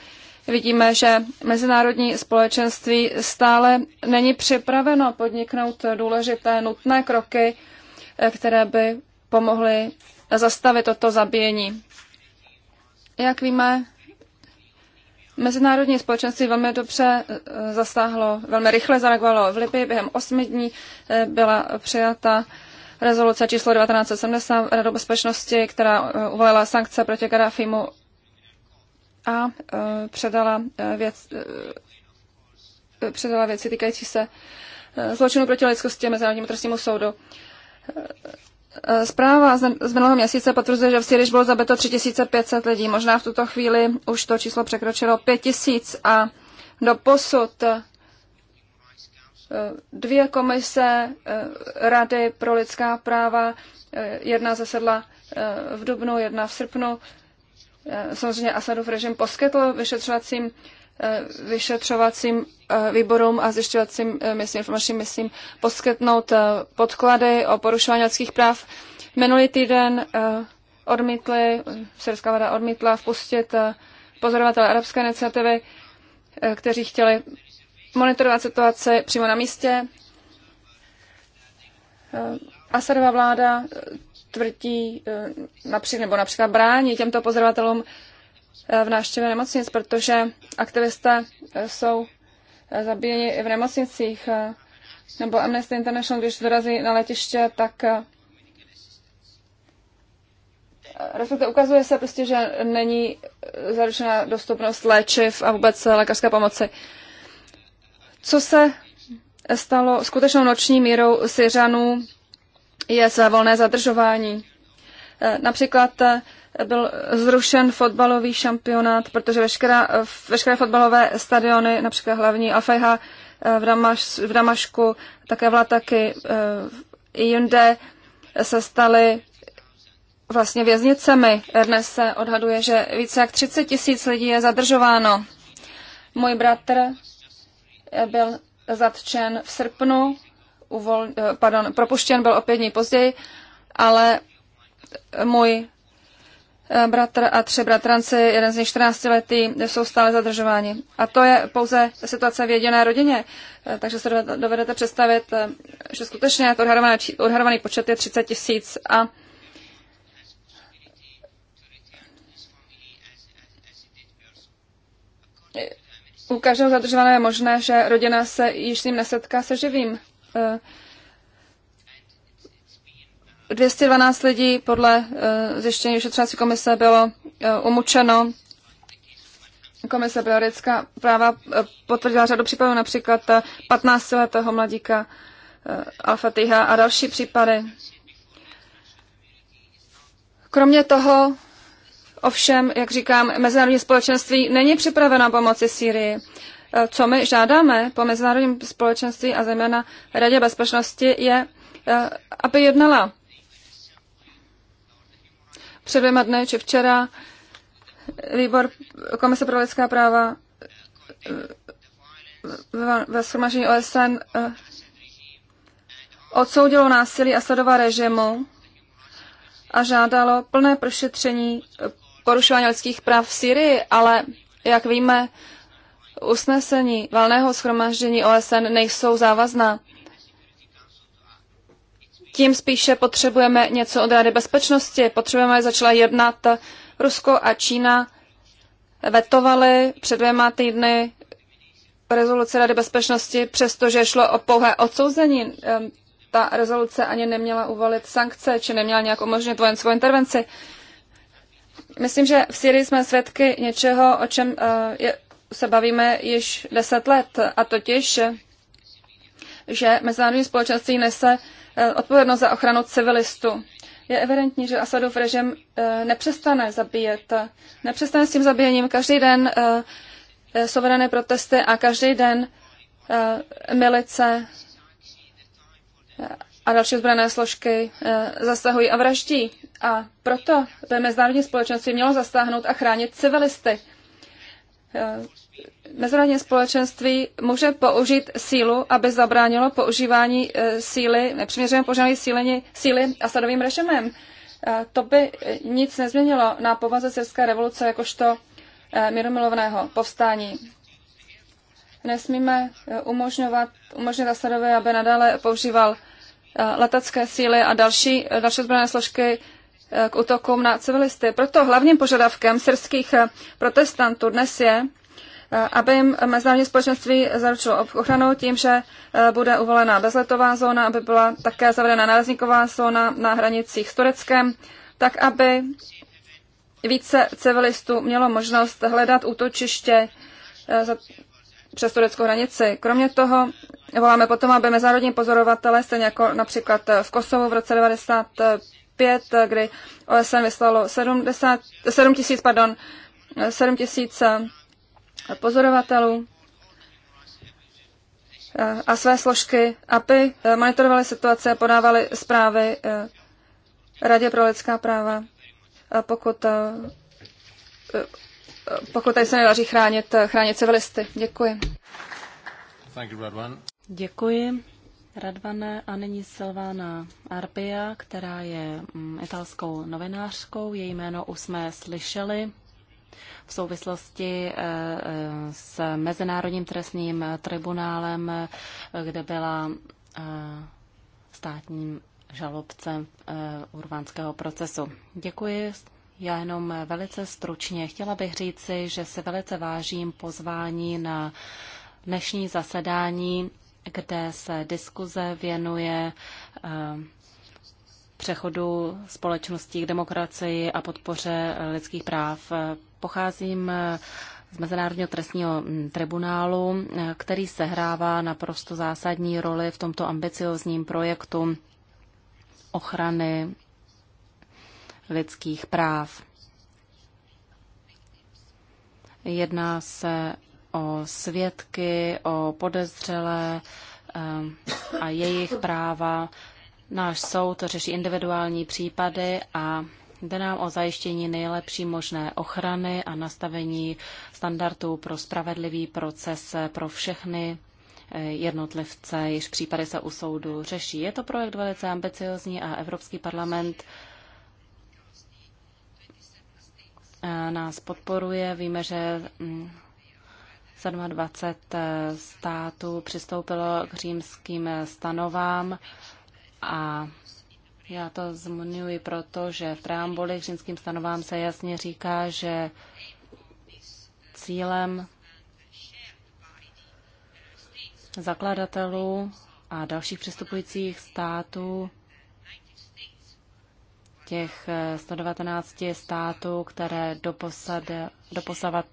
vidíme, že mezinárodní společenství stále není připraveno podniknout důležité nutné kroky, eh, které by pomohly zastavit toto zabíjení. Jak víme, Mezinárodní společenství velmi dobře eh, zasáhlo, velmi rychle zareagovalo v Libii. Během osmi dní eh, byla přijata rezoluce číslo 1970 Radu bezpečnosti, která eh, uvalila sankce proti Gaddafimu a eh, předala, eh, věc, předala věci týkající se zločinu proti lidskosti Mezinárodnímu trestnímu soudu. Zpráva z minulého měsíce potvrzuje, že v Syrii bylo zabito 3500 lidí. Možná v tuto chvíli už to číslo překročilo 5000 a do posud Eh, dvě komise eh, Rady pro lidská práva. Eh, jedna zasedla v dubnu, jedna v srpnu. Samozřejmě Asadův režim poskytl vyšetřovacím, vyšetřovacím výborům a zjišťovacím myslím, informačním myslím poskytnout podklady o porušování lidských práv. Minulý týden odmítli, syrská vláda odmítla vpustit pozorovatele arabské iniciativy, kteří chtěli monitorovat situaci přímo na místě. Eh, Asadová vláda eh, tvrdí eh, například, nebo například brání těmto pozorovatelům v návštěvě nemocnic, protože aktivisté jsou zabíjeni i v nemocnicích. Nebo Amnesty International, když dorazí na letiště, tak respektive ukazuje se prostě, že není zaručena dostupnost léčiv a vůbec lékařské pomoci. Uh, co se stalo skutečnou noční mírou Syřanů je své volné zadržování. Eh, například eh, byl zrušen fotbalový šampionát, protože veškerá, eh, veškeré fotbalové stadiony, například hlavní Afeha v, Damaš, v Damašku, také v Lataky, i jinde, se staly vlastně věznicemi. Dnes se odhaduje, že více jak 30 tisíc lidí je zadržováno. Můj bratr byl zatčen v srpnu, uvol, eh, pardon, propuštěn byl o pět dní později, ale můj eh, bratr a tři bratranci, jeden z nich 14 letý, jsou stále zadržováni. A to je pouze situace v jediné rodině. Eh, takže se dovedete představit, že skutečně odhadovaný počet je 30 tisíc a u každého zadržovaného je možné, že rodina se již s ním nesetká se živým. 212 eh, lidí podle eh, zjištění vyšetřovací komise bylo eh, umučeno. Komise pro lidská práva potvrdila řadu případů, například 15-letého mladíka Alfatiha a další případy. Kromě toho Ovšem, jak říkám, mezinárodní společenství není připraveno pomoci Sýrii. E, co my žádáme po mezinárodním společenství a zejména Radě bezpečnosti je, e, aby jednala. Před dvěma dny či včera výbor Komise pro lidská práva e, ve shromažení OSN odsoudilo násilí Asadova režimu a žádalo plné prošetření porušování lidských práv v Syrii, ale jak víme, usnesení valného schromáždění OSN nejsou závazná. Tím spíše potřebujeme něco od Rady bezpečnosti. Potřebujeme začala jednat Rusko a Čína vetovali před dvěma týdny rezoluce Rady bezpečnosti, přestože šlo o pouhé odsouzení. Ta rezoluce ani neměla uvolit sankce, či neměla nějak umožnit vojenskou intervenci. Myslím, že v Syrii jsme svědky něčeho, o čem eh, je, se bavíme již deset let, a totiž, že mezinárodní společenství nese eh, odpovědnost za ochranu civilistů. Je evidentní, že Asadův režim eh, nepřestane zabíjet, nepřestane s tím zabíjením. Každý den suverené protesty a každý den milice a další zbrané složky zasahují a vraždí. A proto to mezinárodní společenství mělo zasáhnout a chránit civilisty. E, mezinárodní společenství může použít sílu, aby zabránilo používání e, síly, nepřiměřené používání síly, síly Asadovým režimem. E, to by nic nezměnilo na povaze syrské revoluce jakožto míromilovného povstání. Nesmíme umožňovat, umožnit Asadovi, aby nadále používal letecké síly a další, další zbrané složky k útokům na civilisty. Proto hlavním požadavkem syrských eh, protestantů dnes je, eh, aby jim mezinárodní společenství zaručilo ochranu tím, že eh, bude uvolena bezletová zóna, aby byla také zavedena nárazníková zóna na hranicích s Tureckem, tak aby více civilistů mělo možnost hledat útočiště přes tureckou hranici. Kromě toho voláme potom, aby mezinárodní pozorovatelé, stejně jako například v Kosovu v roce 90 Pět, kdy OSN vyslalo 7 tisíc, pardon, 7 tisíc eh, pozorovatelů eh, a své složky API eh, monitorovaly situaci a podávaly zprávy Radě pro lidská práva, pokud, pokud tady se nedaří chránit, chránit civilisty. Děkuji. Děkuji. Radvané a nyní Silvana Arbia, která je mm, italskou novinářkou. Její jméno už jsme slyšeli v souvislosti eh, eh, s Mezinárodním trestním tribunálem, eh, kde byla státním žalobcem urvánského procesu. Děkuji. Já jenom velice stručně chtěla bych říci, že se velice vážím pozvání na dnešní zasedání kde se diskuze věnuje eh, přechodu společností k demokracii a podpoře eh, lidských práv. Pocházím eh, z Mezinárodního trestního hm, tribunálu, který sehrává naprosto zásadní roli v tomto ambiciozním projektu ochrany lidských práv. Jedná se o svědky, o podezřelé a jejich práva. Náš soud řeší individuální případy a Jde nám o zajištění nejlepší možné ochrany a nastavení standardů pro spravedlivý proces eh, pro všechny eh, jednotlivce, jež případy se u soudu řeší. Je to projekt velice ambiciozní a Evropský parlament eh, nás podporuje. Víme, že mm, 27 eh, států přistoupilo k římským eh, stanovám a já to zmiňuji proto, že v preambuli k římským stanovám se jasně říká, že cílem zakladatelů a dalších přistupujících států těch 119 eh, států, které doposad, doposavat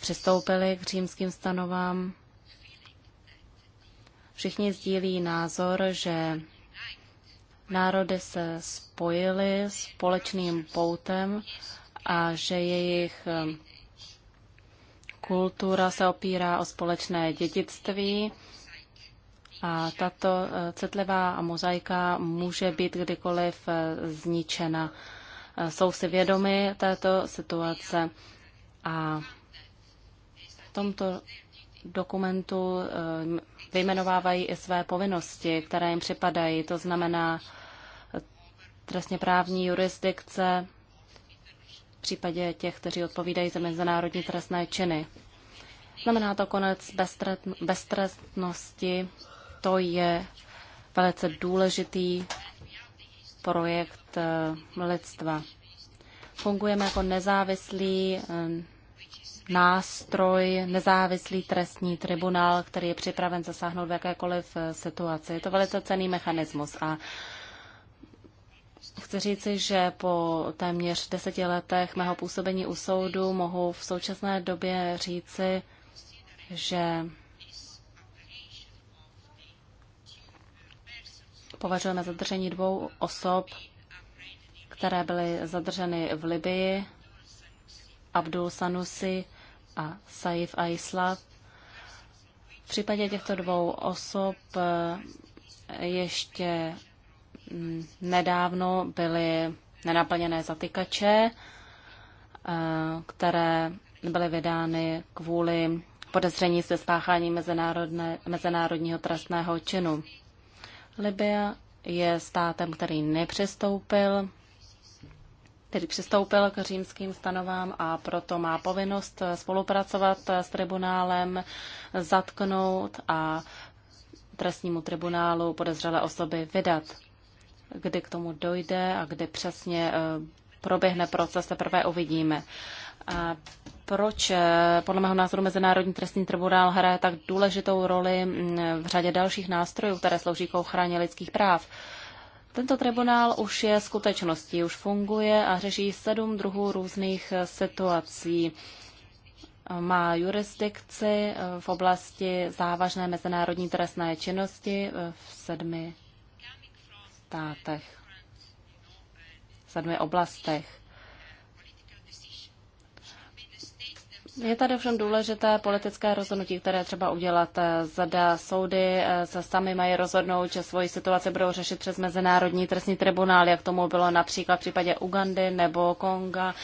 přistoupili k římským stanovám. Všichni sdílí názor, že národy se spojily společným poutem a že jejich eh, kultura se opírá o společné dědictví a tato eh, citlivá mozaika může být kdykoliv eh, zničena. Jsou si vědomi této situace a tomto dokumentu eh, vyjmenovávají i své povinnosti, které jim připadají. To znamená eh, trestně právní jurisdikce v případě těch, kteří odpovídají za mezinárodní trestné činy. Znamená to konec beztrestnosti. To je velice důležitý projekt eh, lidstva. Fungujeme jako nezávislý nástroj, nezávislý trestní tribunál, který je připraven zasáhnout v jakékoliv eh, situaci. Je to velice cený mechanismus a Chci říci, že po téměř deseti letech mého působení u soudu mohu v současné době říci, že považujeme zadržení dvou osob, které byly zadrženy v Libii, Abdul Sanusi a Saif Aislav. V případě těchto dvou osob eh, ještě mm, nedávno byly nenaplněné zatykače, eh, které byly vydány kvůli podezření ze spáchání mezinárodního trestného činu. Libya je státem, který nepřistoupil který přistoupil k římským stanovám a proto má povinnost spolupracovat s tribunálem, zatknout a trestnímu tribunálu podezřelé osoby vydat. Kdy k tomu dojde a kdy přesně eh, proběhne proces, teprve uvidíme. A proč eh, podle mého názoru Mezinárodní trestní tribunál hraje tak důležitou roli mm, v řadě dalších nástrojů, které slouží k ochraně lidských práv? Tento tribunál už je skutečností, už funguje a řeší sedm druhů různých situací. Má jurisdikci eh, v oblasti závažné mezinárodní trestné činnosti eh, v sedmi státech, v sedmi oblastech. Je tady všem důležité politické rozhodnutí, které třeba udělat. Eh, zada soudy eh, se sami mají rozhodnout, že svoji situaci budou řešit přes Mezinárodní trestní tribunál, jak tomu bylo například v případě Ugandy nebo Konga,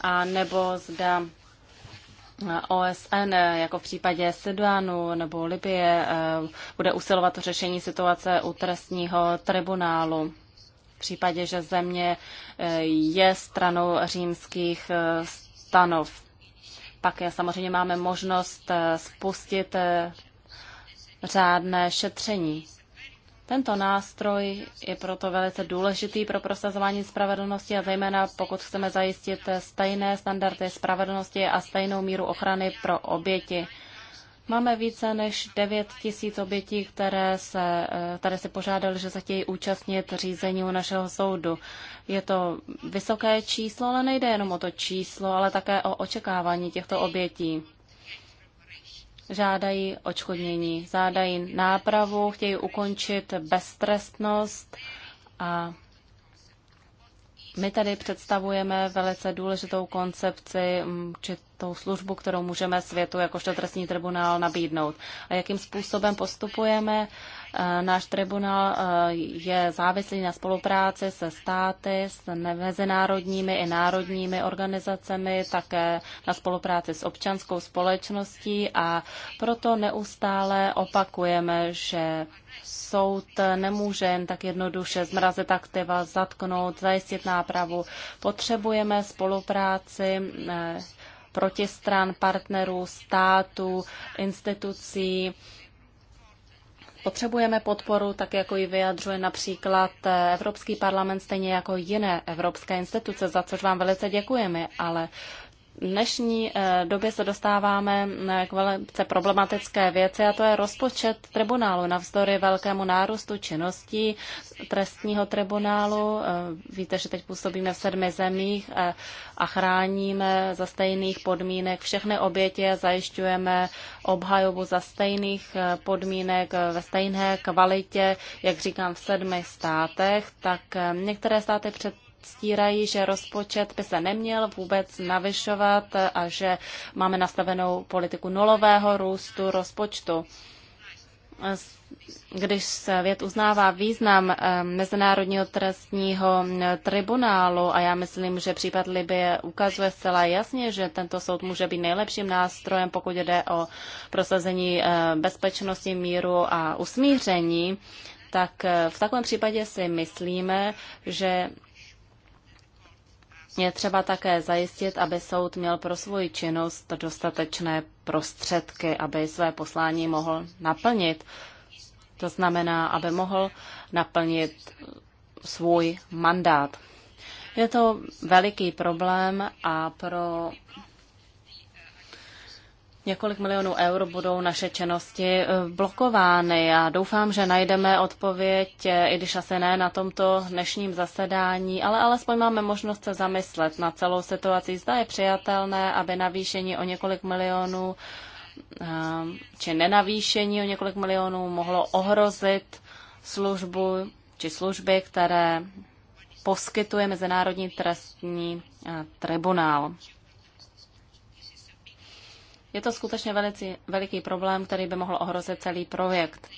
a nebo zda eh, OSN, jako v případě Sudánu nebo Libie, bude usilovat o řešení situace u trestního tribunálu. V případě, že země je stranou římských stanov. Pak samozřejmě máme možnost eh, spustit eh, řádné šetření. Tento nástroj je proto velice důležitý pro prosazování spravedlnosti a zejména pokud chceme zajistit eh, stejné standardy spravedlnosti a stejnou míru ochrany pro oběti. Máme více než 9 tisíc obětí, které se, eh, které se požádali, že se chtějí účastnit řízení u našeho soudu. Je to vysoké číslo, ale nejde jenom o to číslo, ale také o očekávání těchto obětí. Žádají očkodnění, žádají nápravu, chtějí ukončit beztrestnost a my tady představujeme velice důležitou koncepci, tou službu, kterou můžeme světu jakožto trestní tribunál nabídnout. A jakým způsobem postupujeme? E, náš tribunál e, je závislý na spolupráci se státy, s mezinárodními i národními organizacemi, také na spolupráci s občanskou společností a proto neustále opakujeme, že soud nemůže jen tak jednoduše zmrazit aktiva, zatknout, zajistit nápravu. Potřebujeme spolupráci eh, protistran, partnerů, států, institucí. Potřebujeme podporu, tak jako ji vyjadřuje například eh, Evropský parlament, stejně jako jiné evropské instituce, za což vám velice děkujeme, ale dnešní eh, době se dostáváme eh, k velice problematické věci a to je rozpočet tribunálu. Navzdory velkému nárůstu činností trestního tribunálu, eh, víte, že teď působíme v sedmi zemích a chráníme za stejných podmínek všechny oběti a zajišťujeme obhajobu za stejných podmínek ve stejné kvalitě, jak říkám, v sedmi státech, tak některé státy před předstírají, že rozpočet by se neměl vůbec navyšovat a že máme nastavenou politiku nulového růstu rozpočtu. Když se věd uznává význam eh, Mezinárodního trestního eh, tribunálu a já myslím, že případ Libie ukazuje zcela jasně, že tento soud může být nejlepším nástrojem, pokud jde o prosazení eh, bezpečnosti, míru a usmíření, tak v takovém případě si myslíme, že je třeba také zajistit, aby soud měl pro svoji činnost dostatečné prostředky, aby své poslání mohl naplnit. To znamená, aby mohl naplnit svůj mandát. Je to veliký problém a pro několik milionů eur budou naše činnosti eh, blokovány. Já doufám, že najdeme odpověď, eh, i když asi ne na tomto dnešním zasedání, ale alespoň máme možnost se zamyslet na celou situaci. Zda je přijatelné, aby navýšení o několik milionů eh, či nenavýšení o několik milionů mohlo ohrozit službu či služby, které poskytuje Mezinárodní trestní tribunál. Je to skutečně velici, veliký problém, který by mohl ohrozit celý projekt.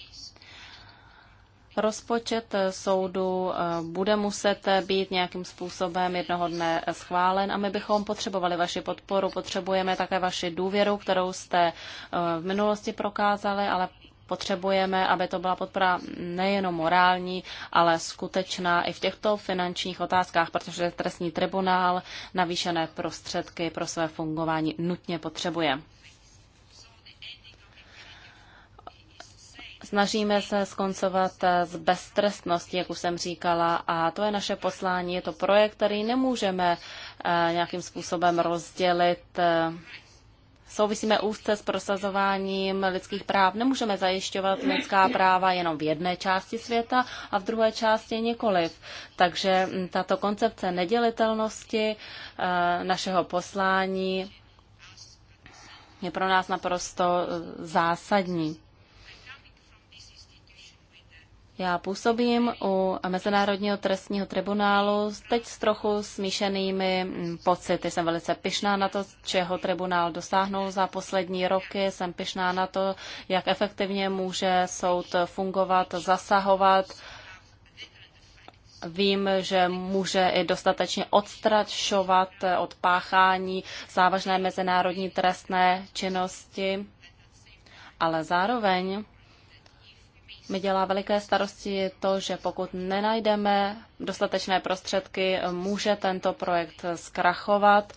Rozpočet soudu eh, bude muset být nějakým způsobem jednoho dne schválen a my bychom potřebovali vaši podporu, potřebujeme také vaši důvěru, kterou jste eh, v minulosti prokázali, ale potřebujeme, aby to byla podpora nejenom morální, ale skutečná i v těchto finančních otázkách, protože trestní tribunál navýšené prostředky pro své fungování nutně potřebuje. Snažíme se skoncovat eh, s beztrestností, jak už jsem říkala, a to je naše poslání. Je to projekt, který nemůžeme eh, nějakým způsobem rozdělit. Eh. Souvisíme úzce s prosazováním lidských práv. Nemůžeme zajišťovat lidská práva jenom v jedné části světa a v druhé části nikoliv. Takže hm, tato koncepce nedělitelnosti našeho poslání je pro nás naprosto zásadní. Já působím u Mezinárodního trestního tribunálu teď s trochu smíšenými mm, pocity. Jsem velice pyšná na to, čeho tribunál dosáhnul za poslední roky. Jsem pyšná na to, jak efektivně může soud fungovat, zasahovat. Vím, že může i dostatečně odstrašovat od páchání závažné mezinárodní trestné činnosti, ale zároveň mi dělá veliké starosti to, že pokud nenajdeme dostatečné prostředky, může tento projekt zkrachovat.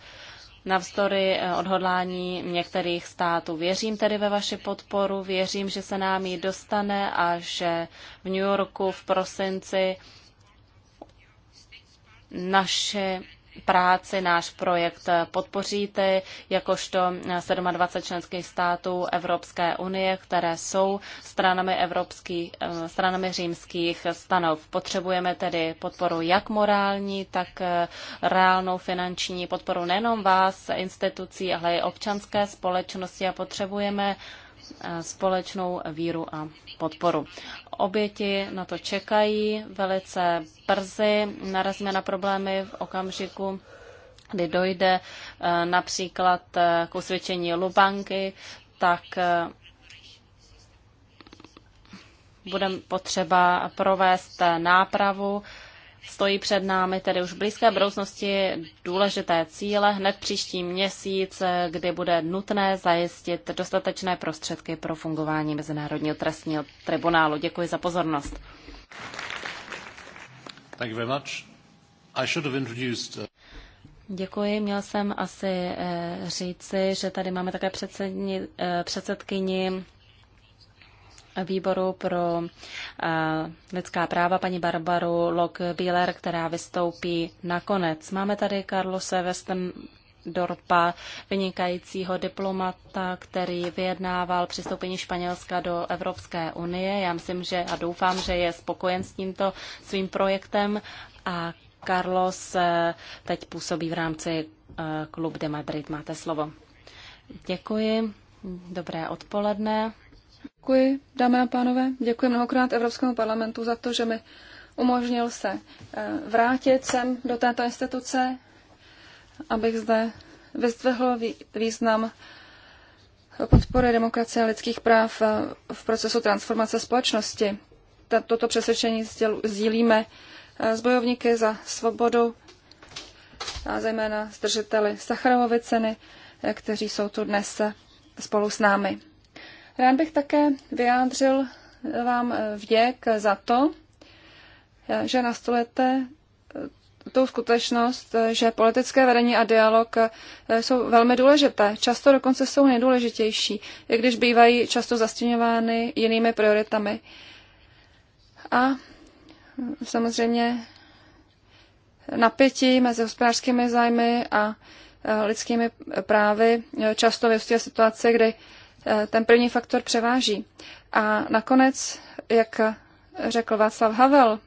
Navzdory eh, odhodlání některých států. Věřím tedy ve vaši podporu, věřím, že se nám ji dostane a že v New Yorku v prosinci naše práci, náš projekt podpoříte, jakožto 27 členských států Evropské unie, které jsou stranami, evropský, eh, stranami římských stanov. Potřebujeme tedy podporu jak morální, tak eh, reálnou finanční podporu nejenom vás, institucí, ale i občanské společnosti a potřebujeme Eh, společnou víru a podporu. Oběti na to čekají velice brzy. Narazíme na problémy v okamžiku, kdy dojde eh, například eh, k usvědčení Lubanky, tak bude potřeba provést nápravu Stojí před námi tedy už v blízké budoucnosti důležité cíle hned příští měsíc, kdy bude nutné zajistit dostatečné prostředky pro fungování Mezinárodního trestního tribunálu. Děkuji za pozornost. Thank you very much. I should have introduced... Uh, Děkuji. Měl jsem asi eh, říci, že tady máme také předsedni, eh, předsedkyni výboru pro eh, lidská práva paní Barbaru Lok Bieler, která vystoupí nakonec. Máme tady Karlose Westen Dorpa, vynikajícího diplomata, který vyjednával přistoupení Španělska do Evropské unie. Já myslím, že a doufám, že je spokojen s tímto svým projektem a Carlos eh, teď působí v rámci klub eh, de Madrid. Máte slovo. Děkuji. Dobré odpoledne. Děkuji, dámy a pánové. Děkuji mnohokrát Evropskému parlamentu za to, že mi umožnil se eh, vrátit sem do této instituce, abych zde vyzdvihl význam podpory demokracie a lidských práv eh, v procesu transformace společnosti. Toto přesvědčení sdílíme eh, s bojovníky za svobodu a zejména s držiteli Sacharovovy ceny, kteří jsou tu dnes spolu s námi. Rád bych také vyjádřil vám vděk za to, že nastolete tou skutečnost, že politické vedení a dialog jsou velmi důležité. Často dokonce jsou nejdůležitější, i když bývají často zastěňovány jinými prioritami. A samozřejmě napětí mezi hospodářskými zájmy a lidskými právy často vyústí situace, kdy Eh, ten první faktor převáží. A nakonec, jak řekl Václav Havel,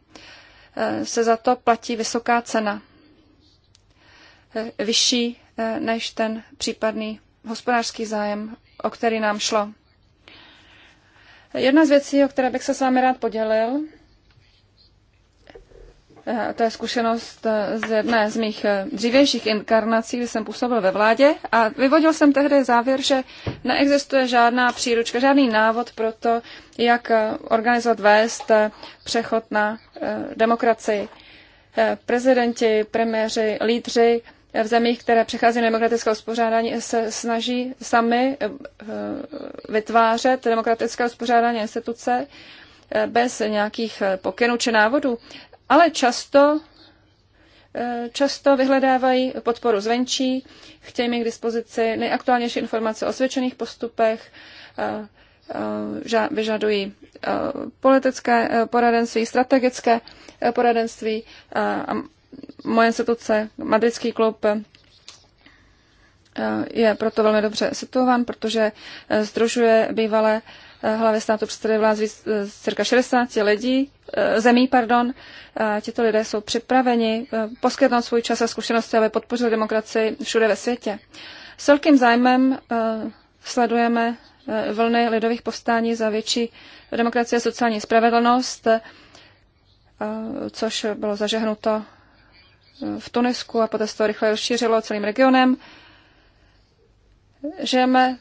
eh, se za to platí vysoká cena. Eh, vyšší než ten případný hospodářský zájem, o který nám šlo. Jedna z věcí, o které bych se s vámi rád podělil, Eh, to je zkušenost eh, z jedné z mých eh, dřívějších inkarnací, kdy jsem působil ve vládě a vyvodil jsem tehdy závěr, že neexistuje žádná příručka, žádný návod pro to, jak organizovat, vést přechod na demokracii. Prezidenti, premiéři, lídři v zemích, které přechází na demokratické uspořádání, se snaží sami vytvářet demokratické uspořádání instituce bez nějakých pokynů či návodů ale často eh, často vyhledávají podporu zvenčí, chtějí mít k dispozici nejaktuálnější informace o svědčených postupech, eh, eh, vyžadují politické poradenství, strategické poradenství. A moje instituce, Madridský klub, je proto velmi dobře situován, protože združuje bývalé Eh, hlavy státu představuje vlád z eh, cirka 60 lidí, eh, zemí. Pardon. Tito lidé jsou připraveni poskytnout svůj čas a zkušenosti, aby podpořili demokracii všude ve světě. S velkým zájmem sledujeme vlny lidových povstání za větší demokracie a sociální spravedlnost, což bylo zažehnuto v Tunisku a poté se to rychle rozšířilo celým regionem. Žijeme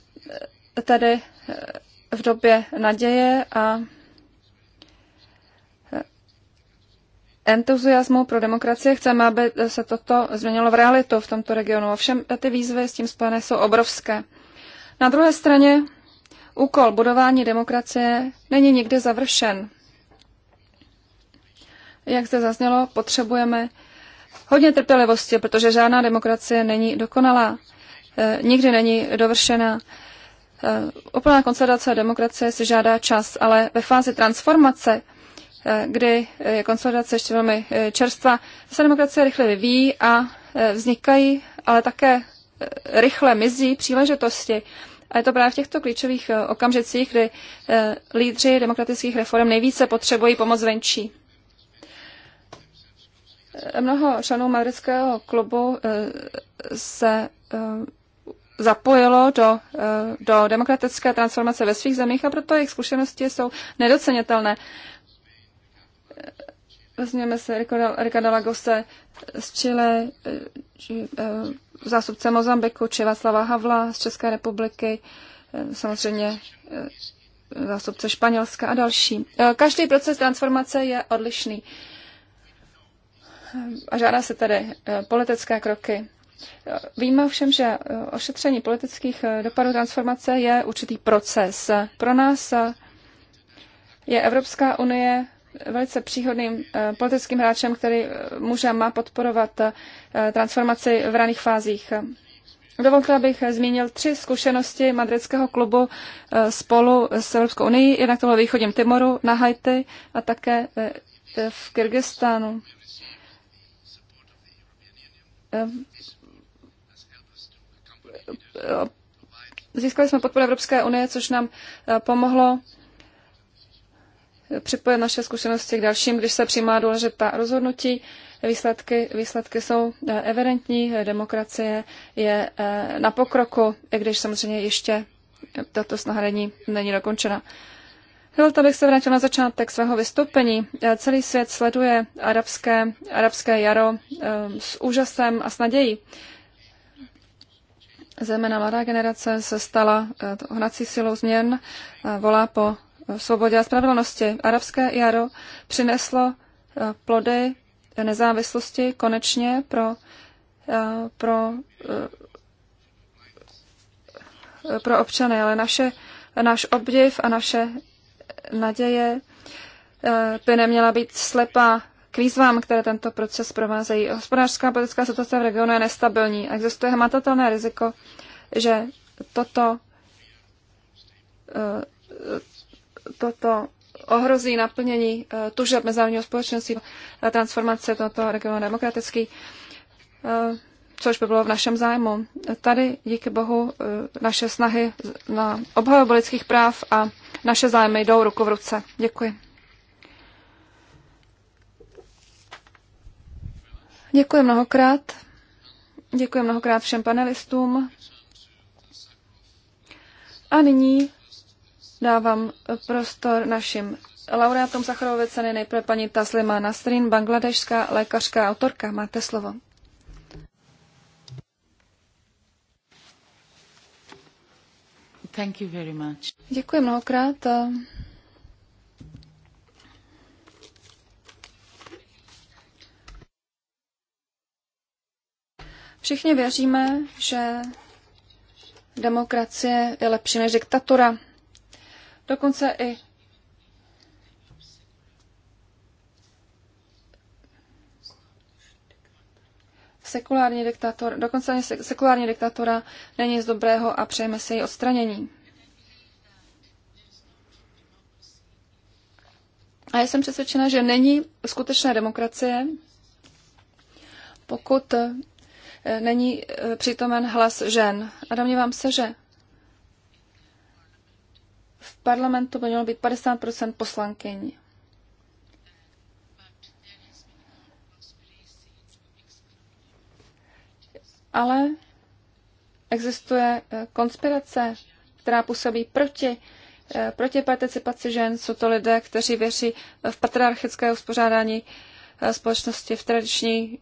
tady v době naděje a entuziasmu pro demokracii. Chceme, aby se toto změnilo v realitu v tomto regionu. Ovšem ty výzvy s tím spojené jsou obrovské. Na druhé straně úkol budování demokracie není nikdy završen. Jak zde zaznělo, potřebujeme hodně trpělivosti, protože žádná demokracie není dokonalá. E, nikdy není dovršená. Eh, úplná konsolidace demokracie si žádá čas, ale ve fázi transformace, eh, kdy je konsolidace ještě velmi eh, čerstva, se demokracie rychle vyvíjí a vznikají, ale také rychle mizí příležitosti. A je to právě v těchto klíčových okamžicích, kdy lídři demokratických reform nejvíce potřebují pomoc venčí. Mnoho členů madridského klubu se zapojilo do, eh, do demokratické transformace ve svých zemích a proto jejich zkušenosti jsou nedocenitelné. Eh, vezměme se Ricardo Lagose z Chile, eh, zástupce Mozambiku, či Václava Havla z České republiky, samozřejmě zástupce Španělska a další. Každý proces transformace je odlišný a žádá se tedy politické kroky Víme ovšem, že eh, ošetření politických eh, dopadů transformace je určitý proces. Pro nás eh, je Evropská unie velice příhodným politickým hráčem, který může a má podporovat transformaci v raných fázích. Dovolte, abych zmínil tři zkušenosti madridského klubu spolu s Evropskou unii, jednak bylo východním Timoru, na Haiti a také v Kyrgyzstánu. Ehm, získali jsme podporu Evropské unie, což nám eh, pomohlo připojit naše zkušenosti k dalším, když se přijímá důležitá rozhodnutí. Výsledky, výsledky jsou eh, evidentní, demokracie je eh, na pokroku, i když samozřejmě ještě tato snaha není, není dokončena. Dovolte, abych se vrátil na začátek svého vystoupení. Celý svět sleduje arabské, arabské jaro s úžasem a s nadějí zejména mladá generace se stala eh, hnací silou změn, eh, volá po eh, svobodě a spravedlnosti. Arabské jaro přineslo plody nezávislosti konečně pro, pro, pro občany, ale naše, náš obdiv a naše naděje by neměla být slepá k výzvám, které tento proces provázejí. Hospodářská a politická situace v regionu je nestabilní. Existuje hmatatelné riziko, že toto, eh, toto ohrozí naplnění eh, tužeb mezinárodního společenství transformace tohoto regionu demokratický, eh, což by bylo v našem zájmu. Tady, díky bohu, naše snahy na obhajobu lidských práv a naše zájmy jdou ruku v ruce. Děkuji. Děkuji mnohokrát. Děkuji mnohokrát všem panelistům. A nyní dávám prostor našim laureátům Sacharové ceny, nejprve paní Taslima Nasrin, bangladežská lékařská autorka. Máte slovo. Thank you very much. Děkuji mnohokrát. Všichni věříme, že demokracie je lepší než diktatura. Dokonce i sekulární diktator, dokonce ani sekulární diktatura není z dobrého a přejeme si její odstranění. A já jsem přesvědčena, že není skutečné demokracie, pokud není eh, přítomen hlas žen. A domnívám se, že v parlamentu by mělo být 50 poslankyň. Ale existuje eh, konspirace, která působí proti, eh, proti participaci žen. Jsou to lidé, kteří věří v patriarchické uspořádání společnosti, v tradiční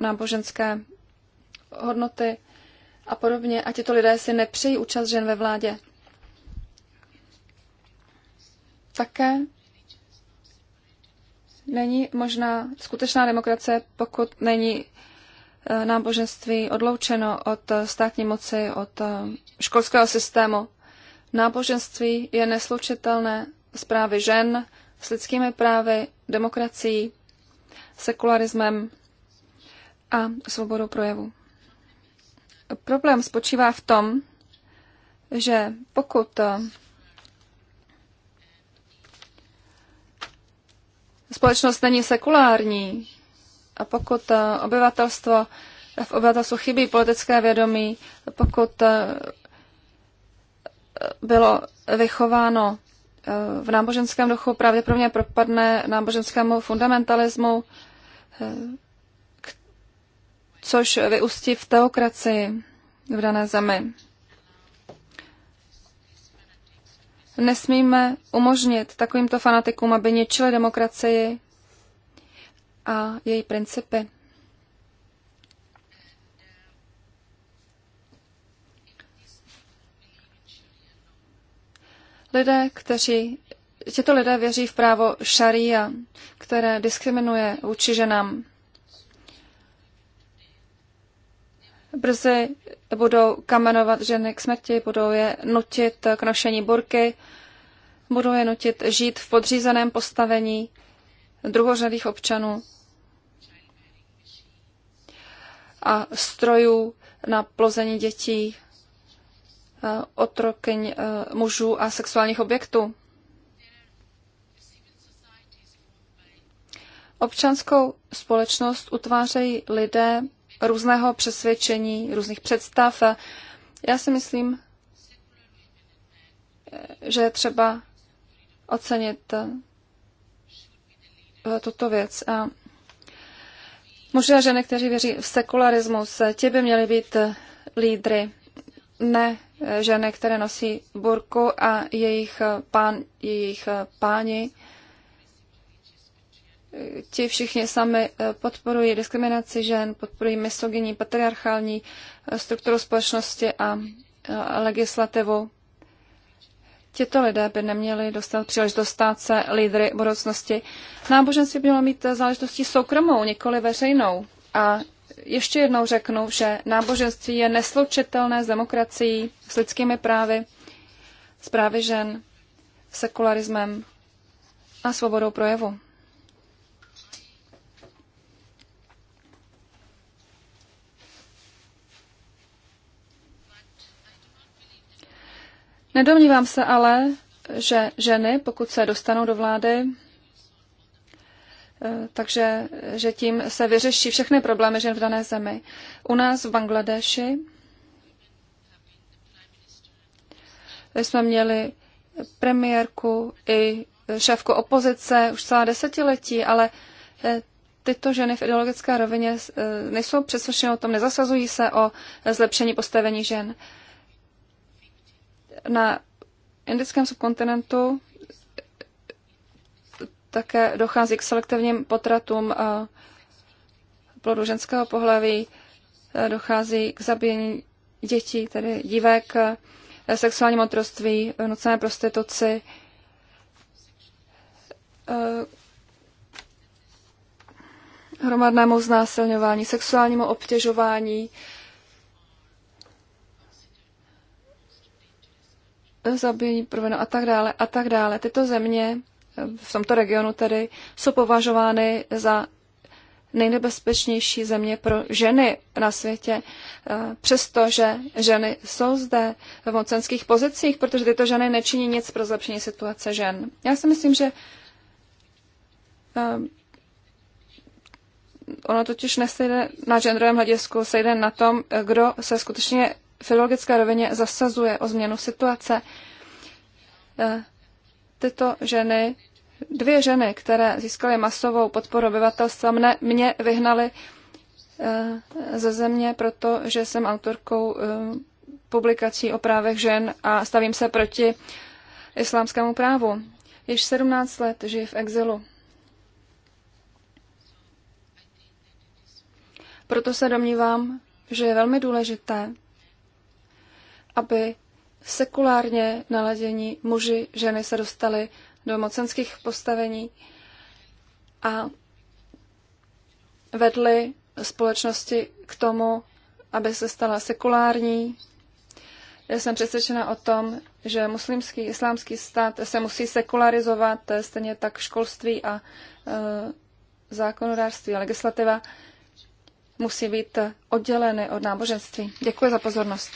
náboženské hodnoty a podobně. A tito lidé si nepřejí účast žen ve vládě. Také není možná skutečná demokracie, pokud není eh, náboženství odloučeno od eh, státní moci, od eh, školského systému. Náboženství je neslučitelné s právy žen, s lidskými právy, demokracií, sekularismem a svobodou projevu. Problém spočívá v tom, že pokud eh, společnost není sekulární a pokud eh, obyvatelstvo v obyvatelstvu chybí politické vědomí, pokud eh, bylo vychováno v náboženském duchu, pravděpodobně propadne náboženskému fundamentalismu, což vyústí v teokracii v dané zemi. Nesmíme umožnit takovýmto fanatikům, aby ničili demokracii a její principy. Lidé, kteří, těto lidé věří v právo šaria, které diskriminuje vůči ženám. Brzy budou kamenovat ženy k smrti, budou je nutit k nošení burky, budou je nutit žít v podřízeném postavení druhořadých občanů a strojů na plození dětí, eh, otrokyň eh, mužů a sexuálních objektů. Občanskou společnost utvářejí lidé, různého přesvědčení, různých představ. Já si myslím, že je třeba ocenit eh, tuto věc. A možná ženy, kteří věří v sekularismus, eh, ti by měli být eh, lídry, ne ženy, které nosí burku a jejich, pán, jejich páni ti všichni sami eh, podporují diskriminaci žen, podporují misogyní, patriarchální eh, strukturu společnosti a eh, legislativu. Tito lidé by neměli dostat příležitost stát se lídry budoucnosti. Náboženství by mělo mít záležitostí soukromou, nikoli veřejnou. A ještě jednou řeknu, že náboženství je neslučitelné s demokracií, s lidskými právy, s právy žen, sekularismem a svobodou projevu. Nedomnívám se ale, že ženy, pokud se dostanou do vlády, eh, takže že tím se vyřeší všechny problémy žen v dané zemi. U nás v Bangladeši jsme měli premiérku i šéfku opozice už celá desetiletí, ale eh, tyto ženy v ideologické rovině eh, nejsou přesvědčeny o tom, nezasazují se o zlepšení postavení žen. Na indickém subkontinentu také dochází k selektivním potratům eh, plodu ženského pohlaví, eh, dochází k zabíjení dětí, tedy dívek, eh, sexuální otroství, nucené prostituci, hromadnému znásilňování, sexuálnímu obtěžování, zabíjení prveno a tak dále a tak dále. Tyto země v tomto regionu tedy jsou považovány za nejnebezpečnější země pro ženy na světě, eh, přestože ženy jsou zde v mocenských pozicích, protože tyto ženy nečiní nic pro zlepšení situace žen. Já si myslím, že eh, ono totiž nesejde na genderovém hledisku, sejde na tom, kdo se skutečně filologické rovině zasazuje o změnu situace. E, tyto ženy, dvě ženy, které získaly masovou podporu obyvatelstva, mne, mě vyhnaly e, ze země, protože jsem autorkou e, publikací o právech žen a stavím se proti islámskému právu. Již 17 let žijí v exilu. Proto se domnívám, že je velmi důležité, aby sekulárně naladění muži, ženy se dostali do mocenských postavení a vedli společnosti k tomu, aby se stala sekulární. Já jsem přesvědčena o tom, že muslimský islámský stát se musí sekularizovat, stejně tak školství a e, zákonodárství a legislativa musí být odděleny od náboženství. Děkuji za pozornost.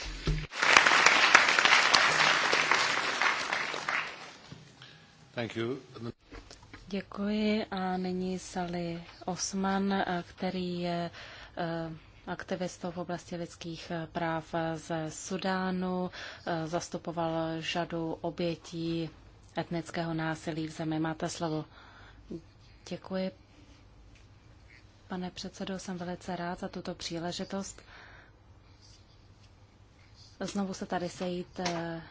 Děkuji a nyní Sali Osman, který je eh, aktivistou v oblasti lidských práv ze Sudánu, eh, zastupoval řadu obětí etnického násilí v zemi. Máte slovo. Děkuji. Pane předsedo, jsem velice rád za tuto příležitost. Znovu se tady sejít eh,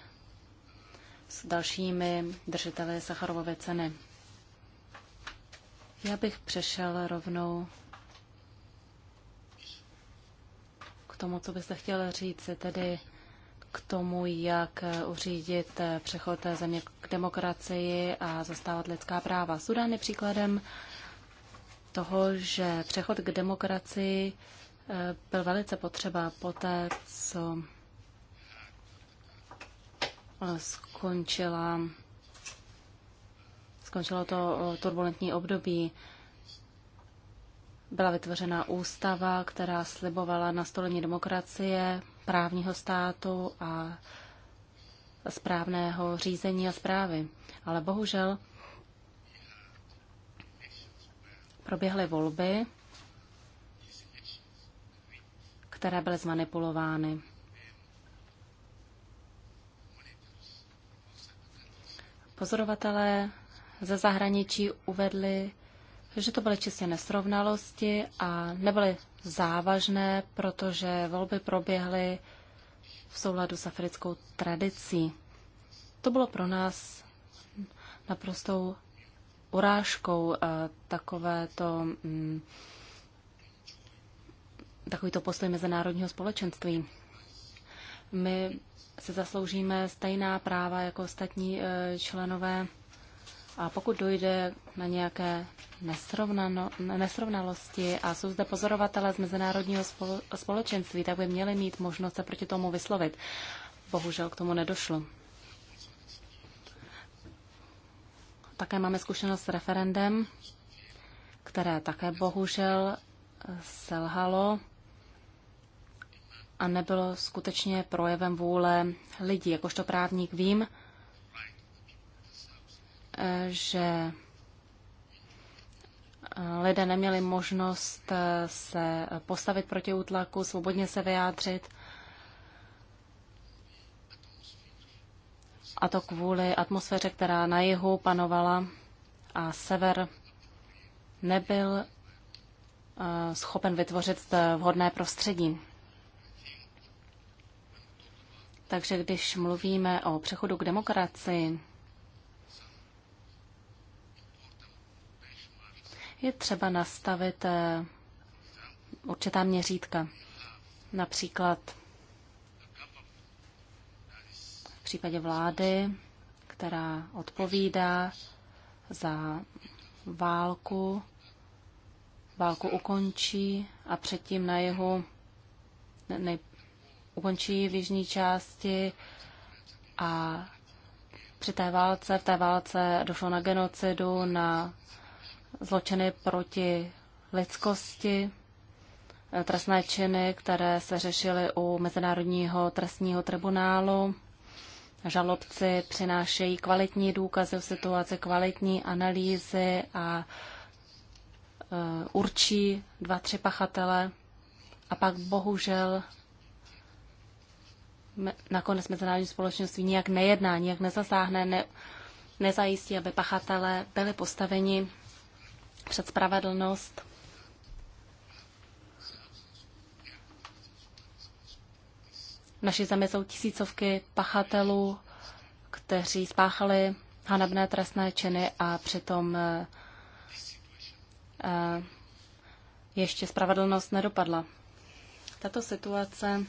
s dalšími držiteli Sacharovové ceny. Já bych přešel rovnou k tomu, co byste chtěl říct, tedy k tomu, jak uřídit přechod země k demokracii a zastávat lidská práva. Sudán je příkladem toho, že přechod k demokracii eh, byl velice potřeba poté, co skončila, skončilo to turbulentní období. Byla vytvořena ústava, která slibovala nastolení demokracie, právního státu a správného řízení a zprávy. Ale bohužel proběhly volby, které byly zmanipulovány. Pozorovatelé ze zahraničí uvedli, že to byly čistě nesrovnalosti a nebyly závažné, protože volby proběhly v souladu s africkou tradicí. To bylo pro nás naprostou urážkou eh, takovéto mm, takovýto postoj mezinárodního společenství. My se zasloužíme stejná práva jako ostatní e, členové a pokud dojde na nějaké nesrovnalosti a jsou zde pozorovatele z mezinárodního společenství, tak by měli mít možnost se proti tomu vyslovit. Bohužel k tomu nedošlo. Také máme zkušenost s referendem, které také bohužel selhalo a nebylo skutečně projevem vůle lidí. Jakožto právník vím, že lidé neměli možnost se postavit proti útlaku, svobodně se vyjádřit. A to kvůli atmosféře, která na jihu panovala a sever nebyl eh, schopen vytvořit vhodné prostředí. Takže když mluvíme o přechodu k demokracii, je třeba nastavit eh, určitá měřítka. Například v případě vlády, která odpovídá za válku, válku ukončí a předtím na jeho nej, ukončí v jižní části a při té válce, v té válce došlo na genocidu, na zločiny proti lidskosti, eh, trestné činy, které se řešily u Mezinárodního trestního tribunálu. Žalobci přinášejí kvalitní důkazy v situaci, kvalitní analýzy a eh, určí dva, tři pachatele. A pak bohužel nakonec mezinárodní společenství nijak nejedná, nijak nezasáhne, ne, nezajistí, aby pachatelé byli postaveni před spravedlnost. V naší zemi jsou tisícovky pachatelů, kteří spáchali hanebné trestné činy a přitom eh, eh, ještě spravedlnost nedopadla. Tato situace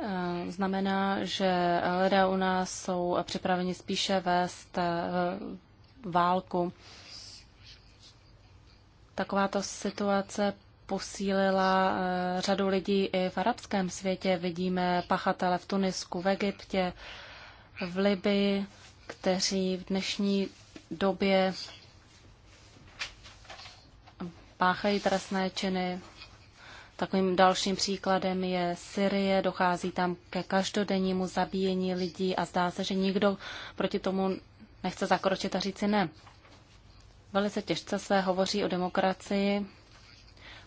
Eh, znamená, že lidé u nás jsou připraveni spíše vést eh, válku. Takováto situace posílila eh, řadu lidí i v arabském světě. Vidíme pachatele v Tunisku, v Egyptě, v Libii, kteří v dnešní době páchají trestné činy Takovým dalším příkladem je Syrie, dochází tam ke každodennímu zabíjení lidí a zdá se, že nikdo proti tomu nechce zakročit a říci ne. Velice těžce se hovoří o demokracii,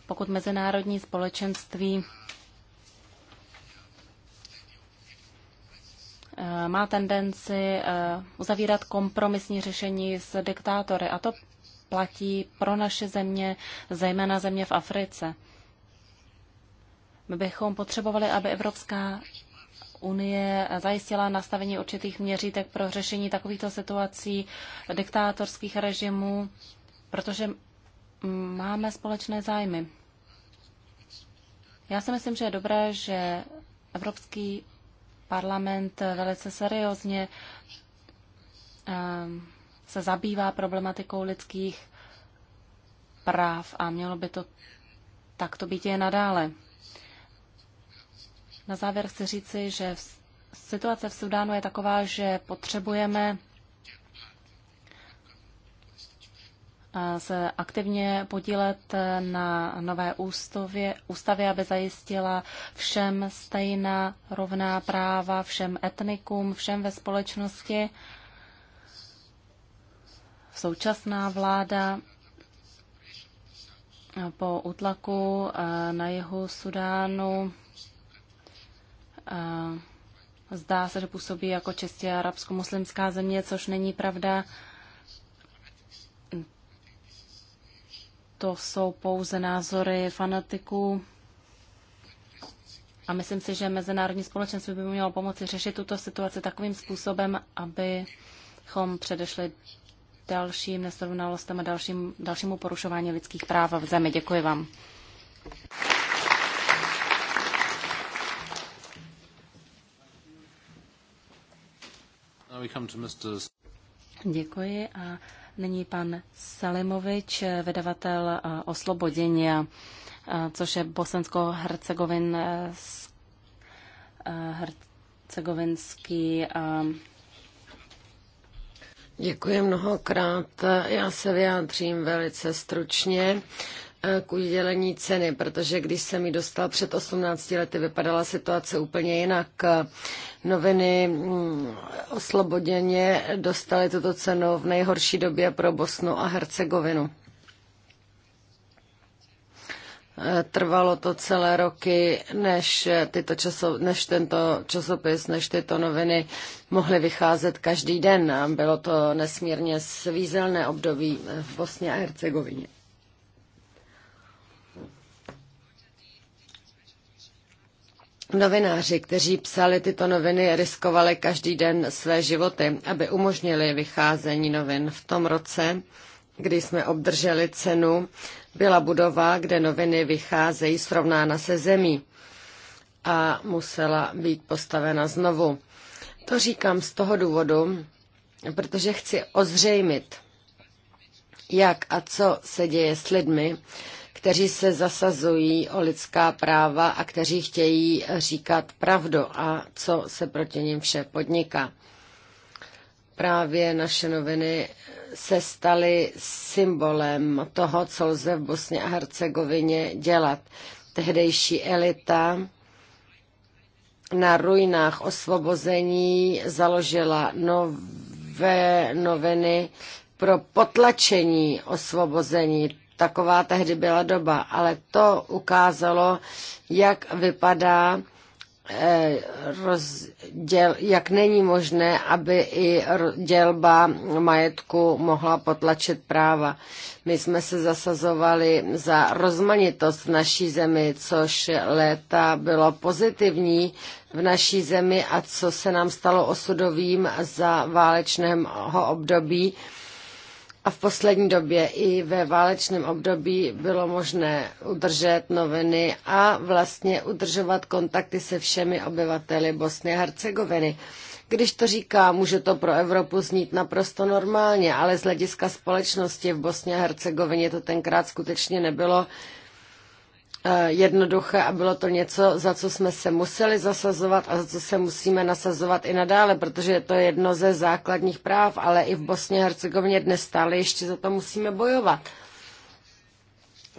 pokud mezinárodní společenství eh, má tendenci eh, uzavírat kompromisní řešení s diktátory. A to platí pro naše země, zejména země v Africe bychom potřebovali, aby Evropská unie zajistila nastavení určitých měřítek pro řešení takovýchto situací diktátorských režimů, protože máme společné zájmy. Já si myslím, že je dobré, že Evropský parlament velice seriózně ehm, se zabývá problematikou lidských práv a mělo by to takto být je nadále. Na závěr chci říci, že situace v Sudánu je taková, že potřebujeme se aktivně podílet na nové ústavě, ústavě, aby zajistila všem stejná rovná práva, všem etnikům, všem ve společnosti. Současná vláda po utlaku na jihu Sudánu Eh, zdá se, že působí jako čistě arabsko-muslimská země, což není pravda. To jsou pouze názory fanatiků. A myslím si, že mezinárodní společenství by mělo pomoci řešit tuto situaci takovým způsobem, abychom předešli dalším nesrovnalostem a dalším, dalšímu porušování lidských práv v zemi. Děkuji vám. Děkuji a nyní pan Salimovič, vydavatel eh, Osloboděně, eh, což je bosensko eh, hercegovinský Děkuji mnohokrát. Já se vyjádřím velice stručně. Eh, k udělení ceny, protože když jsem ji dostal před 18 lety, vypadala situace úplně jinak. Noviny mm, osloboděně dostaly tuto cenu v nejhorší době pro Bosnu a Hercegovinu. Eh, trvalo to celé roky, než, tyto časo, než tento časopis, než tyto noviny mohly vycházet každý den. Bylo to nesmírně svízelné období v Bosně a Hercegovině. Novináři, kteří psali tyto noviny, riskovali každý den své životy, aby umožnili vycházení novin. V tom roce, kdy jsme obdrželi cenu, byla budova, kde noviny vycházejí, srovnána se zemí a musela být postavena znovu. To říkám z toho důvodu, protože chci ozřejmit, jak a co se děje s lidmi, kteří se zasazují o lidská práva a kteří chtějí říkat pravdu a co se proti ním vše podniká. Právě naše noviny se staly symbolem toho, co lze v Bosně a Hercegovině dělat. Tehdejší elita na ruinách osvobození založila nové noviny pro potlačení osvobození. Taková tehdy byla doba, ale to ukázalo, jak vypadá eh, rozděl, jak není možné, aby i dělba majetku mohla potlačit práva. My jsme se zasazovali za rozmanitost v naší zemi, což léta bylo pozitivní v naší zemi a co se nám stalo osudovým za válečného období, a v poslední době i ve válečném období bylo možné udržet noviny a vlastně udržovat kontakty se všemi obyvateli Bosny a Hercegoviny. Když to říká, může to pro Evropu znít naprosto normálně, ale z hlediska společnosti v Bosně a Hercegovině to tenkrát skutečně nebylo Eh, jednoduché a bylo to něco, za co jsme se museli zasazovat a za co se musíme nasazovat i nadále, protože je to jedno ze základních práv, ale i v Bosně a Hercegovině dnes stále ještě za to musíme bojovat.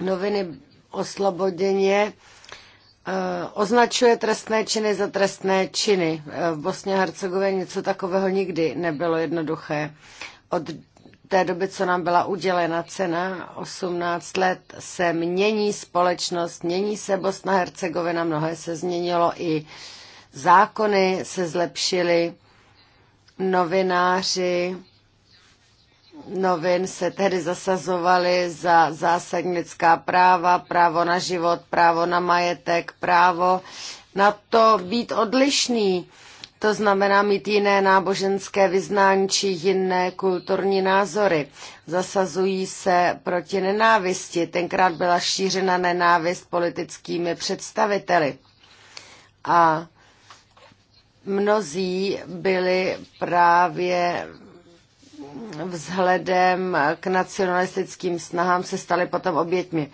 Noviny osloboděně eh, označuje trestné činy za trestné činy. Eh, v Bosně a Hercegovině něco takového nikdy nebylo jednoduché. Od té doby, co nám byla udělena cena, 18 let, se mění společnost, mění se Bosna Hercegovina, mnohé se změnilo, i zákony se zlepšily, novináři novin se tedy zasazovali za zásadní lidská práva, právo na život, právo na majetek, právo na to být odlišný to znamená mít jiné náboženské vyznání či jiné kulturní názory. Zasazují se proti nenávisti. Tenkrát byla šířena nenávist politickými představiteli. A mnozí byli právě vzhledem k nacionalistickým snahám se stali potom obětmi.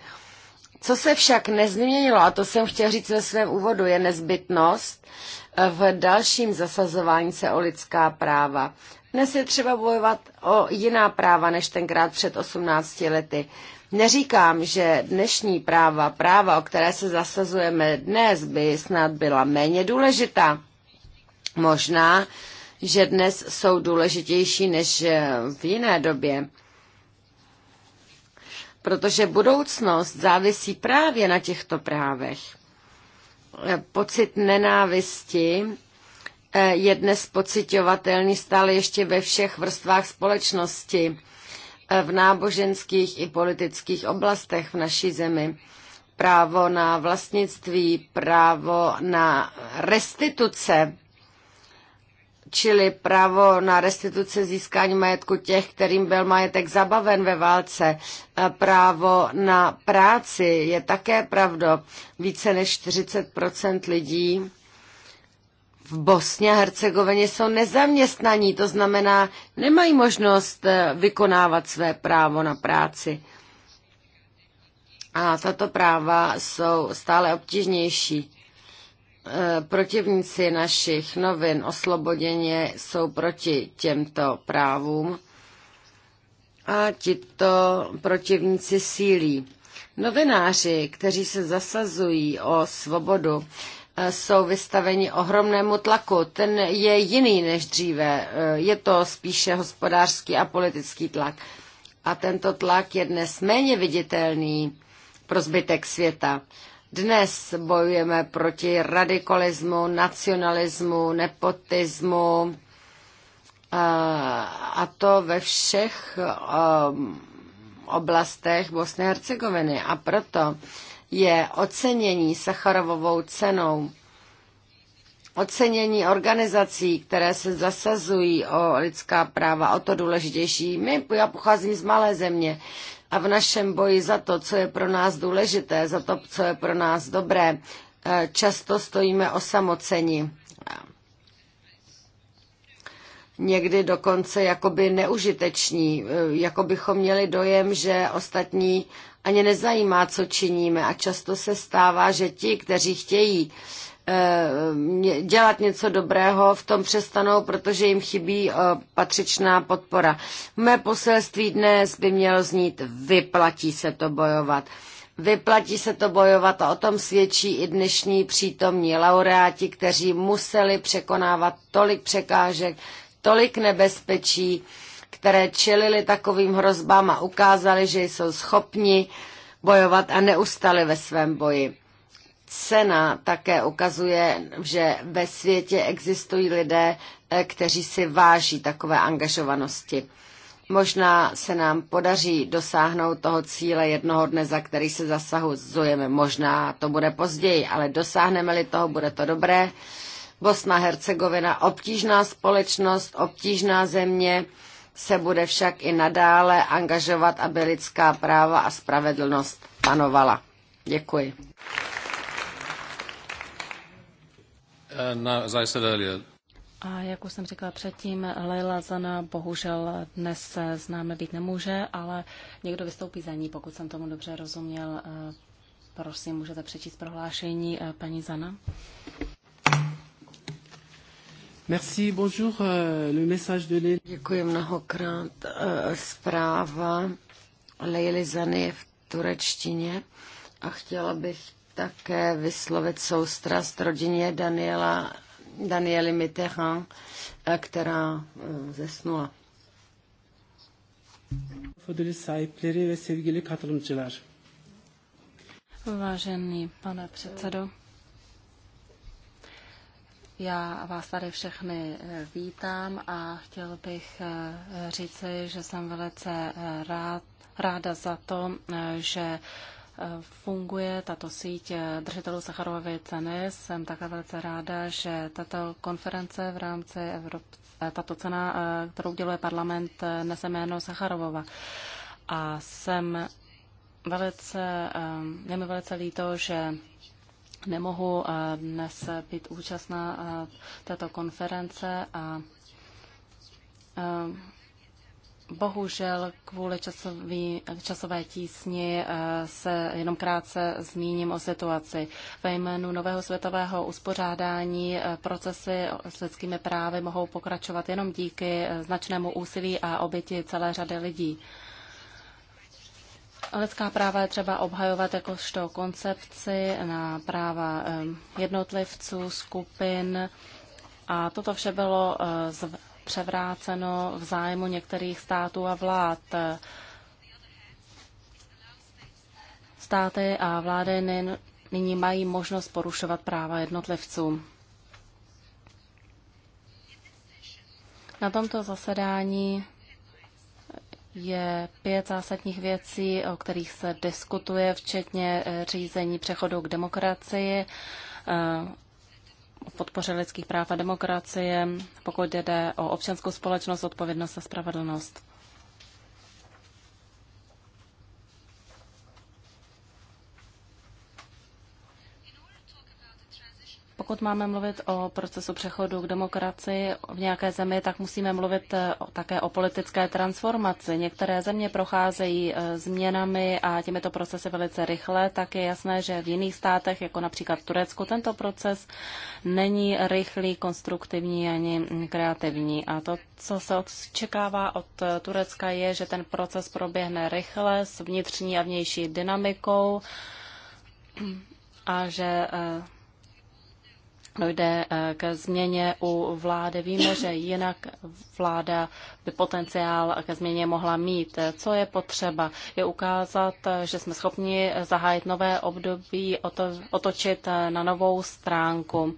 Co se však nezměnilo, a to jsem chtěl říct ve svém úvodu, je nezbytnost v dalším zasazování se o lidská práva. Dnes je třeba bojovat o jiná práva než tenkrát před 18 lety. Neříkám, že dnešní práva, práva, o které se zasazujeme dnes, by snad byla méně důležitá. Možná, že dnes jsou důležitější než v jiné době. Protože budoucnost závisí právě na těchto právech. Eh, pocit nenávisti eh, je dnes pocitovatelný stále ještě ve všech vrstvách společnosti, eh, v náboženských i politických oblastech v naší zemi. Právo na vlastnictví, právo na restituce čili právo na restituce získání majetku těch, kterým byl majetek zabaven ve válce, právo na práci je také pravdo. Více než 40 lidí v Bosně a Hercegovině jsou nezaměstnaní, to znamená, nemají možnost eh, vykonávat své právo na práci. A tato práva jsou stále obtížnější. Eh, protivníci našich novin osloboděně jsou proti těmto právům a tito protivníci sílí. Novináři, kteří se zasazují o svobodu, eh, jsou vystaveni ohromnému tlaku. Ten je jiný než dříve. Eh, je to spíše hospodářský a politický tlak. A tento tlak je dnes méně viditelný pro zbytek světa. Dnes bojujeme proti radikalismu, nacionalismu, nepotismu eh, a to ve všech eh, oblastech Bosny a Hercegoviny. A proto je ocenění Sacharovovou cenou ocenění organizací, které se zasazují o lidská práva, o to důležitější. My, já pocházím z malé země, a v našem boji za to, co je pro nás důležité, za to, co je pro nás dobré, eh, často stojíme osamoceni. Někdy dokonce jakoby neužiteční, eh, jako bychom měli dojem, že ostatní ani nezajímá, co činíme a často se stává, že ti, kteří chtějí Eh, dělat něco dobrého, v tom přestanou, protože jim chybí eh, patřičná podpora. Mé poselství dnes by mělo znít, vyplatí se to bojovat. Vyplatí se to bojovat a o tom svědčí i dnešní přítomní laureáti, kteří museli překonávat tolik překážek, tolik nebezpečí, které čelili takovým hrozbám a ukázali, že jsou schopni bojovat a neustali ve svém boji cena také ukazuje, že ve světě existují lidé, eh, kteří si váží takové angažovanosti. Možná se nám podaří dosáhnout toho cíle jednoho dne, za který se zasahujeme. Možná to bude později, ale dosáhneme-li toho, bude to dobré. Bosna Hercegovina, obtížná společnost, obtížná země, se bude však i nadále angažovat, aby lidská práva a spravedlnost panovala. Děkuji. Eh, a jak už jsem říkala předtím, Leila Zana bohužel dnes s námi být nemůže, ale někdo vystoupí za ní, pokud jsem tomu dobře rozuměl. Eh, prosím, můžete přečíst prohlášení eh, paní Zana. Merci, bonjour, le message de Leila. Děkuji mnohokrát. Zpráva Leila Zany je v turečtině a chtěla bych také vyslovit soustrast rodině Daniela, Danieli Mitterrand, eh, která eh, zesnula. sevgili Vážený pane předsedo, já vás tady všechny eh, vítám a chtěl bych říci, že jsem velice rád, ráda za to, že funguje tato síť držitelů Sacharovovy ceny. Jsem také velice ráda, že tato konference v rámci Evrop... Eh, tato cena, eh, kterou uděluje parlament, eh, nese jméno Sacharovova. A jsem velice, je mi velice líto, že nemohu dnes být účastná této konference a Bohužel kvůli časový, časové tísni eh, se jenom krátce zmíním o situaci. Ve jménu nového světového uspořádání eh, procesy s lidskými právy mohou pokračovat jenom díky eh, značnému úsilí a oběti celé řady lidí. Lidská práva je třeba obhajovat jakožto koncepci na práva jednotlivců, skupin a toto vše bylo zv převráceno v zájmu některých států a vlád. Státy a vlády nyní mají možnost porušovat práva jednotlivců. Na tomto zasedání je pět zásadních věcí, o kterých se diskutuje, včetně eh, řízení přechodu k demokracii, eh, podpoře lidských práv a demokracie, pokud jde o občanskou společnost, odpovědnost a spravedlnost. Pokud máme mluvit o procesu přechodu k demokracii v nějaké zemi, tak musíme mluvit e, také o politické transformaci. Některé země procházejí e, změnami a těmito procesy velice rychle, tak je jasné, že v jiných státech, jako například v Turecku, tento proces není rychlý, konstruktivní ani kreativní. A to, co se očekává od Turecka, je, že ten proces proběhne rychle s vnitřní a vnější dynamikou a že e, dojde eh, k změně u vlády. Víme, že jinak vláda by potenciál ke změně mohla mít. Co je potřeba? Je ukázat, že jsme schopni zahájit nové období, otočit eh, na novou stránku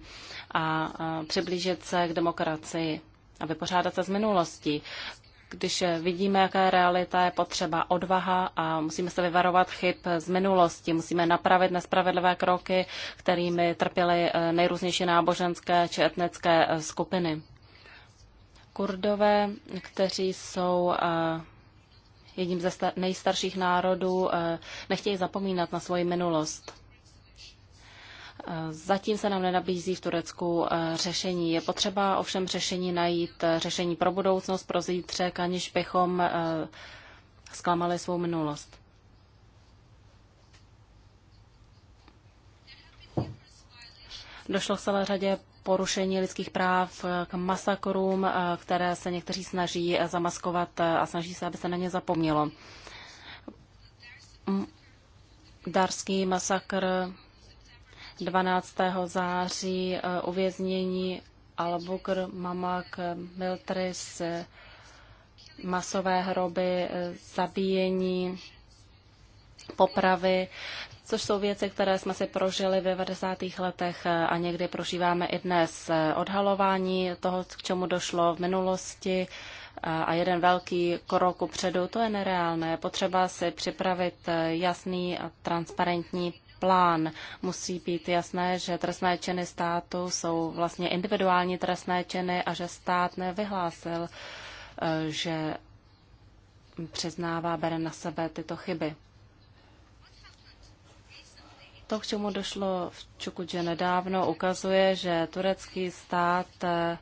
a eh, přiblížit se k demokracii a vypořádat se s minulostí když vidíme, jaká je realita, je potřeba odvaha a musíme se vyvarovat chyb z minulosti. Musíme napravit nespravedlivé kroky, kterými trpěly eh, nejrůznější náboženské či etnické eh, skupiny. Kurdové, kteří jsou eh, jedním ze nejstarších národů, nechtějí zapomínat na svoji minulost. Zatím se nám nenabízí v Turecku eh, řešení. Je potřeba ovšem řešení najít, eh, řešení pro budoucnost, pro zítřek, aniž bychom eh, zklamali svou minulost. Došlo k celé řadě porušení lidských práv, k masakrům, které se někteří snaží zamaskovat a snaží se, aby se na ně zapomnělo. Darský masakr 12. září eh, uvěznění Albukr, Mamak, Miltris, eh, masové hroby, eh, zabíjení, popravy, což jsou věci, které jsme si prožili v 90. letech a někdy prožíváme i dnes. Odhalování toho, k čemu došlo v minulosti a jeden velký krok upředu, to je nereálné. Potřeba si připravit jasný a transparentní plán. Musí být jasné, že trestné činy státu jsou vlastně individuální trestné činy a že stát nevyhlásil, eh, že přiznává, bere na sebe tyto chyby. To, k čemu došlo v Čukudže nedávno, ukazuje, že turecký stát eh,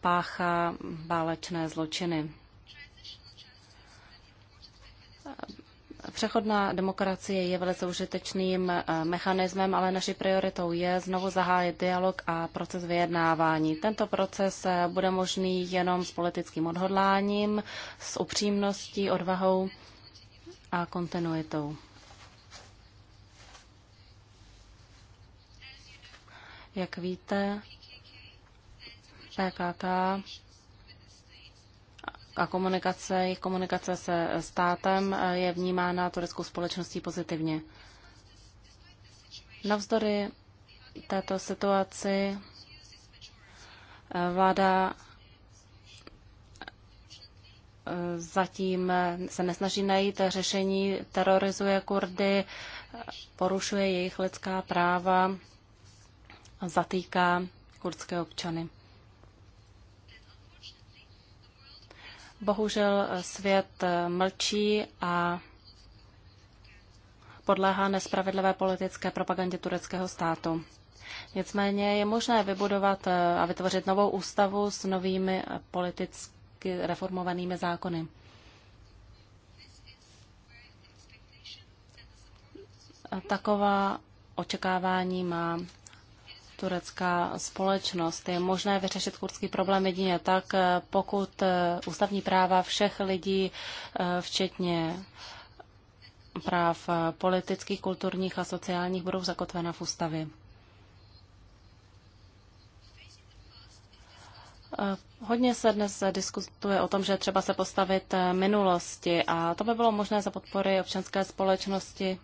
páchá válečné zločiny. Přechodná demokracie je velice užitečným eh, mechanismem, ale naší prioritou je znovu zahájit dialog a proces vyjednávání. Tento proces eh, bude možný jenom s politickým odhodláním, s upřímností, odvahou a kontinuitou. Jak víte, PKK a komunikace, jejich komunikace se státem eh, je vnímána tureckou společností pozitivně. Navzdory této situaci eh, vláda eh, zatím se nesnaží najít řešení, terorizuje Kurdy, porušuje jejich lidská práva, zatýká kurdské občany. Bohužel eh, svět eh, mlčí a podléhá nespravedlivé politické propagandě tureckého státu. Nicméně je možné vybudovat eh, a vytvořit novou ústavu s novými politicky reformovanými zákony. Taková očekávání má turecká společnost. Je možné vyřešit kurdský problém jedině tak, eh, pokud eh, ústavní práva všech lidí, eh, včetně práv politických, kulturních a sociálních, budou zakotvena v ústavě. Hodně se dnes diskutuje o tom, že třeba se postavit minulosti a to by bylo možné za podpory občanské společnosti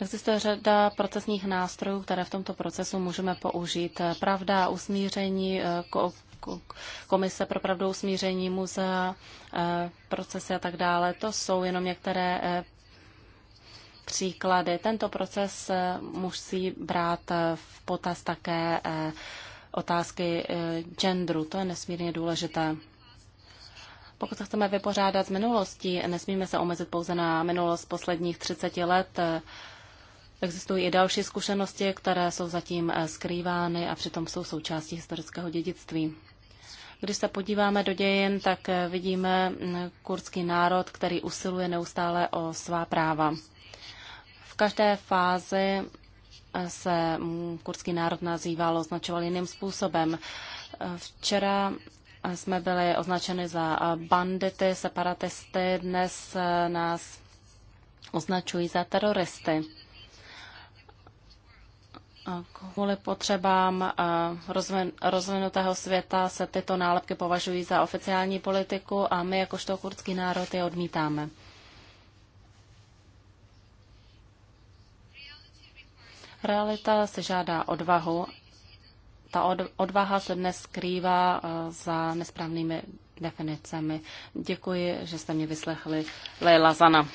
Existuje řada procesních nástrojů, které v tomto procesu můžeme použít. Pravda, usmíření, eh, komise pro pravdu usmíření, muzea, eh, procesy a tak dále. To jsou jenom některé eh, příklady. Tento proces musí brát v potaz také otázky genderu. To je nesmírně důležité. Pokud se chceme vypořádat s minulostí, nesmíme se omezit pouze na minulost posledních 30 let. Existují i další zkušenosti, které jsou zatím eh, skrývány a přitom jsou součástí historického dědictví. Když se podíváme do dějin, tak eh, vidíme mm, kurdský národ, který usiluje neustále o svá práva. V každé fázi eh, se kurdský národ nazýval, označoval jiným způsobem. Včera jsme byli označeni za bandity, separatisty, dnes nás označují za teroristy. Kvůli potřebám eh, rozvinutého světa se tyto nálepky považují za oficiální politiku a my jakožto kurdský národ je odmítáme. Realita se žádá odvahu. Ta odvaha se dnes skrývá eh, za nesprávnými definicemi. Děkuji, že jste mě vyslechli. Leila Zana.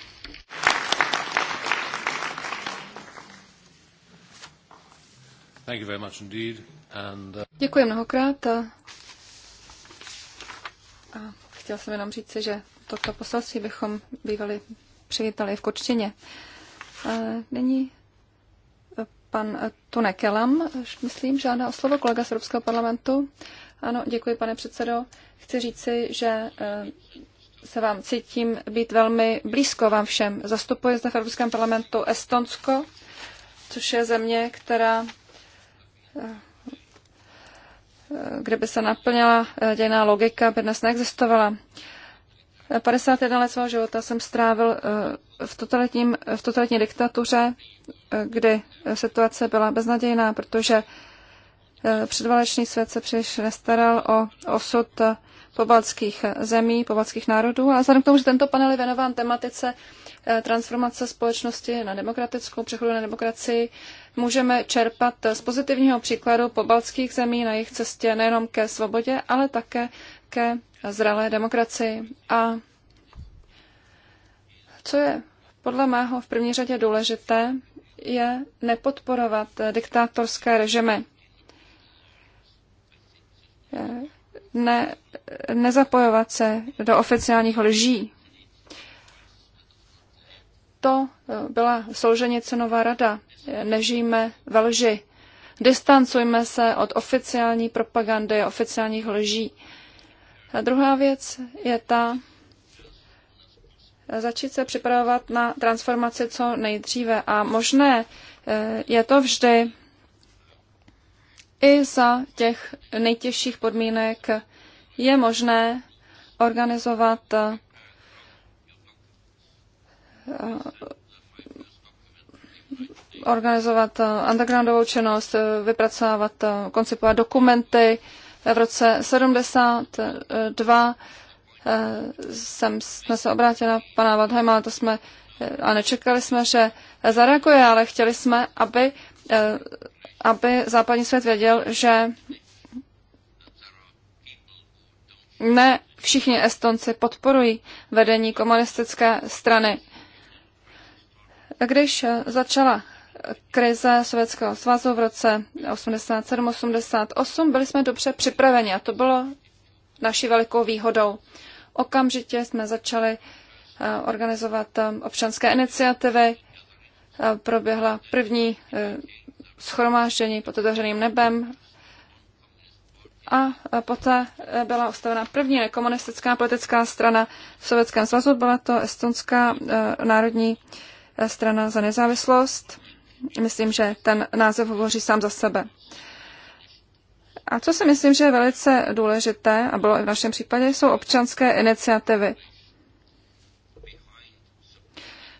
Uh, děkuji mnohokrát. A, a chtěl jsem jenom říct, že toto poselství bychom bývali přivítali v Kočtině. Není pan Tone Kelam, myslím, žádá o slovo kolega z Evropského parlamentu. Ano, děkuji, pane předsedo. Chci říci, že eh, se vám cítím být velmi blízko vám všem. Zastupuji zde v Evropském parlamentu Estonsko, což je země, která kdyby se naplnila eh, dějná logika, by dnes neexistovala. 51 let svého života jsem strávil eh, v, totalitním, v totalitní diktatuře, eh, kdy situace byla beznadějná, protože předválečný svět se příliš nestaral o osud pobaltských zemí, pobaltských národů. A vzhledem k tomu, že tento panel je věnován tematice transformace společnosti na demokratickou, přechodu na demokracii, můžeme čerpat z pozitivního příkladu pobaltských zemí na jejich cestě nejenom ke svobodě, ale také ke zralé demokracii. A co je podle mého v první řadě důležité, je nepodporovat diktátorské režimy. Ne, nezapojovat se do oficiálních lží proto eh, byla složeně cenová rada. Nežijme ve lži. Distancujme se od oficiální propagandy, oficiálních lží. A druhá věc je ta, eh, začít se připravovat na transformaci co nejdříve. A možné eh, je to vždy i za těch nejtěžších podmínek je možné organizovat Eh, organizovat eh, undergroundovou činnost, eh, vypracovávat, koncipovat dokumenty. V roce 72 jsem, jsme se obrátili na pana Waldheima, to jsme a nečekali jsme, že zareaguje, ale chtěli jsme, aby, aby západní svět věděl, že ne všichni Estonci podporují vedení komunistické strany. Když začala krize Sovětského svazu v roce 87-88, byli jsme dobře připraveni a to bylo naší velikou výhodou. Okamžitě jsme začali eh, organizovat eh, občanské iniciativy, eh, proběhla první schromáždění pod otevřeným nebem a poté byla ustavena první nekomunistická politická strana v Sovětském svazu, byla to Estonská národní strana za nezávislost. Myslím, že ten název hovoří sám za sebe. A co si myslím, že je velice důležité, a bylo i v našem případě, jsou občanské iniciativy.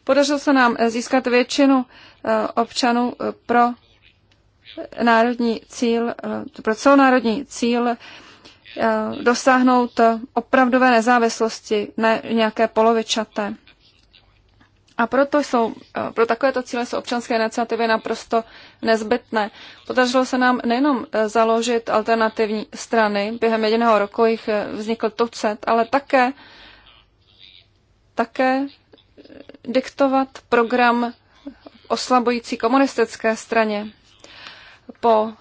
Podařilo se nám získat většinu eh, občanů eh, pro národní cíl, eh, pro celonárodní cíl dosáhnout opravdové nezávislosti, ne nějaké polovičaté. A proto jsou, eh, pro takovéto cíle jsou občanské iniciativy naprosto nezbytné. Podařilo se nám nejenom eh, založit alternativní strany, během jediného roku jich eh, vznikl tucet, ale také, také diktovat program oslabující komunistické straně. Po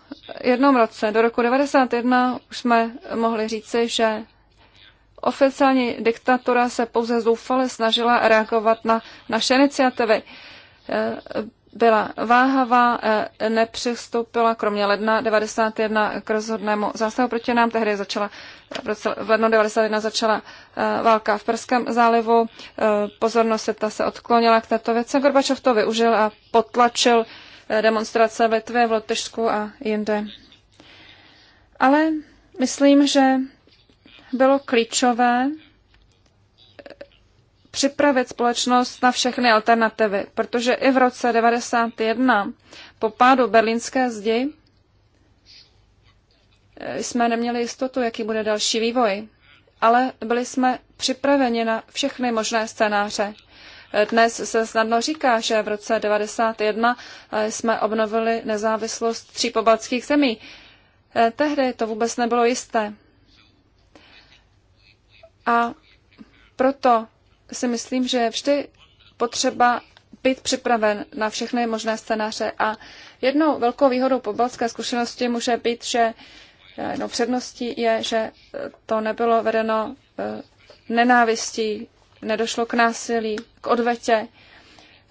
jednom roce, do roku 1991, už jsme mohli říci, že Oficiální diktatura se pouze zoufale snažila reagovat na naše iniciativy. Eh, byla váhavá, eh, nepřistoupila kromě ledna 91 k rozhodnému zásahu proti nám. Tehdy začala, v lednu 91 začala eh, válka v Perském zálivu. Pozornost ta se odklonila k této věci. Gorbačov to využil a potlačil demonstrace v Litvě, v Lotyšsku a jinde. Ale myslím, že bylo klíčové eh, připravit společnost na všechny alternativy, protože i v roce 1991 po pádu berlínské zdi eh, jsme neměli jistotu, jaký bude další vývoj, ale byli jsme připraveni na všechny možné scénáře. Eh, dnes se snadno říká, že v roce 1991 jsme obnovili nezávislost tří pobaltských zemí. Tehdy to vůbec nebylo jisté. A proto si myslím, že je vždy potřeba být připraven na všechny možné scénáře. A jednou velkou výhodou pobalské zkušenosti může být, že no, předností je, že to nebylo vedeno eh, nenávistí, nedošlo k násilí, k odvetě.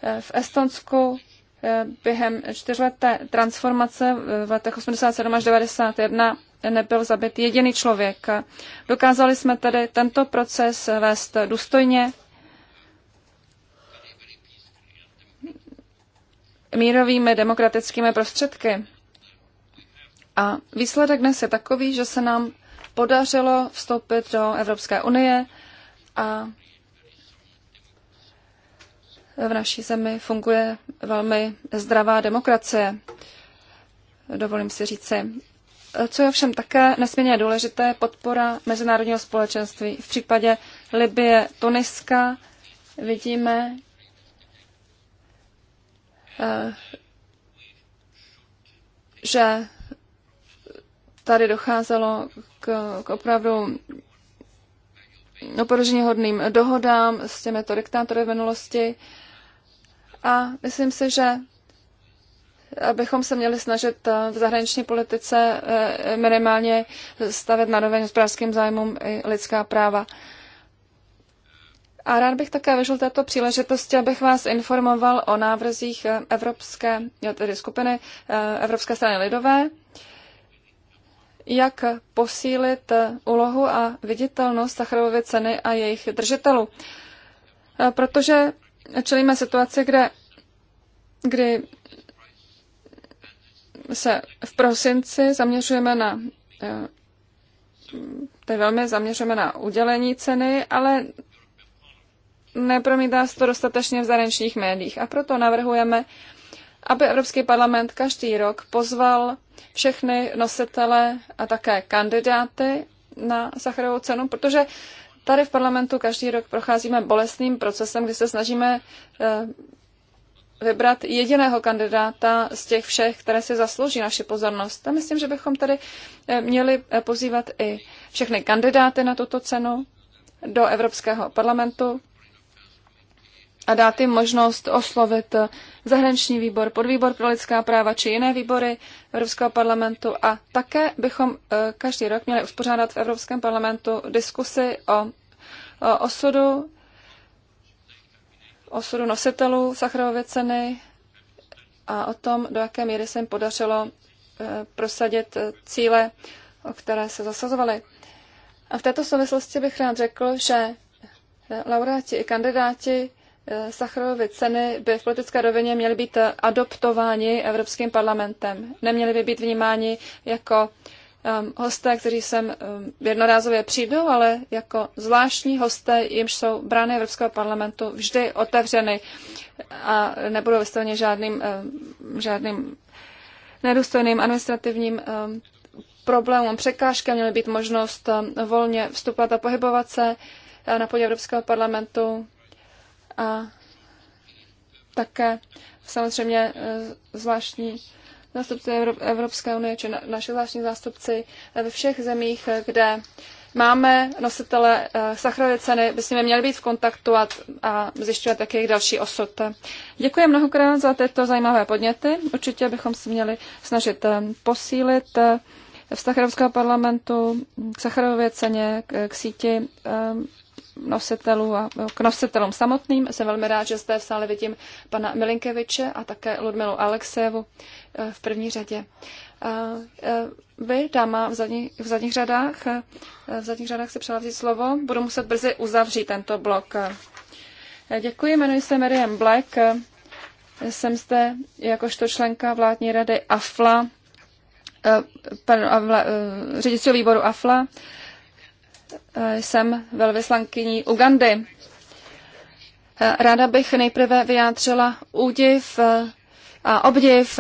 Eh, v Estonsku eh, během čtyřleté transformace v letech 87 až 91 nebyl zabit jediný člověk. Dokázali jsme tedy tento proces vést důstojně, mírovými demokratickými prostředky. A výsledek dnes je takový, že se nám podařilo vstoupit do Evropské unie a v naší zemi funguje velmi zdravá demokracie, dovolím si říci. Co je ovšem také nesmírně důležité, je podpora mezinárodního společenství. V případě Libie, Tuniska vidíme eh, že tady docházelo k, k opravdu hodným dohodám s těmito diktátory v minulosti. A myslím si, že abychom se měli snažit eh, v zahraniční politice eh, minimálně stavět na roveň hospodářským zájmům i lidská práva. A rád bych také vyšel této příležitosti, abych vás informoval o návrzích eh, Evropské, tedy skupiny Evropské strany lidové, jak posílit úlohu a viditelnost Sacharovovy ceny a jejich držitelů. Protože čelíme situaci, kde, kdy se v prosinci zaměřujeme na eh, to je velmi zaměřujeme na udělení ceny, ale nepromítá se to dostatečně v zahraničních médiích. A proto navrhujeme, aby Evropský parlament každý rok pozval všechny nositele a také kandidáty na Sacharovou cenu, protože tady v parlamentu každý rok procházíme bolestným procesem, kdy se snažíme eh, vybrat jediného kandidáta z těch všech, které si zaslouží naši pozornost. A myslím, že bychom tady eh, měli eh, pozývat i všechny kandidáty na tuto cenu do Evropského parlamentu a dát jim možnost oslovit eh, zahraniční výbor, podvýbor pro lidská práva či jiné výbory Evropského parlamentu. A také bychom každý rok měli uspořádat v Evropském parlamentu diskusy o, o osudu osudu nositelů Sacharové ceny a o tom, do jaké míry se jim podařilo eh, prosadit eh, cíle, o které se zasazovaly. A v této souvislosti bych rád řekl, že eh, laureáti i kandidáti Sacharovy ceny by v politické rovině měli být adoptováni Evropským parlamentem. Neměli by být vnímáni jako uh, um, hosté, kteří sem um, jednorázově přijdou, ale jako zvláštní hosté, jimž jsou brány Evropského parlamentu vždy otevřeny a nebudou vystaveni žádným, um, žádným nedůstojným administrativním um, problémům, překážkám. Měly být možnost um, volně vstupovat a pohybovat se uh, na podě Evropského parlamentu a také samozřejmě uh, zvláštní zástupci Evropské unie či na, naši zvláštní zástupci eh, ve všech zemích, eh, kde máme nositele eh, Sacharovy ceny, by s nimi měli být v kontaktu a, a zjišťovat, jaký jejich další osud. Děkuji mnohokrát za tyto zajímavé podněty. Určitě bychom se měli snažit posílit vztah Evropského parlamentu k Sacharově ceně, k, k síti nositelů a k nositelům samotným. Jsem velmi rád, že jste v sále vidím pana Milinkeviče a také Ludmilu Alexevu eh, v první řadě. Eh, vy, dáma v, zadní, v zadních řadách, eh, v zadních řadách se přela vzít slovo. Budu muset brzy uzavřít tento blok. Děkuji, jmenuji se Miriam Black. Jsem zde jakožto členka vládní rady AFLA, ředitel výboru AFLA Eh, jsem velvyslankyní Ugandy. Eh, ráda bych nejprve vyjádřila údiv eh, a obdiv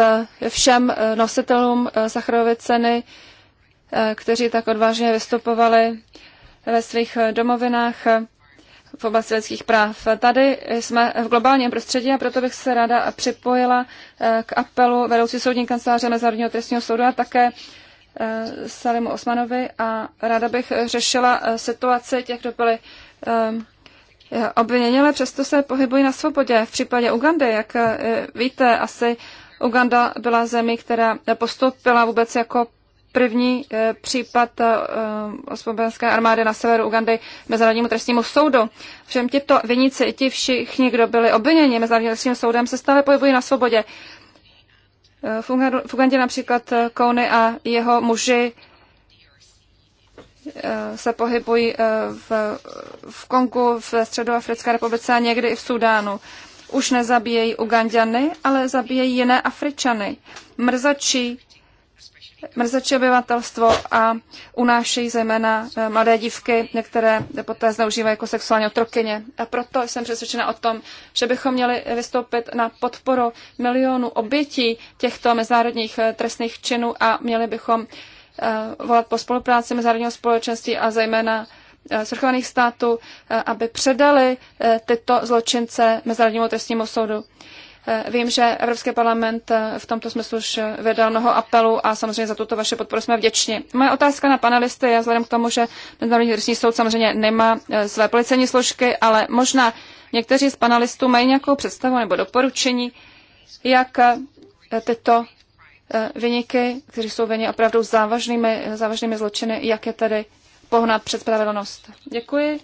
všem nositelům Sacharovy ceny, kteří tak odvážně vystupovali ve svých domovinách v oblasti lidských práv. Tady jsme v globálním prostředí a proto bych se ráda připojila k apelu vedoucí soudní kanceláře Mezinárodního trestního soudu a také Eh, Salimu Osmanovi a ráda bych řešila eh, situaci těch, kdo byli eh, obviněni, ale přesto se pohybují na svobodě. V případě Ugandy, jak víte, asi Uganda byla zemí, která postoupila vůbec jako první případ osvobozenské armády na severu Ugandy Mezinárodnímu trestnímu soudu. Všem tito viníci, ti všichni, kdo byli obviněni Mezinárodním trestním soudem, se stále pohybují na svobodě. V Ugandě například eh, Kony a jeho muži eh, se pohybují eh, v, v Kongu, v Středoafrické republice a někdy i v Sudánu. Už nezabíjejí Ugandiany, ale zabíjejí jiné Afričany. Mrzačí mrzeče obyvatelstvo a unášejí zejména eh, mladé dívky, některé poté zneužívají jako sexuální otrokyně. A proto jsem přesvědčena o tom, že bychom měli vystoupit na podporu milionů obětí těchto mezinárodních eh, trestných činů a měli bychom eh, volat po spolupráci mezinárodního společenství a zejména svrchovaných států, aby předali tyto zločince Mezinárodnímu trestnímu soudu. Vím, že Evropský parlament eh, v tomto smyslu už eh, vydal mnoho apelů a samozřejmě za tuto vaše podporu jsme vděční. Moje otázka na panelisty je vzhledem k tomu, že Mezinárodní trestní soud samozřejmě nemá eh, své policejní složky, ale možná někteří z panelistů mají nějakou představu nebo doporučení, jak tyto vyniky, kteří jsou vyně opravdu závažnými, závažnými zločiny, jak je tedy pohnat před spravedlnost. Děkuji.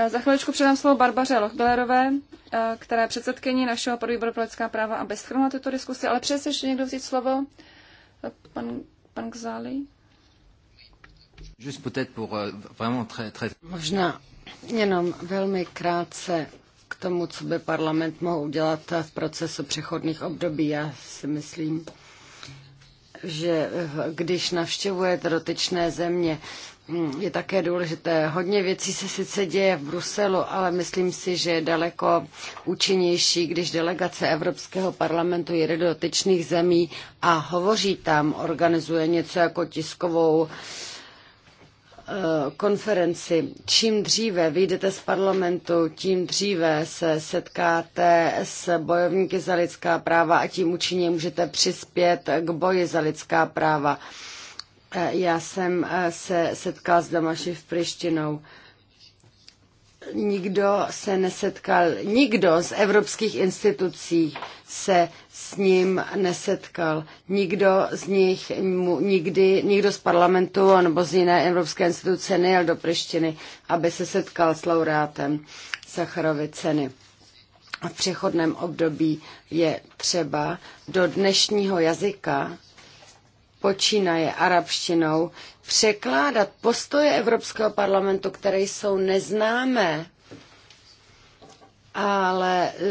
Eh, za chviličku předám slovo Barbaře Lochbelerové, eh, která je předsedkyní našeho podvýboru pro lidská práva a bez na tuto diskusi, ale přes ještě někdo vzít slovo? Eh, pan, pan Gzáli? Just peut-être pour euh, vraiment très, très... Možná jenom velmi krátce k tomu, co by parlament mohl udělat v procesu přechodných období. Já si myslím, že když navštěvujete dotyčné země, Hmm, je také důležité. Hodně věcí se sice děje v Bruselu, ale myslím si, že je daleko účinnější, když delegace Evropského parlamentu jede do dotyčných zemí a hovoří tam, organizuje něco jako tiskovou eh, konferenci. Čím dříve vyjdete z parlamentu, tím dříve se setkáte s bojovníky za lidská práva a tím účinně můžete přispět k boji za lidská práva. Eh, já jsem eh, se setkal s Damaši v Prištinou. Nikdo se nesetkal, nikdo z evropských institucí se s ním nesetkal. Nikdo z nich mu, nikdy, nikdo z parlamentu nebo z jiné evropské instituce nejel do Prištiny, aby se setkal s laureátem Sacharovy ceny v přechodném období je třeba do dnešního jazyka počínaje arabštinou, překládat postoje Evropského parlamentu, které jsou neznámé, ale eh,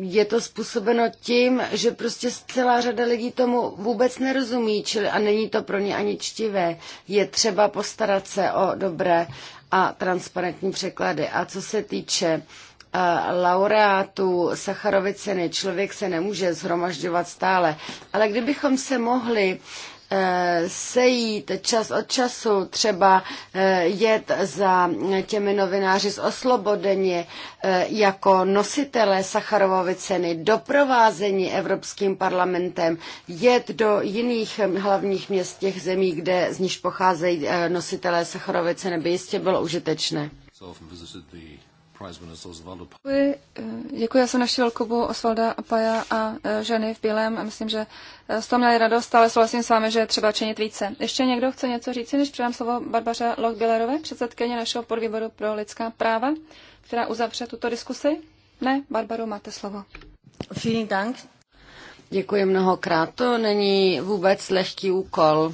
je to způsobeno tím, že prostě celá řada lidí tomu vůbec nerozumí, čili a není to pro ně ani čtivé. Je třeba postarat se o dobré a transparentní překlady. A co se týče eh, laureátů Sacharovy ceny, člověk se nemůže zhromažďovat stále, ale kdybychom se mohli uh, Eh, sejít čas od času, třeba eh, jet za těmi novináři z Oslobodeně eh, jako nositelé Sacharovovy ceny, doprovázení Evropským parlamentem, jet do jiných hlavních měst těch zemí, kde z níž pocházejí nositelé Sacharovy ceny, by jistě bylo užitečné. Eh, děkuji, já jsem našel Kubu, Osvalda Apaja a eh, ženy v Bílém a myslím, že eh, z toho měli radost, ale souhlasím s vámi, že je třeba činit více. Ještě někdo chce něco říci, než předám slovo Barbaře Lochbillerové, předsedkyně našeho podvýboru pro lidská práva, která uzavře tuto diskusi? Ne, Barbaru, máte slovo. Vielen Dank. Děkuji mnohokrát. To není vůbec lehký úkol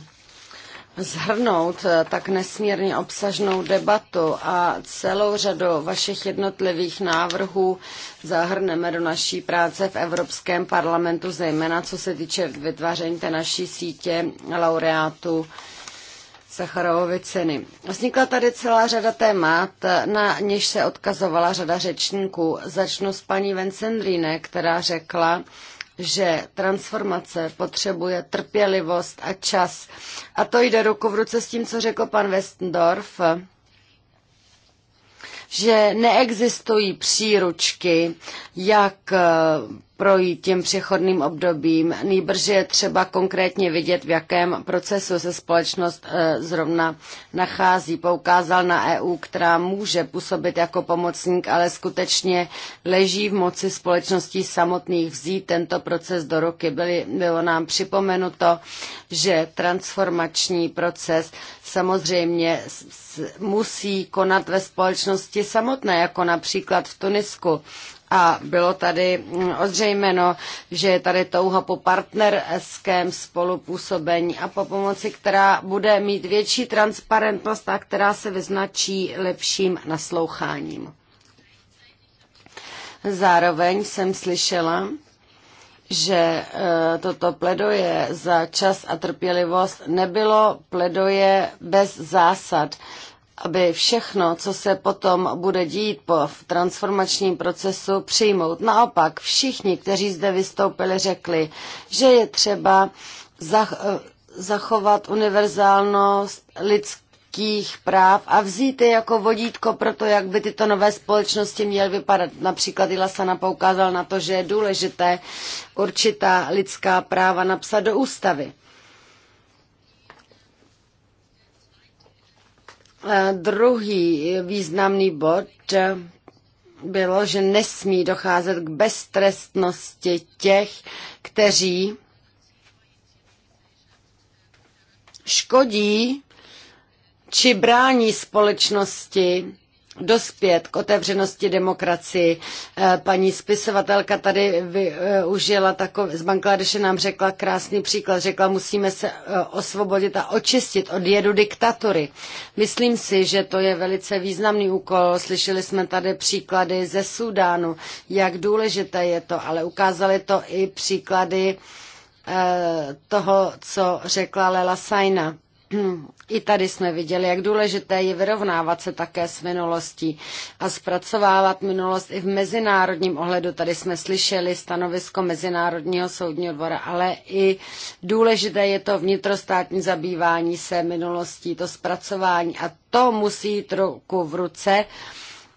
zhrnout eh, tak nesmírně obsažnou debatu a celou řadu vašich jednotlivých návrhů zahrneme do naší práce v Evropském parlamentu, zejména co se týče vytváření té naší sítě laureátů Sacharovovy ceny. Vznikla tady celá řada témat, na něž se odkazovala řada řečníků. Začnu s paní Vencendrine, která řekla, že transformace potřebuje trpělivost a čas. A to jde ruku v ruce s tím, co řekl pan Westendorf že neexistují příručky, jak eh, projít tím přechodným obdobím, nýbrž je třeba konkrétně vidět, v jakém procesu se společnost eh, zrovna nachází. Poukázal na EU, která může působit jako pomocník, ale skutečně leží v moci společností samotných vzít tento proces do ruky. bylo nám připomenuto, že transformační proces samozřejmě musí konat ve společnosti samotné, jako například v Tunisku. A bylo tady mm, ozřejmeno, že je tady touha po partnerském spolupůsobení a po pomoci, která bude mít větší transparentnost a která se vyznačí lepším nasloucháním. Zároveň jsem slyšela, že e, toto pledoje za čas a trpělivost nebylo pledoje bez zásad, aby všechno, co se potom bude dít po transformačním procesu, přijmout. Naopak, všichni, kteří zde vystoupili, řekli, že je třeba e, zachovat univerzálnost lidské lidských práv a vzít je jako vodítko pro to, jak by tyto nové společnosti měly vypadat. Například Sana poukázal na to, že je důležité určitá lidská práva napsat do ústavy. E, druhý významný bod bylo, že nesmí docházet k beztrestnosti těch, kteří škodí či brání společnosti dospět k otevřenosti demokracii. Eh, paní spisovatelka tady využila eh, takový, z Bangladeše nám řekla krásný příklad. Řekla, musíme se eh, osvobodit a očistit od jedu diktatury. Myslím si, že to je velice významný úkol. Slyšeli jsme tady příklady ze Súdánu, jak důležité je to, ale ukázali to i příklady toho, co řekla Lela Sajna i tady jsme viděli, jak důležité je vyrovnávat se také s minulostí a zpracovávat minulost i v mezinárodním ohledu. Tady jsme slyšeli stanovisko Mezinárodního soudního dvora, ale i důležité je to vnitrostátní zabývání se minulostí, to zpracování a to musí jít ruku v ruce uh,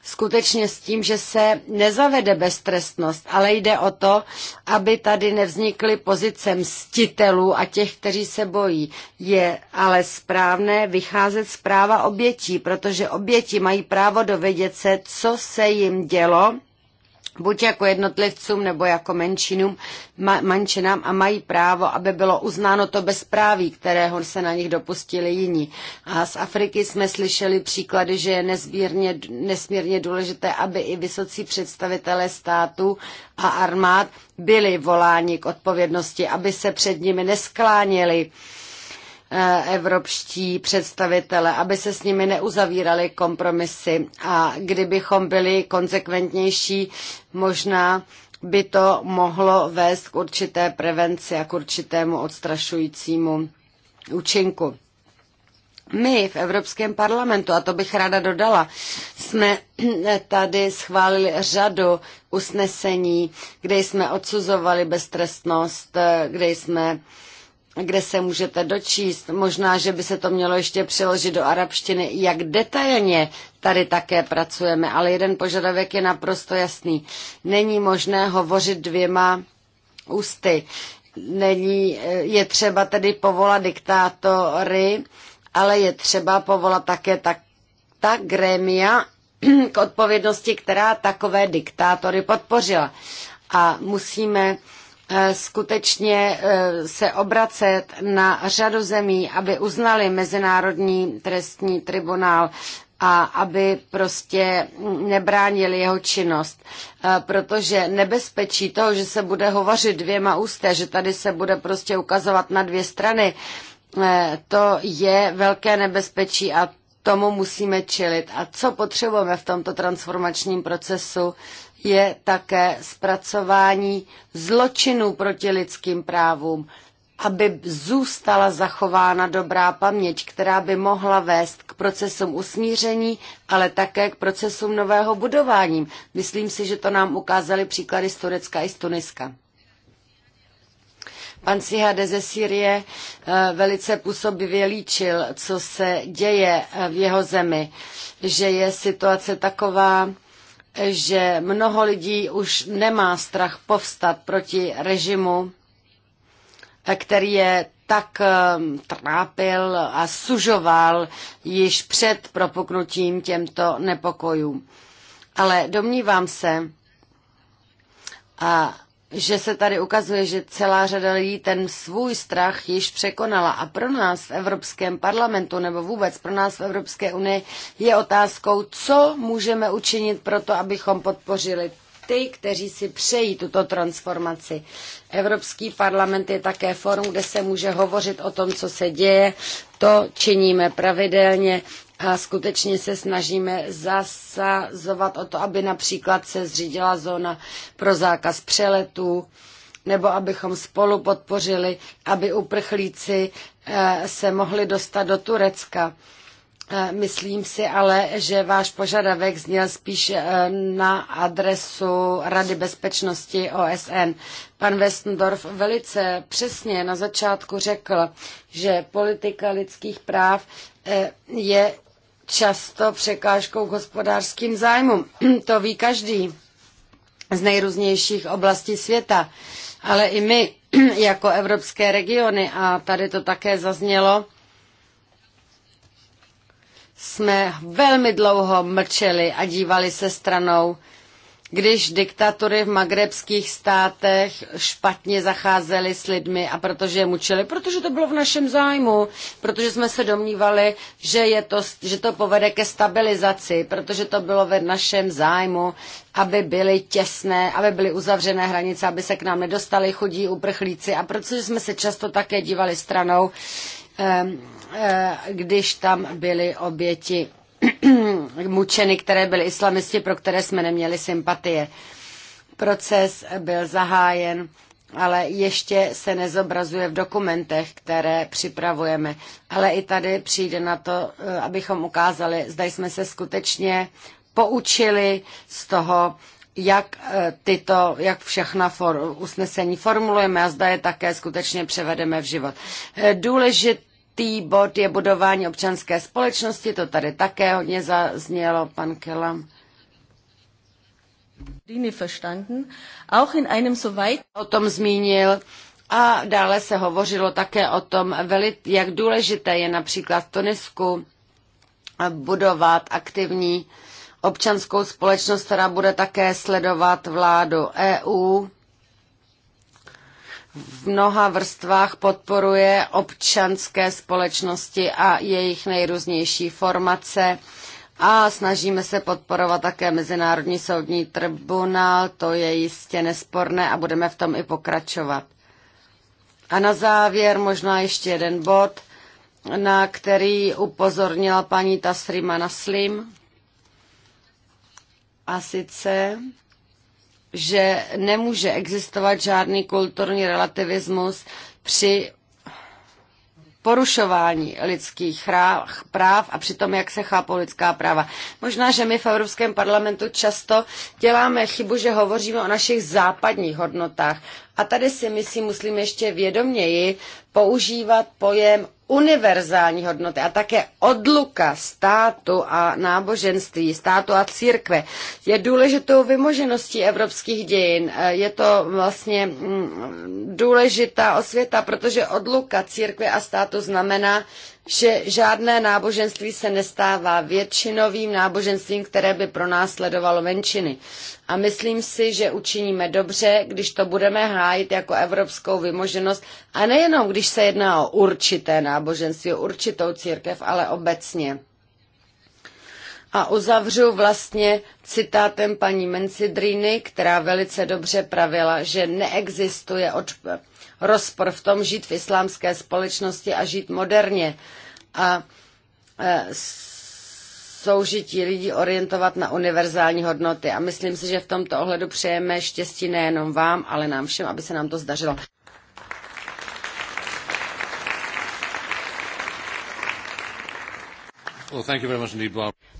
skutečně s tím, že se nezavede beztrestnost, ale jde o to, aby tady nevznikly pozice mstitelů a těch, kteří se bojí. Je ale správné vycházet z práva obětí, protože oběti mají právo dovědět se, co se jim dělo buď jako jednotlivcům nebo jako menšinům, ma, mančinám a mají právo, aby bylo uznáno to bezpráví, kterého se na nich dopustili jiní. A z Afriky jsme slyšeli příklady, že je nezbírně, nesmírně důležité, aby i vysocí představitelé států a armád byli voláni k odpovědnosti, aby se před nimi neskláněli Eh, evropští představitele, aby se s nimi neuzavíraly kompromisy a kdybychom byli konsekventnější, možná by to mohlo vést k určité prevenci a k určitému odstrašujícímu účinku. My v Evropském parlamentu, a to bych ráda dodala, jsme tady schválili řadu usnesení, kde jsme odsuzovali beztrestnost, eh, kde jsme uh, kde se můžete dočíst. Možná, že by se to mělo ještě přeložit do arabštiny, jak detailně tady také pracujeme, ale jeden požadavek je naprosto jasný. Není možné hovořit dvěma ústy. Není, eh, je třeba tedy povolat diktátory, ale je třeba povolat také tak, ta grémia k odpovědnosti, která takové diktátory podpořila. A musíme Eh, skutečně eh, se obracet na řadu zemí, aby uznali Mezinárodní trestní tribunál a aby prostě nebránili jeho činnost. Eh, protože nebezpečí toho, že se bude hovořit dvěma ústy, že tady se bude prostě ukazovat na dvě strany, to je velké nebezpečí a tomu musíme čelit. A co potřebujeme v tomto transformačním procesu, je také zpracování zločinů proti lidským právům, aby zůstala zachována dobrá paměť, která by mohla vést k procesům usmíření, ale také k procesům nového budování. Myslím si, že to nám ukázali příklady z Turecka i z Tuniska. Pan Sihade ze Sýrie eh, velice působivě líčil, co se děje eh, v jeho zemi, že je situace taková, že mnoho lidí už nemá strach povstat proti režimu, který je tak ehm, trápil a sužoval již před propuknutím těmto nepokojům. Ale domnívám se, a že se tady ukazuje, že celá řada lidí ten svůj strach již překonala. A pro nás v Evropském parlamentu, nebo vůbec pro nás v Evropské unii, je otázkou, co můžeme učinit pro to, abychom podpořili ty, kteří si přejí tuto transformaci. Evropský parlament je také forum, kde se může hovořit o tom, co se děje. To činíme pravidelně a skutečně se snažíme zasazovat o to, aby například se zřídila zóna pro zákaz přeletů, nebo abychom spolu podpořili, aby uprchlíci eh, se mohli dostat do Turecka. Eh, myslím si ale, že váš požadavek zněl spíš eh, na adresu Rady bezpečnosti OSN. Pan Westendorf velice přesně na začátku řekl, že politika lidských práv je často překážkou k hospodářským zájmům. To ví každý z nejrůznějších oblastí světa. Ale i my, jako evropské regiony, a tady to také zaznělo, jsme velmi dlouho mlčeli a dívali se stranou když diktatury v magrebských státech špatně zacházely s lidmi a protože je mučili, protože to bylo v našem zájmu, protože jsme se domnívali, že, je to, že to povede ke stabilizaci, protože to bylo ve našem zájmu, aby byly těsné, aby byly uzavřené hranice, aby se k nám nedostali chudí uprchlíci a protože jsme se často také dívali stranou, eh, když tam byly oběti mučeny, které byly islamisti, pro které jsme neměli sympatie. Proces byl zahájen, ale ještě se nezobrazuje v dokumentech, které připravujeme. Ale i tady přijde na to, eh, abychom ukázali, zda jsme se skutečně poučili z toho, jak eh, tyto, jak všechna for, usnesení formulujeme a zda je také skutečně převedeme v život. Eh, důležit, Pátý bod je budování občanské společnosti, to tady také hodně zaznělo, pan Kela. O tom zmínil a dále se hovořilo také o tom, jak důležité je například v Tunisku budovat aktivní občanskou společnost, která bude také sledovat vládu EU v mnoha vrstvách podporuje občanské společnosti a jejich nejrůznější formace. A snažíme se podporovat také Mezinárodní soudní tribunál, to je jistě nesporné a budeme v tom i pokračovat. A na závěr možná ještě jeden bod, na který upozornila paní Tasrima Naslim. A sice že nemůže existovat žádný kulturní relativismus při porušování lidských práv a přitom, jak se chápou lidská práva. Možná, že my v Evropském parlamentu často děláme chybu, že hovoříme o našich západních hodnotách, a tady si myslím, musím ještě vědoměji používat pojem univerzální hodnoty a také odluka státu a náboženství, státu a církve je důležitou vymožeností evropských dějin. Je to vlastně mm, důležitá osvěta, protože odluka církve a státu znamená, že žádné náboženství se nestává většinovým náboženstvím, které by pro nás sledovalo menšiny. A myslím si, že učiníme dobře, když to budeme hájit jako evropskou vymoženost a nejenom, když se jedná o určité náboženství, o určitou církev, ale obecně. A uzavřu vlastně citátem paní Mencidriny, která velice dobře pravila, že neexistuje odpověď rozpor v tom žít v islámské společnosti a žít moderně a e, soužití lidí orientovat na univerzální hodnoty. A myslím si, že v tomto ohledu přejeme štěstí nejenom vám, ale nám všem, aby se nám to zdařilo.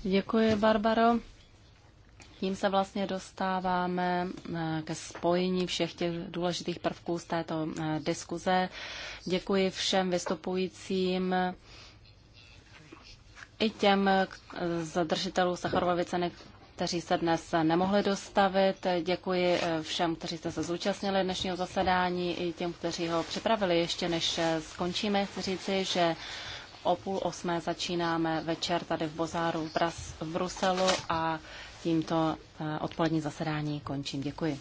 Děkuji, Barbaro. Tím se vlastně dostáváme eh, ke spojení všech těch důležitých prvků z této eh, diskuze. Děkuji všem vystupujícím i těm eh, zadržitelům držitelů Sacharovovy ceny, kteří se dnes nemohli dostavit. Děkuji všem, kteří jste se zúčastnili dnešního zasedání i těm, kteří ho připravili. Ještě než skončíme, chci říci, že o půl osmé začínáme večer tady v Bozáru v Bruselu a Tímto eh, odpolední zasedání končím. Děkuji.